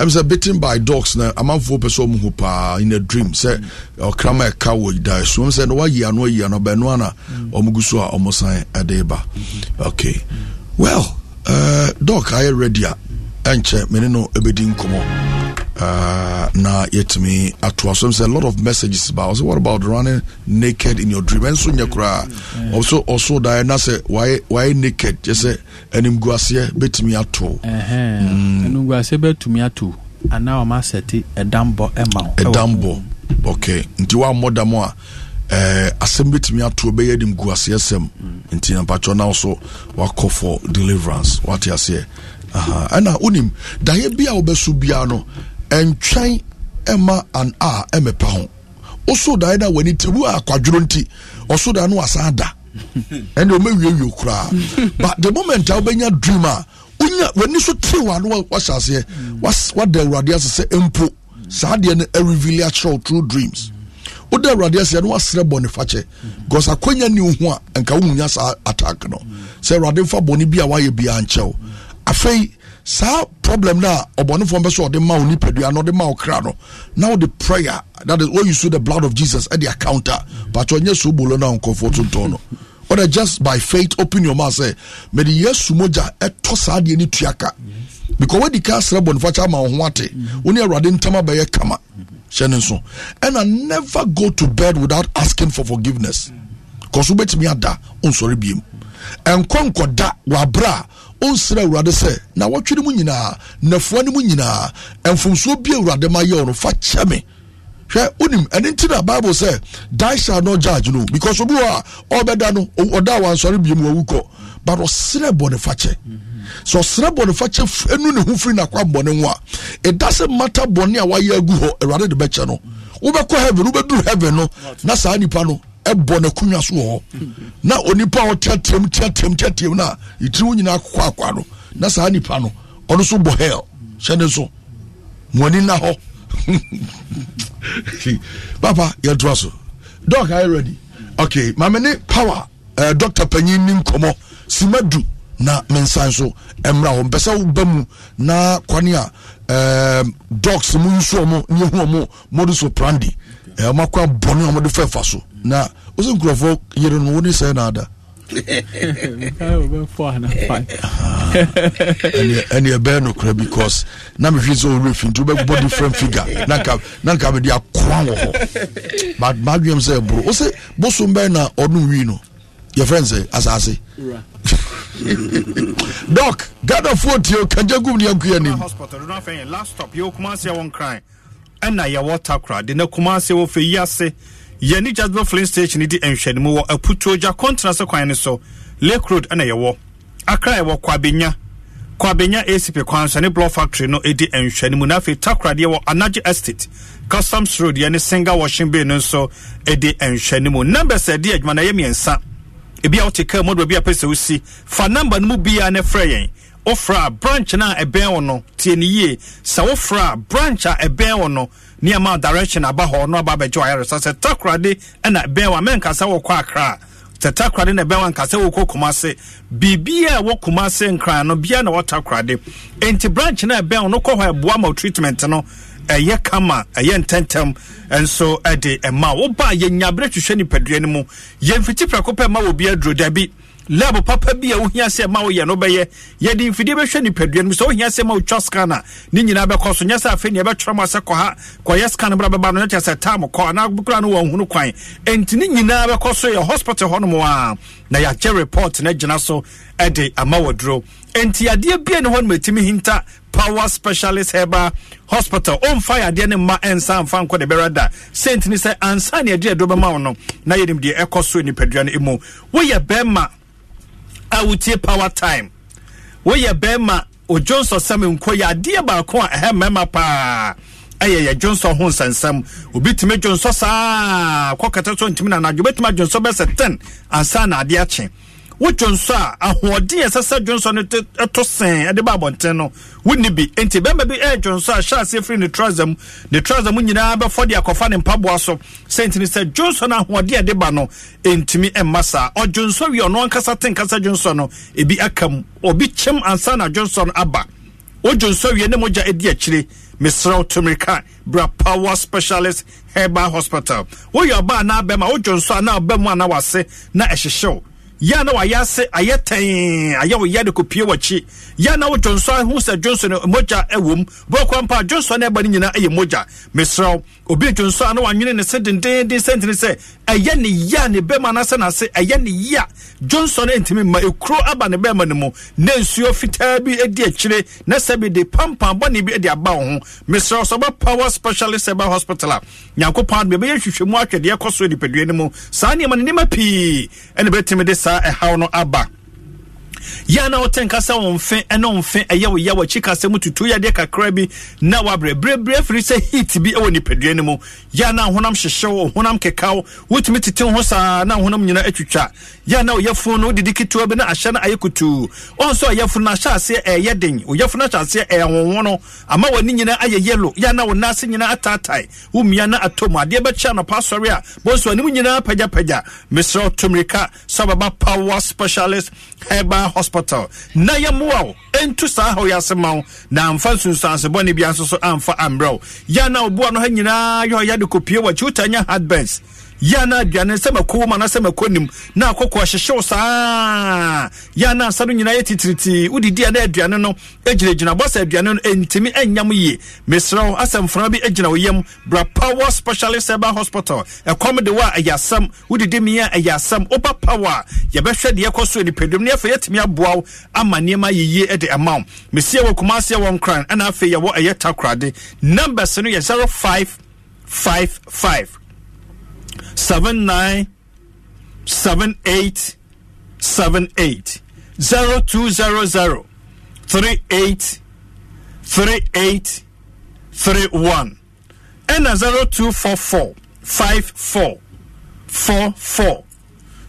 ɛm sɛ bitten by dogs na amanfoɔ pɛ sɛ ɔmo hu paa in a dream sɛ ɔkrama ɛka wɔ da so ɛm sɛ na wayi ano ayi ano bɛno ana ɔmo gu so a ɔmo san ɛde ba mm-hmm. okay well uh, dog ayɛ ready a ɛnkyɛ mene no ɛbɛdi nkɔmmɔ uh, na yɛtumi atoa so sɛ a lot of messages ba ɔsɛ what about running naked in your dream ɛnso nyɛ koraa mm. ɔso ɔso daeɛ na sɛ wayɛ naked kyɛ sɛ animguaseɛ bɛtumi ato animguaseɛ mm. bɛtumi ato anaa ɔma sɛte ɛdambɔ ɛma wo ɛdambɔ okay nti wa da mu a Uh, eh, asɛm bɛtumi atoɔ bɛyɛ de mguaseɛ sɛm mm. nti nampatwɔ na so wakɔ for deliverance wate aseɛ ɛna wonim daeɛ bi a wobɛso biara no ntwan ɛma an a ɛmɛpa ho ɔso dan na wani tebu a akwadworo nti ɔso dan no wasan da ɛnna ɔmɛ wie wie koraa but the moment a wobɛnya dream a wonya wani so tiri wa no wahyɛ aseɛ wada awurade ase sɛ mpo saa deɛ no ɛrevili akyerɛw true dreams woda awurade aseɛ no wasrɛ bɔne fakyɛ because akwanya ne ho a nka wohunya saa attack no sɛ awurade mfa bɔne bi a wayɛ biaa nkyɛw afei saa problem na ɔbɔnefoɔ mpɛ sɛ ɔde ma wo nipadua na ɔde ma wo kra no now the prayer that is when you see the blood of jesus at the encounter but ɔnyɛ so bolo na nkɔfoɔ tontɔn no ɔdɛ just by faith open your mouth sɛ mede yesu mogya ɛtɔ saa deɛ ne tua because wadi ka srɛ bɔnefakyɛ ama wo ho ate wo ne awurade ntam abɛyɛ kama hyɛ ne nso ɛna never go to bed without asking for forgiveness kɔ so wobɛtumi ada wonsɔre biem ɛnkɔ nkɔda wɔ aberɛ a ɔnsira awurade sɛ na wɔtwe mu nyinaa nafoa no mu nyinaa mfomsoɔ bi awurade ma yɛ fa kyɛ me hwɛ wonim nti na bible sɛ because obi wɔ a ɔbɛda no ɔda a wansɔre biem wawu kɔ but ɔserɛ bɔne fa kyɛ sɛ ɔserɛ bɔne fa kyɛ ɛnu ne ho firi nakwa bɔne ho a it doesn't matter bɔne a wayɛ agu hɔ awurade de bɛkyɛ no wobɛkɔ heaven wobɛduru heaven no na saa ɛbɔ n'akonwa so wɔ hɔ na onipa a ɔteateam teateam teateam no a ɛtiri wo nyinaa akokɔ akoa no na saa nipa no ɔno so bɔ hell hyɛ ne nso moani na hɔ papa yɛntoa so dɔk ayɛ ready okay maame ne power uh, dr panyin ne nkɔmmɔ sima du na me nsa nso mmra hɔ mpɛ sɛ woba mu na kwane a um, docs mu nsuo mu ne ɛhu ɔmo mode so prandi ɛma kɔ abɔne a mode fa ɛfa so na wosi nkurɔfoɔ yere no wo ne sɛ na ada ɛneɛ ɛbɛyɛ nokora because na mehwe sɛ ɔwerɛ fi nti wobɛbɔ different figure na nka mede akoa wɔ hɔ but maadwem sɛ ɛboro wo se bosom bɛn na ɔno wii no yɛfrɛ n sɛ asase dok gadafoɔ tio kagya gum ne anku anim ɛna yɛwɔ takra de na kuma ase wɔ fɛ yi ase yɛne jasper flin station di nhwɛne mu wɔ aputuo gya kɔntena sɛ kwan no so lake road na yɛwɔ akra yɛwɔ kwabenya kwabenya acp kwan so ne block factory no di nhwɛne mu na afei takoradeɛ wɔ anagye estate customs road yɛne singa washing bay no nso di nhwɛne mu numbers a ɛdi adwuma no ɛyɛ mmiɛnsa ebi a wote kaa mu ɔdɔ bi a pɛ sɛ wosi fa number no mu biara ne frɛ yɛn wofra branch na a ɛbɛn wo no tie ne yie sɛ wofra branch a ɛbɛn wo no nneɛma direction aba hɔ no aba abɛgye wayare sa sɛ takorade ɛna ɛbɛn wa mɛnka sɛ wokɔ akra sɛ takorade na ɛbɛn wa nka sɛ wokɔ kumase biribia a ɛwɔ kumase nkran no bia na wɔtakorade enti branch na a ɛbɛn wo no kɔ hɔ ɛboa ma treatment no ɛyɛ kama ɛyɛ ntɛntɛm nso ɛde ɛma wo ba yɛnyabere hwehwɛ nipadua no mu yɛmfiti prɛko pɛ ma wɔ bi aduro dabi lab papa bi a wohia sɛ ma woyɛ no bɛyɛ yɛde mfidie bɛhwɛ nipadua no mu sɛ wohia sɛ ma wotwa scan a ne nyinaa bɛkɔ so nyɛ sɛ afei neɛ ɛbɛtwerɛ ma sɛ kɔha kɔyɛ scan bra bɛba no nɛkyɛ sɛ tam kɔ anaa kora no wɔnhunu kwan ɛnti ne nyinaa bɛkɔ so yɛ hospital hɔ nom a na yɛakyɛ report no gyina so ɛde ama wɔduro ɛnti adeɛ bia ne hɔ nom hinta power specialist heba hospital ɔmfa yɛ adeɛ ne mma ɛnsa mfa nkɔ de bɛra da sɛntini sɛ ansa ne ɛde ɛdɔ bɛma wo no na yɛnim deɛ ɛkɔ so nipadua no mu woyɛ bɛrima a wotie power time woyɛ bɛrima odwonso sɛm nkɔ yɛ adeɛ baako a ɛhɛ mmarima paa ɛyɛ yɛ dwonso ho nsɛnsɛm obi tumi dwonso saa kɔkata so ntumi na anadwo obɛtumi adwonso bɛsɛ ten ansa na adeɛ akye wotwe nso a ahoɔden ɛsɛ sɛ dwonso no to sɛn de ba abɔnten no wonni bi enti bɛrima bi ɛredwe nso a hyɛ aseɛ firi ne trouser mu ne trouser mu nyinaa bɛfɔ de akɔfa ne mpaboa so sɛ ntini sɛ dwonso no ahoɔden de ba no ɛntumi mma saa ɔdwonso wie ɔno ankasa te nkasa dwonso no ebi aka mu obi kyɛm ansa na dwonso no aba wodwonso wie ne mogya adi akyire mesrɛw tomirika bra power specialist herbal hospital woyɛ ɔbaa na abɛm a wodwonso a na abɛm a na wase na ɛhyehyew yɛ na wayɛ ase ayɛ tɛn ayɛ wo yɛ de kopie wɔkyi yɛ na wo johnson ho sɛ johnson mogya ɛwɔ mu bɔkɔ mpa johnson ɛba no nyinaa ɛyɛ mogya mesrɛw obi johnson na wanwene ne se dendenden sɛntene sɛ ɛyɛ ne yia ne bɛma no asɛ n'ase ɛyɛ ne yia johnson ntumi ma ekuro aba ne bɛma no mu na nsuo fitaa bi adi akyire na sɛ bi de pampan bɔne bi de aba wo ho mesrɛw sɛ ɔbɛ power specialist ɛba hospital a nyankopɔn de bɛbɛyɛ hwehwɛmu ahwɛdeɛ kɔ so nipadua no mu saa nneɛma no nneɛma pii ɛne bɛtumi de sa saa ɛhaw no aba yɛa na wote nka sɛ wo mfe ɛne wo mfe ɛyɛ wo yɛ wɔkyi kasɛ mu tutu yɛdeɛ kakra bi na wabrɛ berɛberɛ firi sɛ heat bi ɛwɔ nipadua no mu yɛa na honam hyehyew honam kekaw wotumi tete ho saa na honam nyina atwitwa yɛa na ɔyɛfo no wodidi ketewa bi na ahyɛ no ayɛ kutuu ɔn sɛ ɔyɛfo no ahyɛ aseɛ ɛyɛ eh, den ɔyɛfo no ahyɛ aseɛ ɛyɛ eh, honhono ama w'ani nyina ayɛ yɛlo yɛa na wo nase nyina ataatae wo na atɔ adeɛ bɛkyɛ anɔpa asɔre a bonso anim nyinaa pagyapagya mesrɛ wo tomirika sɛ bɛba power specialist herbal hospital na yɛmmoa wo ɛntu saa haw yɛase ma wo na amfa nsunsuansebɔne bia nso so amfa ambrɛ wo yɛ na woboa no ha nyinaa yɛ hɔ yɛde kɔpie wakyi wotanya heartburns yɛ na aduane sɛ mako wom anaa sɛ mako nim na akɔkɔ hyehyew saa yɛ na nsa no nyinaa yɛ titiritii wodidi a na aduane no gyinagyina bɔ sɛ aduane no ɛntumi ɛnyam yie mesrɛ wo asɛmfra bi gyina wo yam bra power specialist herbal hospital ɛkɔm de wo a ɛyɛ asɛm wodidi mmea a ɛyɛ asɛm woba power a yɛbɛhwɛ deɛ ɛkɔ so nipadwom no yɛfa yɛtumi aboa wo ama nneɛma yɛyie de ɛma wo mesie wɔ kuma aseɛ wɔ nkran ɛna afei yɛwɔ ɛyɛ takorade numbers no yɛ 0555 seven nine seven eight seven eight zero two zero zero three eight three eight three one ɛna zero two four four five four four four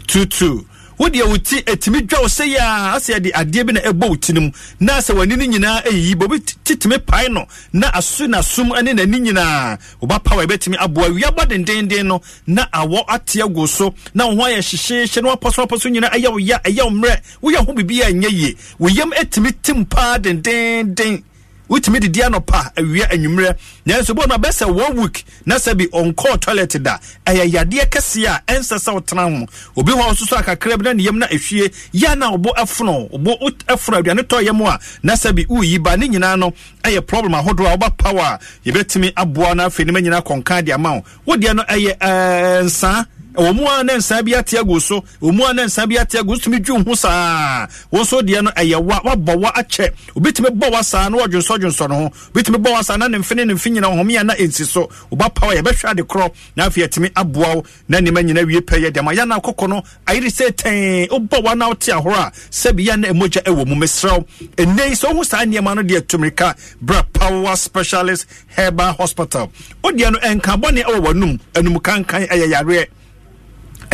two two wodeɛ wo ti ɛtumi dwa wo sɛ yɛ a asɛ yɛde adeɛ bi na ɛbɔ wo ti no mu na sɛ w'ani no nyinaa ɛyiyi bɔbi titumi pae no na aso n'asom ne n'ani nyinaa woba power ɛbɛtumi aboa wiaba dendenden no na awɔ ateɛ go so na wo ho ayɛ hyehyeehyɛ na wapɔ so wapɔ so nyinaa ɛyɛ wo ya ɛyɛ wo mmerɛ woyɛ ho biribi a ɛnyɛ yie wo yam ɛtumi tim paa dendenden wotumi didi anɔpa awia anwummerɛ nanso bɔ no abɛsɛ one week na sɛ bi ɔnkɔɔ toilet da ɛyɛ yadeɛ kɛseɛ a ɛnsɛ sɛ wotena ho obi hɔ nso so akakra bi na ne yam na ahwie yɛ na ɔbɔ ɛfono ɔbɔ ɛfono aduane tɔ yɛ mu a na sɛ bi woyi ba ne nyinaa no ɛyɛ problem ahodoɔ a woba power a yɛbɛtumi aboa no afei ne ma nyinaa kɔnka de ama wo wodeɛ no ɛyɛ ɛɛ nsaa wɔn mu a ne nsa bi ate agu so wɔn mu a ne nsa bi ate agu so tumi dwi ho saa wɔn so deɛ no ɛyɛ wa wabɔ wa akyɛ obi tumi bɔ wa saa na wɔdwonsɔ dwonsɔ ne ho obi tumi bɔ wa saa na ne mfe ne ne mfe nyinaa wɔn a na nsi so ɔba pawa yɛ bɛhwɛ ade korɔ na afei ɛtumi aboa wo na nneɛma nyinaa wie pɛ yɛ dɛm ayɛ na no ayiri sɛ tɛn ɔbɔ wa na ɔte ahoro a sɛbi yɛ na ɛmogya ɛwɔ mu mesrɛw ɛnɛ yi sɛ ɔho saa nneɛma no deɛ specialist herbal hospital ɔdeɛ no ɛnka bɔne ɛwɔ wɔn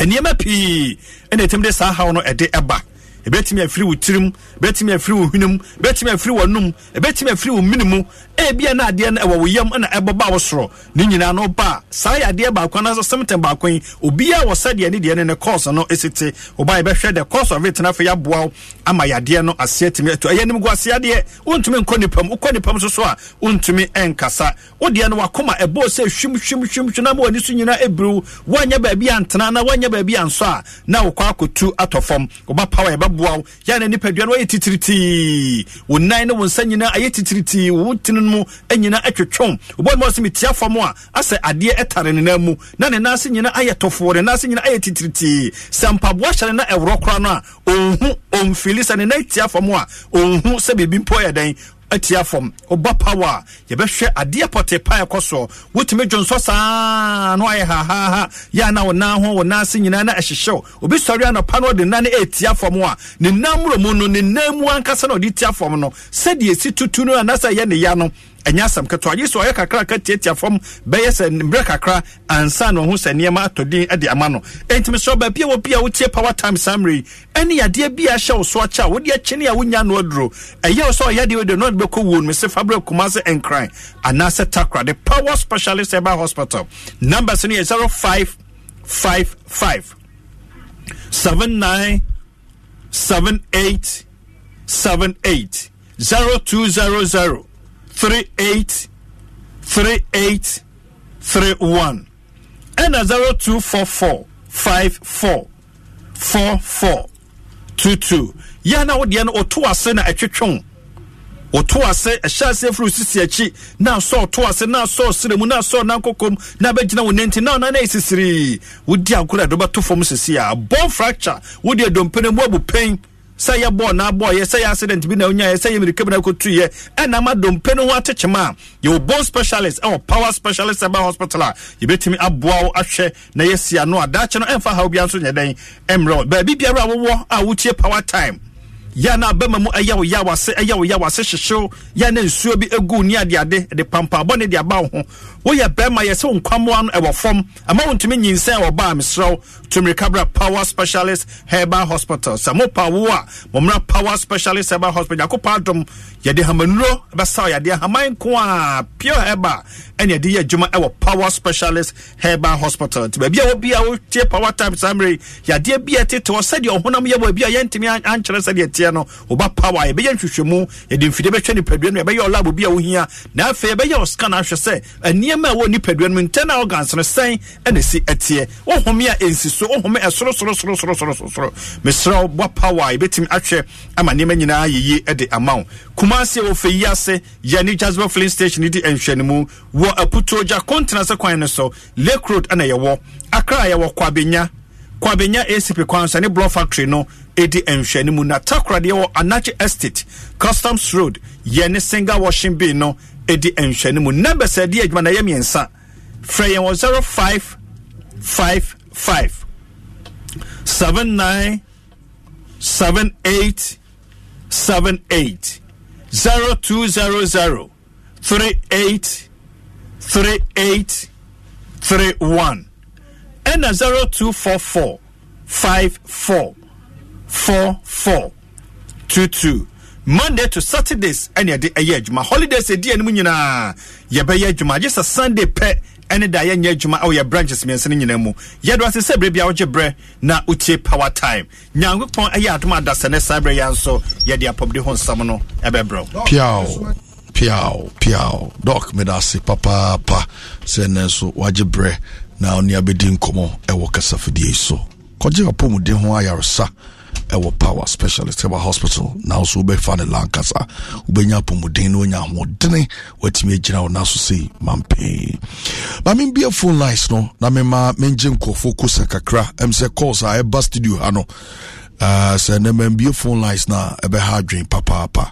nneɛma pii ɛna ɛtumi de saa haw no ɛde ɛba ɛbɛtumi afiri wo tirim ɛbɛtumi afiri wo hwenum ɛbɛtumi afiri wo num ɛbɛtumi afiri wo mini mu ebia na adeɛ no ɛwɔ wo yam na ɛbɛba wo soro ne nyinaa no ba saa yɛ adeɛ baako anaasɛ sɛmtɛm baako yi obiara wɔ sɛdeɛ ne deɛ ne ne kɔɔso no ɛsite ɔba yɛbɛhwɛ the course of it n'afɛ yɛaboa wo ama yadeɛ no aseɛ tumi ɛto ɛyɛ nim gu aseɛ adeɛ wontumi nkɔ nipa mu wokɔ nipa mu soso a wontumi ɛnkasa wodeɛ no wakoma ɛbɔɔ sɛ hwim hwim hwim hwim na ma w'ani so nyinaa ɛbiriw woanyɛ baabi antena na woanyɛ baabi ansɔ a na wokɔ akɔtu atɔ fam wɔba pawa yɛbɛbɔ aboa wo yɛ na nipadua no ayɛ titiritii wo nan ne wo nsa nyinaa ayɛ titiritii wo tini mu nyinaa atwetwom wobɔ ne sɛ metia fam a asɛ adeɛ ɛtare ne nan mu na ne nan se nyinaa ayɛ tɔfoɔ ne nan se nyinaa ayɛ titiritii sɛ mpaboa hyɛ ne na ɛworɔ kora no a ɔnhu ɔmfili sɛ ne nan tia fam a ɔnhu sɛ biribi mpɔ yɛ dɛn atia fam ɔba pawa yɛbɛhwɛ adeɛ pɔte pa ɛkɔ so wotumi dwo nsɔ saa no ayɛ hahaha yɛ na wo nan ho wo nan se nyinaa na ɛhyehyɛw obi sɔre anɔpa no ɔde nna no ɛtia fam a ne nam mu no ne nam mu ankasa na ɔde tia fam no sɛdeɛ ɛsi tutu no anaasɛ ɛyɛ ne ya no ɛnyɛ asɛm ketewa gye sɛ ɔyɛ kakra ka tiatia fam bɛyɛ sɛ mmerɛ kakra ansa na ɔho sɛ nneɛma atɔ din de ama no ɛntimi sɛ ɔbaabi a wɔbi a wotie power time samre ɛne yadeɛ bi a ahyɛ wo so akyɛ a wode akyene a wonya no aduro ɛyɛ wo sɛ ɔyɛ deɛ wode no ɔde bɛkɔ wuo no sɛ fabrɛ kuma sɛ ɛnkran anaasɛ takra the power specialist ɛba hospital numbers no yɛ 0555 79 78 0200 three eight three eight three one ɛna zero two four four five four four four two two yɛn na wodeɛ no ɔto ase na ɛtwetwe wo ɔto ase ɛhyɛ ase firi sisi akyi na asɔ ɔto ase na asɔ ɔsere mu na asɔ nankokɔ na abɛgyina wo nanti na ɔnana yɛ sisiri wodi agorɔ a ɛdɔbɛto fam sisi a bone fracture wode adompene mu abu pain sɛ yɛ bɔɔ na bɔɔ yɛ sɛ yɛ accident bi na onya yɛ sɛ yɛ mirika bi na kotu yɛ ɛna ma dompe no ho atekyema a yɛwɔ bone specialist ɛwɔ oh, power specialist ɛba hospital a yɛbɛtumi oh, aboa wo ahwɛ na yɛsi ano a daakye no ɛmfa haw bia nso nyɛ dɛn ɛmmerɛ baabi biara a wowɔ a wotie power time yɛ na abɛma mu ɛyɛ wo yɛ wase ɛyɛ wo yɛ wase hyehyew nsuo bi egu ni adeade de pampaabɔ ne de aba wo ho woyɛ bɛrima yɛ sɛ nkwammoa no ɛwɔ fam ama wontumi nyinsɛn wɔ baa mesrɛw tumirikabra power specialist herbal hospital sɛ mopa wo a mɔmmra power specialist herbal hospital nyankopɔn adom yɛde hamanuro bɛsaw yɛde ahaman ko pure herbal ɛne yɛde yɛ adwuma ɛwɔ power specialist herbal hospital nti baabi a wobia wotie power time saa mmerɛ yi yadeɛ bi a ɛtete hɔ sɛdeɛ ɔhonam yɛ wɔ bi a yɛntumi ankyerɛ sɛdeɛ ɛteɛ ahyɛ no woba power yɛbɛyɛ nhwehwɛmu yɛde mfidie bɛhwɛ nipadua no yɛbɛyɛ ɔlab bi a wohia na afei yɛbɛyɛ ɔscan ahwɛ sɛ nneɛma a ɛwɔ nipadua no mu internal organs no sɛn ɛna ɛsi ɛteɛ wohome a ɛnsi so wohome ɛsorosorosorosorosoro mesrɛ wo boa power yɛbɛtumi ahwɛ ama nneɛma nyinaa yɛyi de ama wo kumase wɔ fɛ yi ase yɛne jasper filling station ne di nhwɛnimu wɔ aputo gya kontena sɛ kwan no so lake road ɛna yɛwɔ akra a yɛwɔ kwabenya kwabenya acp kwan so ne block factory no ɛdi nhwɛne mu na takoradeɛ wɔ anagye estate customs road yɛne singa washing bin no ɛdi nhwɛne mu numbers ɛdi adwuma na ɛyɛ mmiɛnsa frɛ yɛn wɔ zero five five five seven nine seven eight seven eight zero two zero zero three eight three eight three one ɛna zero two four four five four four four two two monday to saturdays ɛna yɛde ɛyɛ adwuma holidays edi ɛnum nyinaa yɛbɛyɛ adwuma agye sɛ sunday pɛ ɛne da yɛnyɛ adwuma ɛwɔ yɛ branches mmiɛnsa no nyinaa mu yɛdo ase sɛ berɛ bi a wogye berɛ na wotie power time nyankopɔn ɛyɛ adom adasa ne saa berɛ yɛ nso yɛde apɔmde ho nsɛm no ɛbɛbrɛw piao piao piao dɔk meda ase papaapa sɛ ɛnɛ nso wagye berɛ na wo nea bɛdi nkɔmmɔ ɛwɔ kasafidie so kɔgye apɔmuden ho ayaresa ɛwɔ power specialist ɛba hospital na nso wobɛfa ne lankasa wobɛnya apɔmuden na wonya ahoɔdene watumi agyina wo naso sei mampee ma membia phone lines no na mema mengye nkurɔfoɔ kosa kakra ɛm sɛ calls a ɛba studio ha no uh, sɛ nɛ mambie phone lines na ɛbɛha adwen papaapa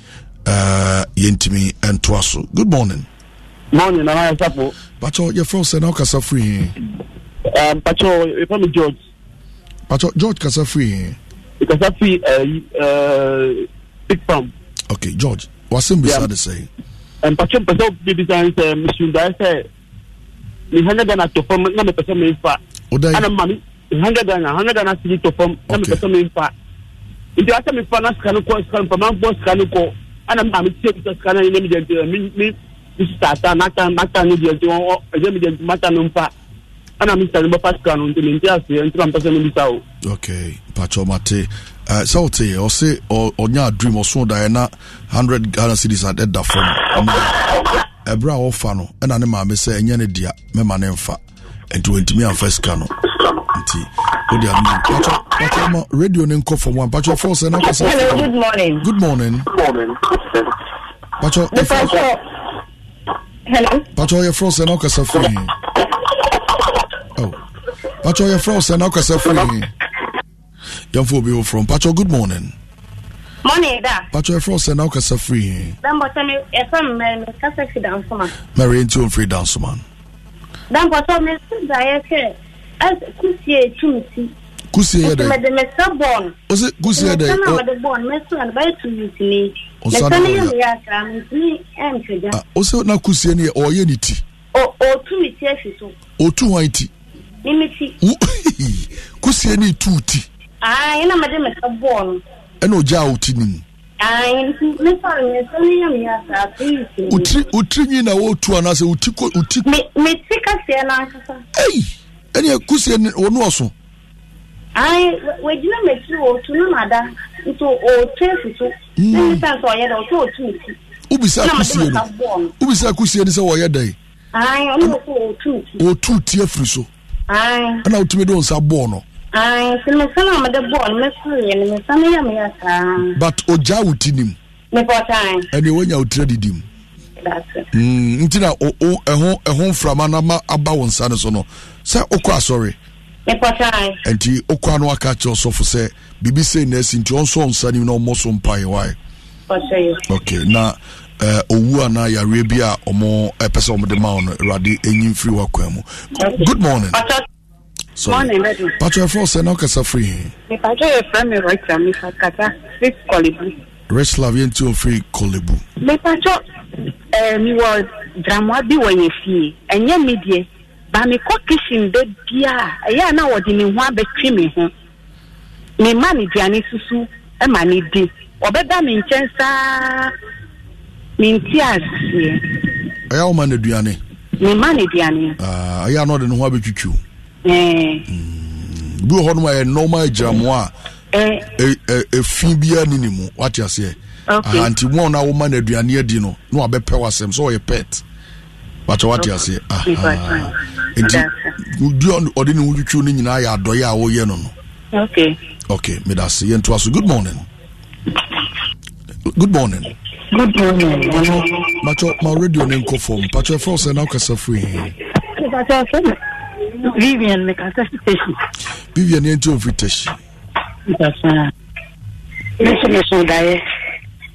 Uh, yɛntumi ntoa so good morning morning nana yɛsapo patɔ yɛfrɛ sɛ na wokasa firi he um, patɔ yɛfrɛ me george patɔ george kasa firi he kasa firi uh, uh, big farm okay george wasɛm bisa de sɛ mpatɔ mpɛ sɛ wobibisa ne sɛ mesundae sɛ mehɛnyɛ da na atɔ fam na mepɛ sɛ memfa ana ma hundred and hundred and asiri tɔ fam na mepɛ sɛ memfa nti asɛ mefa na sika no kɔ sika no mfa mamfɔ sika no kɔ ana mmaa mi ti sẹ kuta sika náà ẹni mi jẹ nti mi mi mi sisa ata n'ata n'ata ni jẹ nti wọn ẹjẹ mi jẹ nti m'ata mi nfa ana mi sisa ni bọfa sika no nti mi nti ase nti ma mi pẹsẹ mi sa o. okay pàtó ọmọ àti sẹ ọ ti yẹ ọ sẹ ọnyá dream ọsùn ọdà yẹn na hundred ghana cedis ẹda fọm ẹbúrẹ a ọfa no ẹna e ne maame sẹ ẹnyẹ e ne dea mẹma ne nfa nti wɔntumi amfa sika no nti wode adempakyɛ ma radio no nkɔ fam ampakyɛ fɔ sɛ na hello good morning good morning hello, pakyɛ pakyɛ yɛfrɛ sɛ na wokasa firi oh. pakyɛ yɛfrɛ sɛ na wokasa firi yɛmfa obi wo frɔm pakyɛ good morning Morning, da. But you're from Senau Kasa Free. Then, but I'm a friend, Kasa Free Dance Man. Marry into Free Dance Man dampɔtɔ mi nso da yɛ hwɛ ɛsɛ kusie etum si. kusie yɛ dɛ mɛ de sɛ bɔn. o se kusie yɛ dɛ o mɛ sɛ na ɔde bɔn mɛ sɛ na tu mi ti ni. o sa na ɔyɛ mɛ sɛ o se na kusie ni yɛ ɔyɛ ni ti. o o tu mi ti efi so. o tu wa ti. ni mi ti. kusie ni tu ti. aa yɛn na mɛ de mɛ sɛ bɔn. ɛna o o ti ni wotiri nwi na wotu anaasɛ woti ko woti. meti kaseɛ n'ankasa. eyi ɛni kusie wɔn ɔso. ayi wegyina m'akyi wɔ otu ne nada nso otu efutu. ne nisa nso ɔyɛ dɛ ɔtɔ otu ne ti. ubisa kusie ni ubisa kusie ni sɛ ɔyɛ dɛ. ayi ɔno wɔ so otu ti. otu ti efiri so. ayi ɛna otumi de wɔn nsa bɔɔ no. E but ogya wo ti nim ɛne wanya wo tira didi mu mm, nti na ɛho mframa no ma aba wo nsa no so no sɛ wokɔ na ɛnti wokɔa no waka kyerɛ ɔsɔfo sɛ biribi sei na asi nti ɔnsɔ nsa nim na ɔmmɔ so mpaeɛ wae okay na eh, owu anaa yareɛ bi a na ɛpɛ eh, sɛ ɔmode ma wo no awurade ɛnyi mfiri wakwan mu good morning okay. patro ɛfrɛ sɛ na wokasa firi he mepatro yɛfrɛ me rita mefakata fi kɔlebu reslav yɛnti ɔfiri kɔlebu mepatro mewɔ dramoa bi wɔ yɛ fie ɛnyɛ me deɛ ba mekɔ kitchen bɛ bia ɛyɛ a na wɔde me ho abɛtwe me ho mema ne duane susu ma ne di ɔbɛba me nkyɛn saa menti aseɛ ɛyɛ woma ne duane mema ne duane ɛyɛ a na ɔde ne ho abɛtwitwiw Mm. bi wɔ hɔ a yɛ normal agyiramoa a ɛfi eh. e, e, biara ne ne mu wate aseɛ nti mu a na woma no aduane adi no na wabɛpɛ w'asɛm sɛ ɔyɛ pet wakyɛ wate aseɛ ah, ah. nti deɛ ɔde ne ho twitwiw nyinaa yɛ adɔeɛ a woyɛ no no okay meda ase yɛntoa so good morning good morning good morning makyɛ ma radio ne nkɔ fam pakyɛ ɛfɛ wo sɛ na wokasa firi vivian mekasa station. vivian yẹn ti e- e o fi tẹsi. nkasa mi sọ mi sọ dayẹ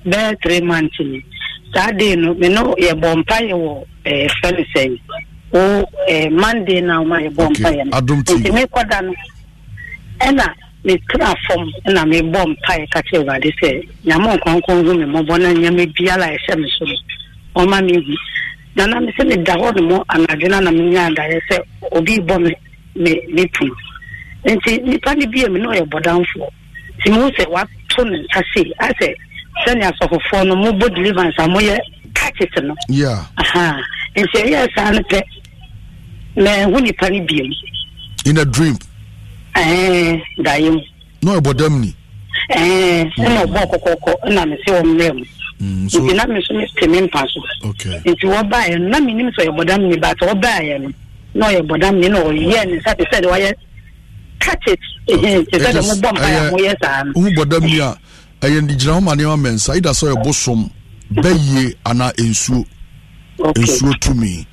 bẹẹ three months ni saa day no mi no yẹ bọ mpa yẹ wọ ẹ fẹlẹ sẹyìn o ẹ monday na ọma yẹ bọ mpa yẹ no adum ti mi kọ da no ẹna mi tura fam ẹna mi bọ mpa yẹ kakyẹ ìwádìí sẹ e- nyàmú nkankan hu mi mọ bọ náà nyàmú ebiara ẹsẹ mi sọ ọma mi hu na mi sɛ mi da hɔ nom anadwo no na menya adaeɛ sɛ obi bɔ me me me pum nti nipa ne bi mi na ɔyɛ bɔdanfoɔ nti mehu sɛ wato ne nsa sei asɛ sɛnea asɔfofoɔ no mobɔ deliverance a moyɛ kakete no aha nti ɛyɛɛ saa no pɛ mahu nipa bi biam in a dream ɛɛ eh, daeɛ mu eh, mm. na ɔyɛ bɔdam ni ɛɛ ɛna ɔbɔɔ kɔkɔɔkɔ ɛna me sɛ ɔmmerɛ mu Mm, nti na me so metemi mpa so nti wɔbaeɛ no na menim sɛ ya bɔdamni but wɔbaeɛ no na ɔyɛ ya na ɔyɛ ne sa te sɛ de wɔyɛ katet te sɛ de mobɔ mpaeɛ a moyɛ saa no wohu bɔdamni a ɛyɛ gyina ho ma nneɛma mɛnsa ida sɛ ɔyɛ bosom bɛyie anaa nsuo nsuo tumi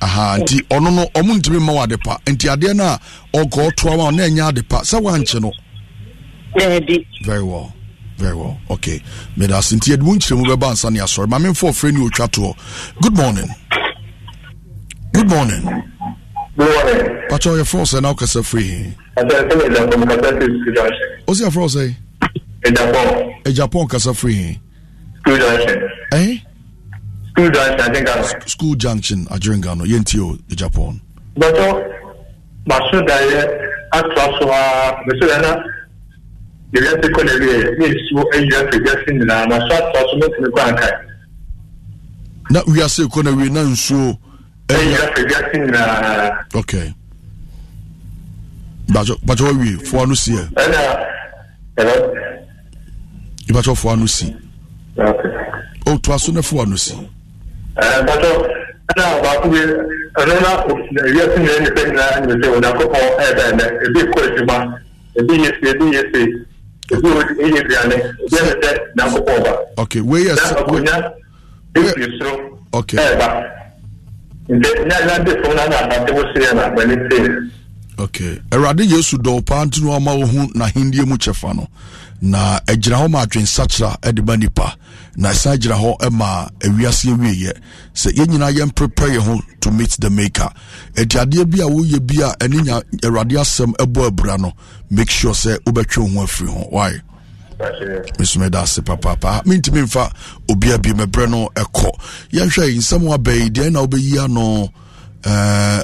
aha nti ɔno no ɔmo ntumi mma wɔ adepa nti adeɛ no a ɔkɔɔ toa ma ɔno ɛnyɛ adepa sɛ wankye no very well very well okay mede ase nti yɛde wo nkyerɛ mu bɛba ansa ne asɔre ma memfa ɔfrɛ ne ɔtwa toɔ good morning good morning pakyɛ yɛfrɛ sɛ na wokasa firi ɔsi afrɛ sɛ Japan kasa firi Eh? school junction I think agyerenga no yɛntie o agyapɔn bɛtɔ maso daeɛ atoa so a mɛsɛ na yɛyɛ se kɔ dɛbi yɛ ne esuo ayira fɛgya se nyinaa na so ato so mɛtumi kɔ ankae. na wiase kɔ na wie na nsuo. ayira fɛgya se nyinaa. ok bàtò bàtò wà wie fún anu si yɛ. ɛnna ɛlɛ. ìbàtò fún anu si. ok. o tó aso ne fún anu si. ɛɛ bàtò ɛnna baako bi ɛnna na wiase nyinaa nipa nyinaa nyinaa sɛ ɔnà kɔkɔ ɛɛ bɛn dɛ ebi kɔ edwuma ebi yɛ se ebi yɛ se okay wey yɛ sɛ wey okay okay awurade yesu dɔw paa ntino ama wo ho n'ahendeɛ mu kyɛfa no na ɛgyina hɔ ma adwensakyera de ma nipa na ɛsan gyina hɔ ma awiase awieɛ sɛ yɛn nyinaa yɛn prepare yɛn ho to meet the maker aduadeɛ bi a woyɛ bi a ɛne nya awurade asɛm ɛbɔ abura no make sure sɛ wobɛtwe ho afiri ho wae mesome da ase papaapa mentumi mfa obia bi mɛbrɛ no ɛkɔ yɛhwɛ nsɛm wabɛi deɛ na wobɛyi ano eh,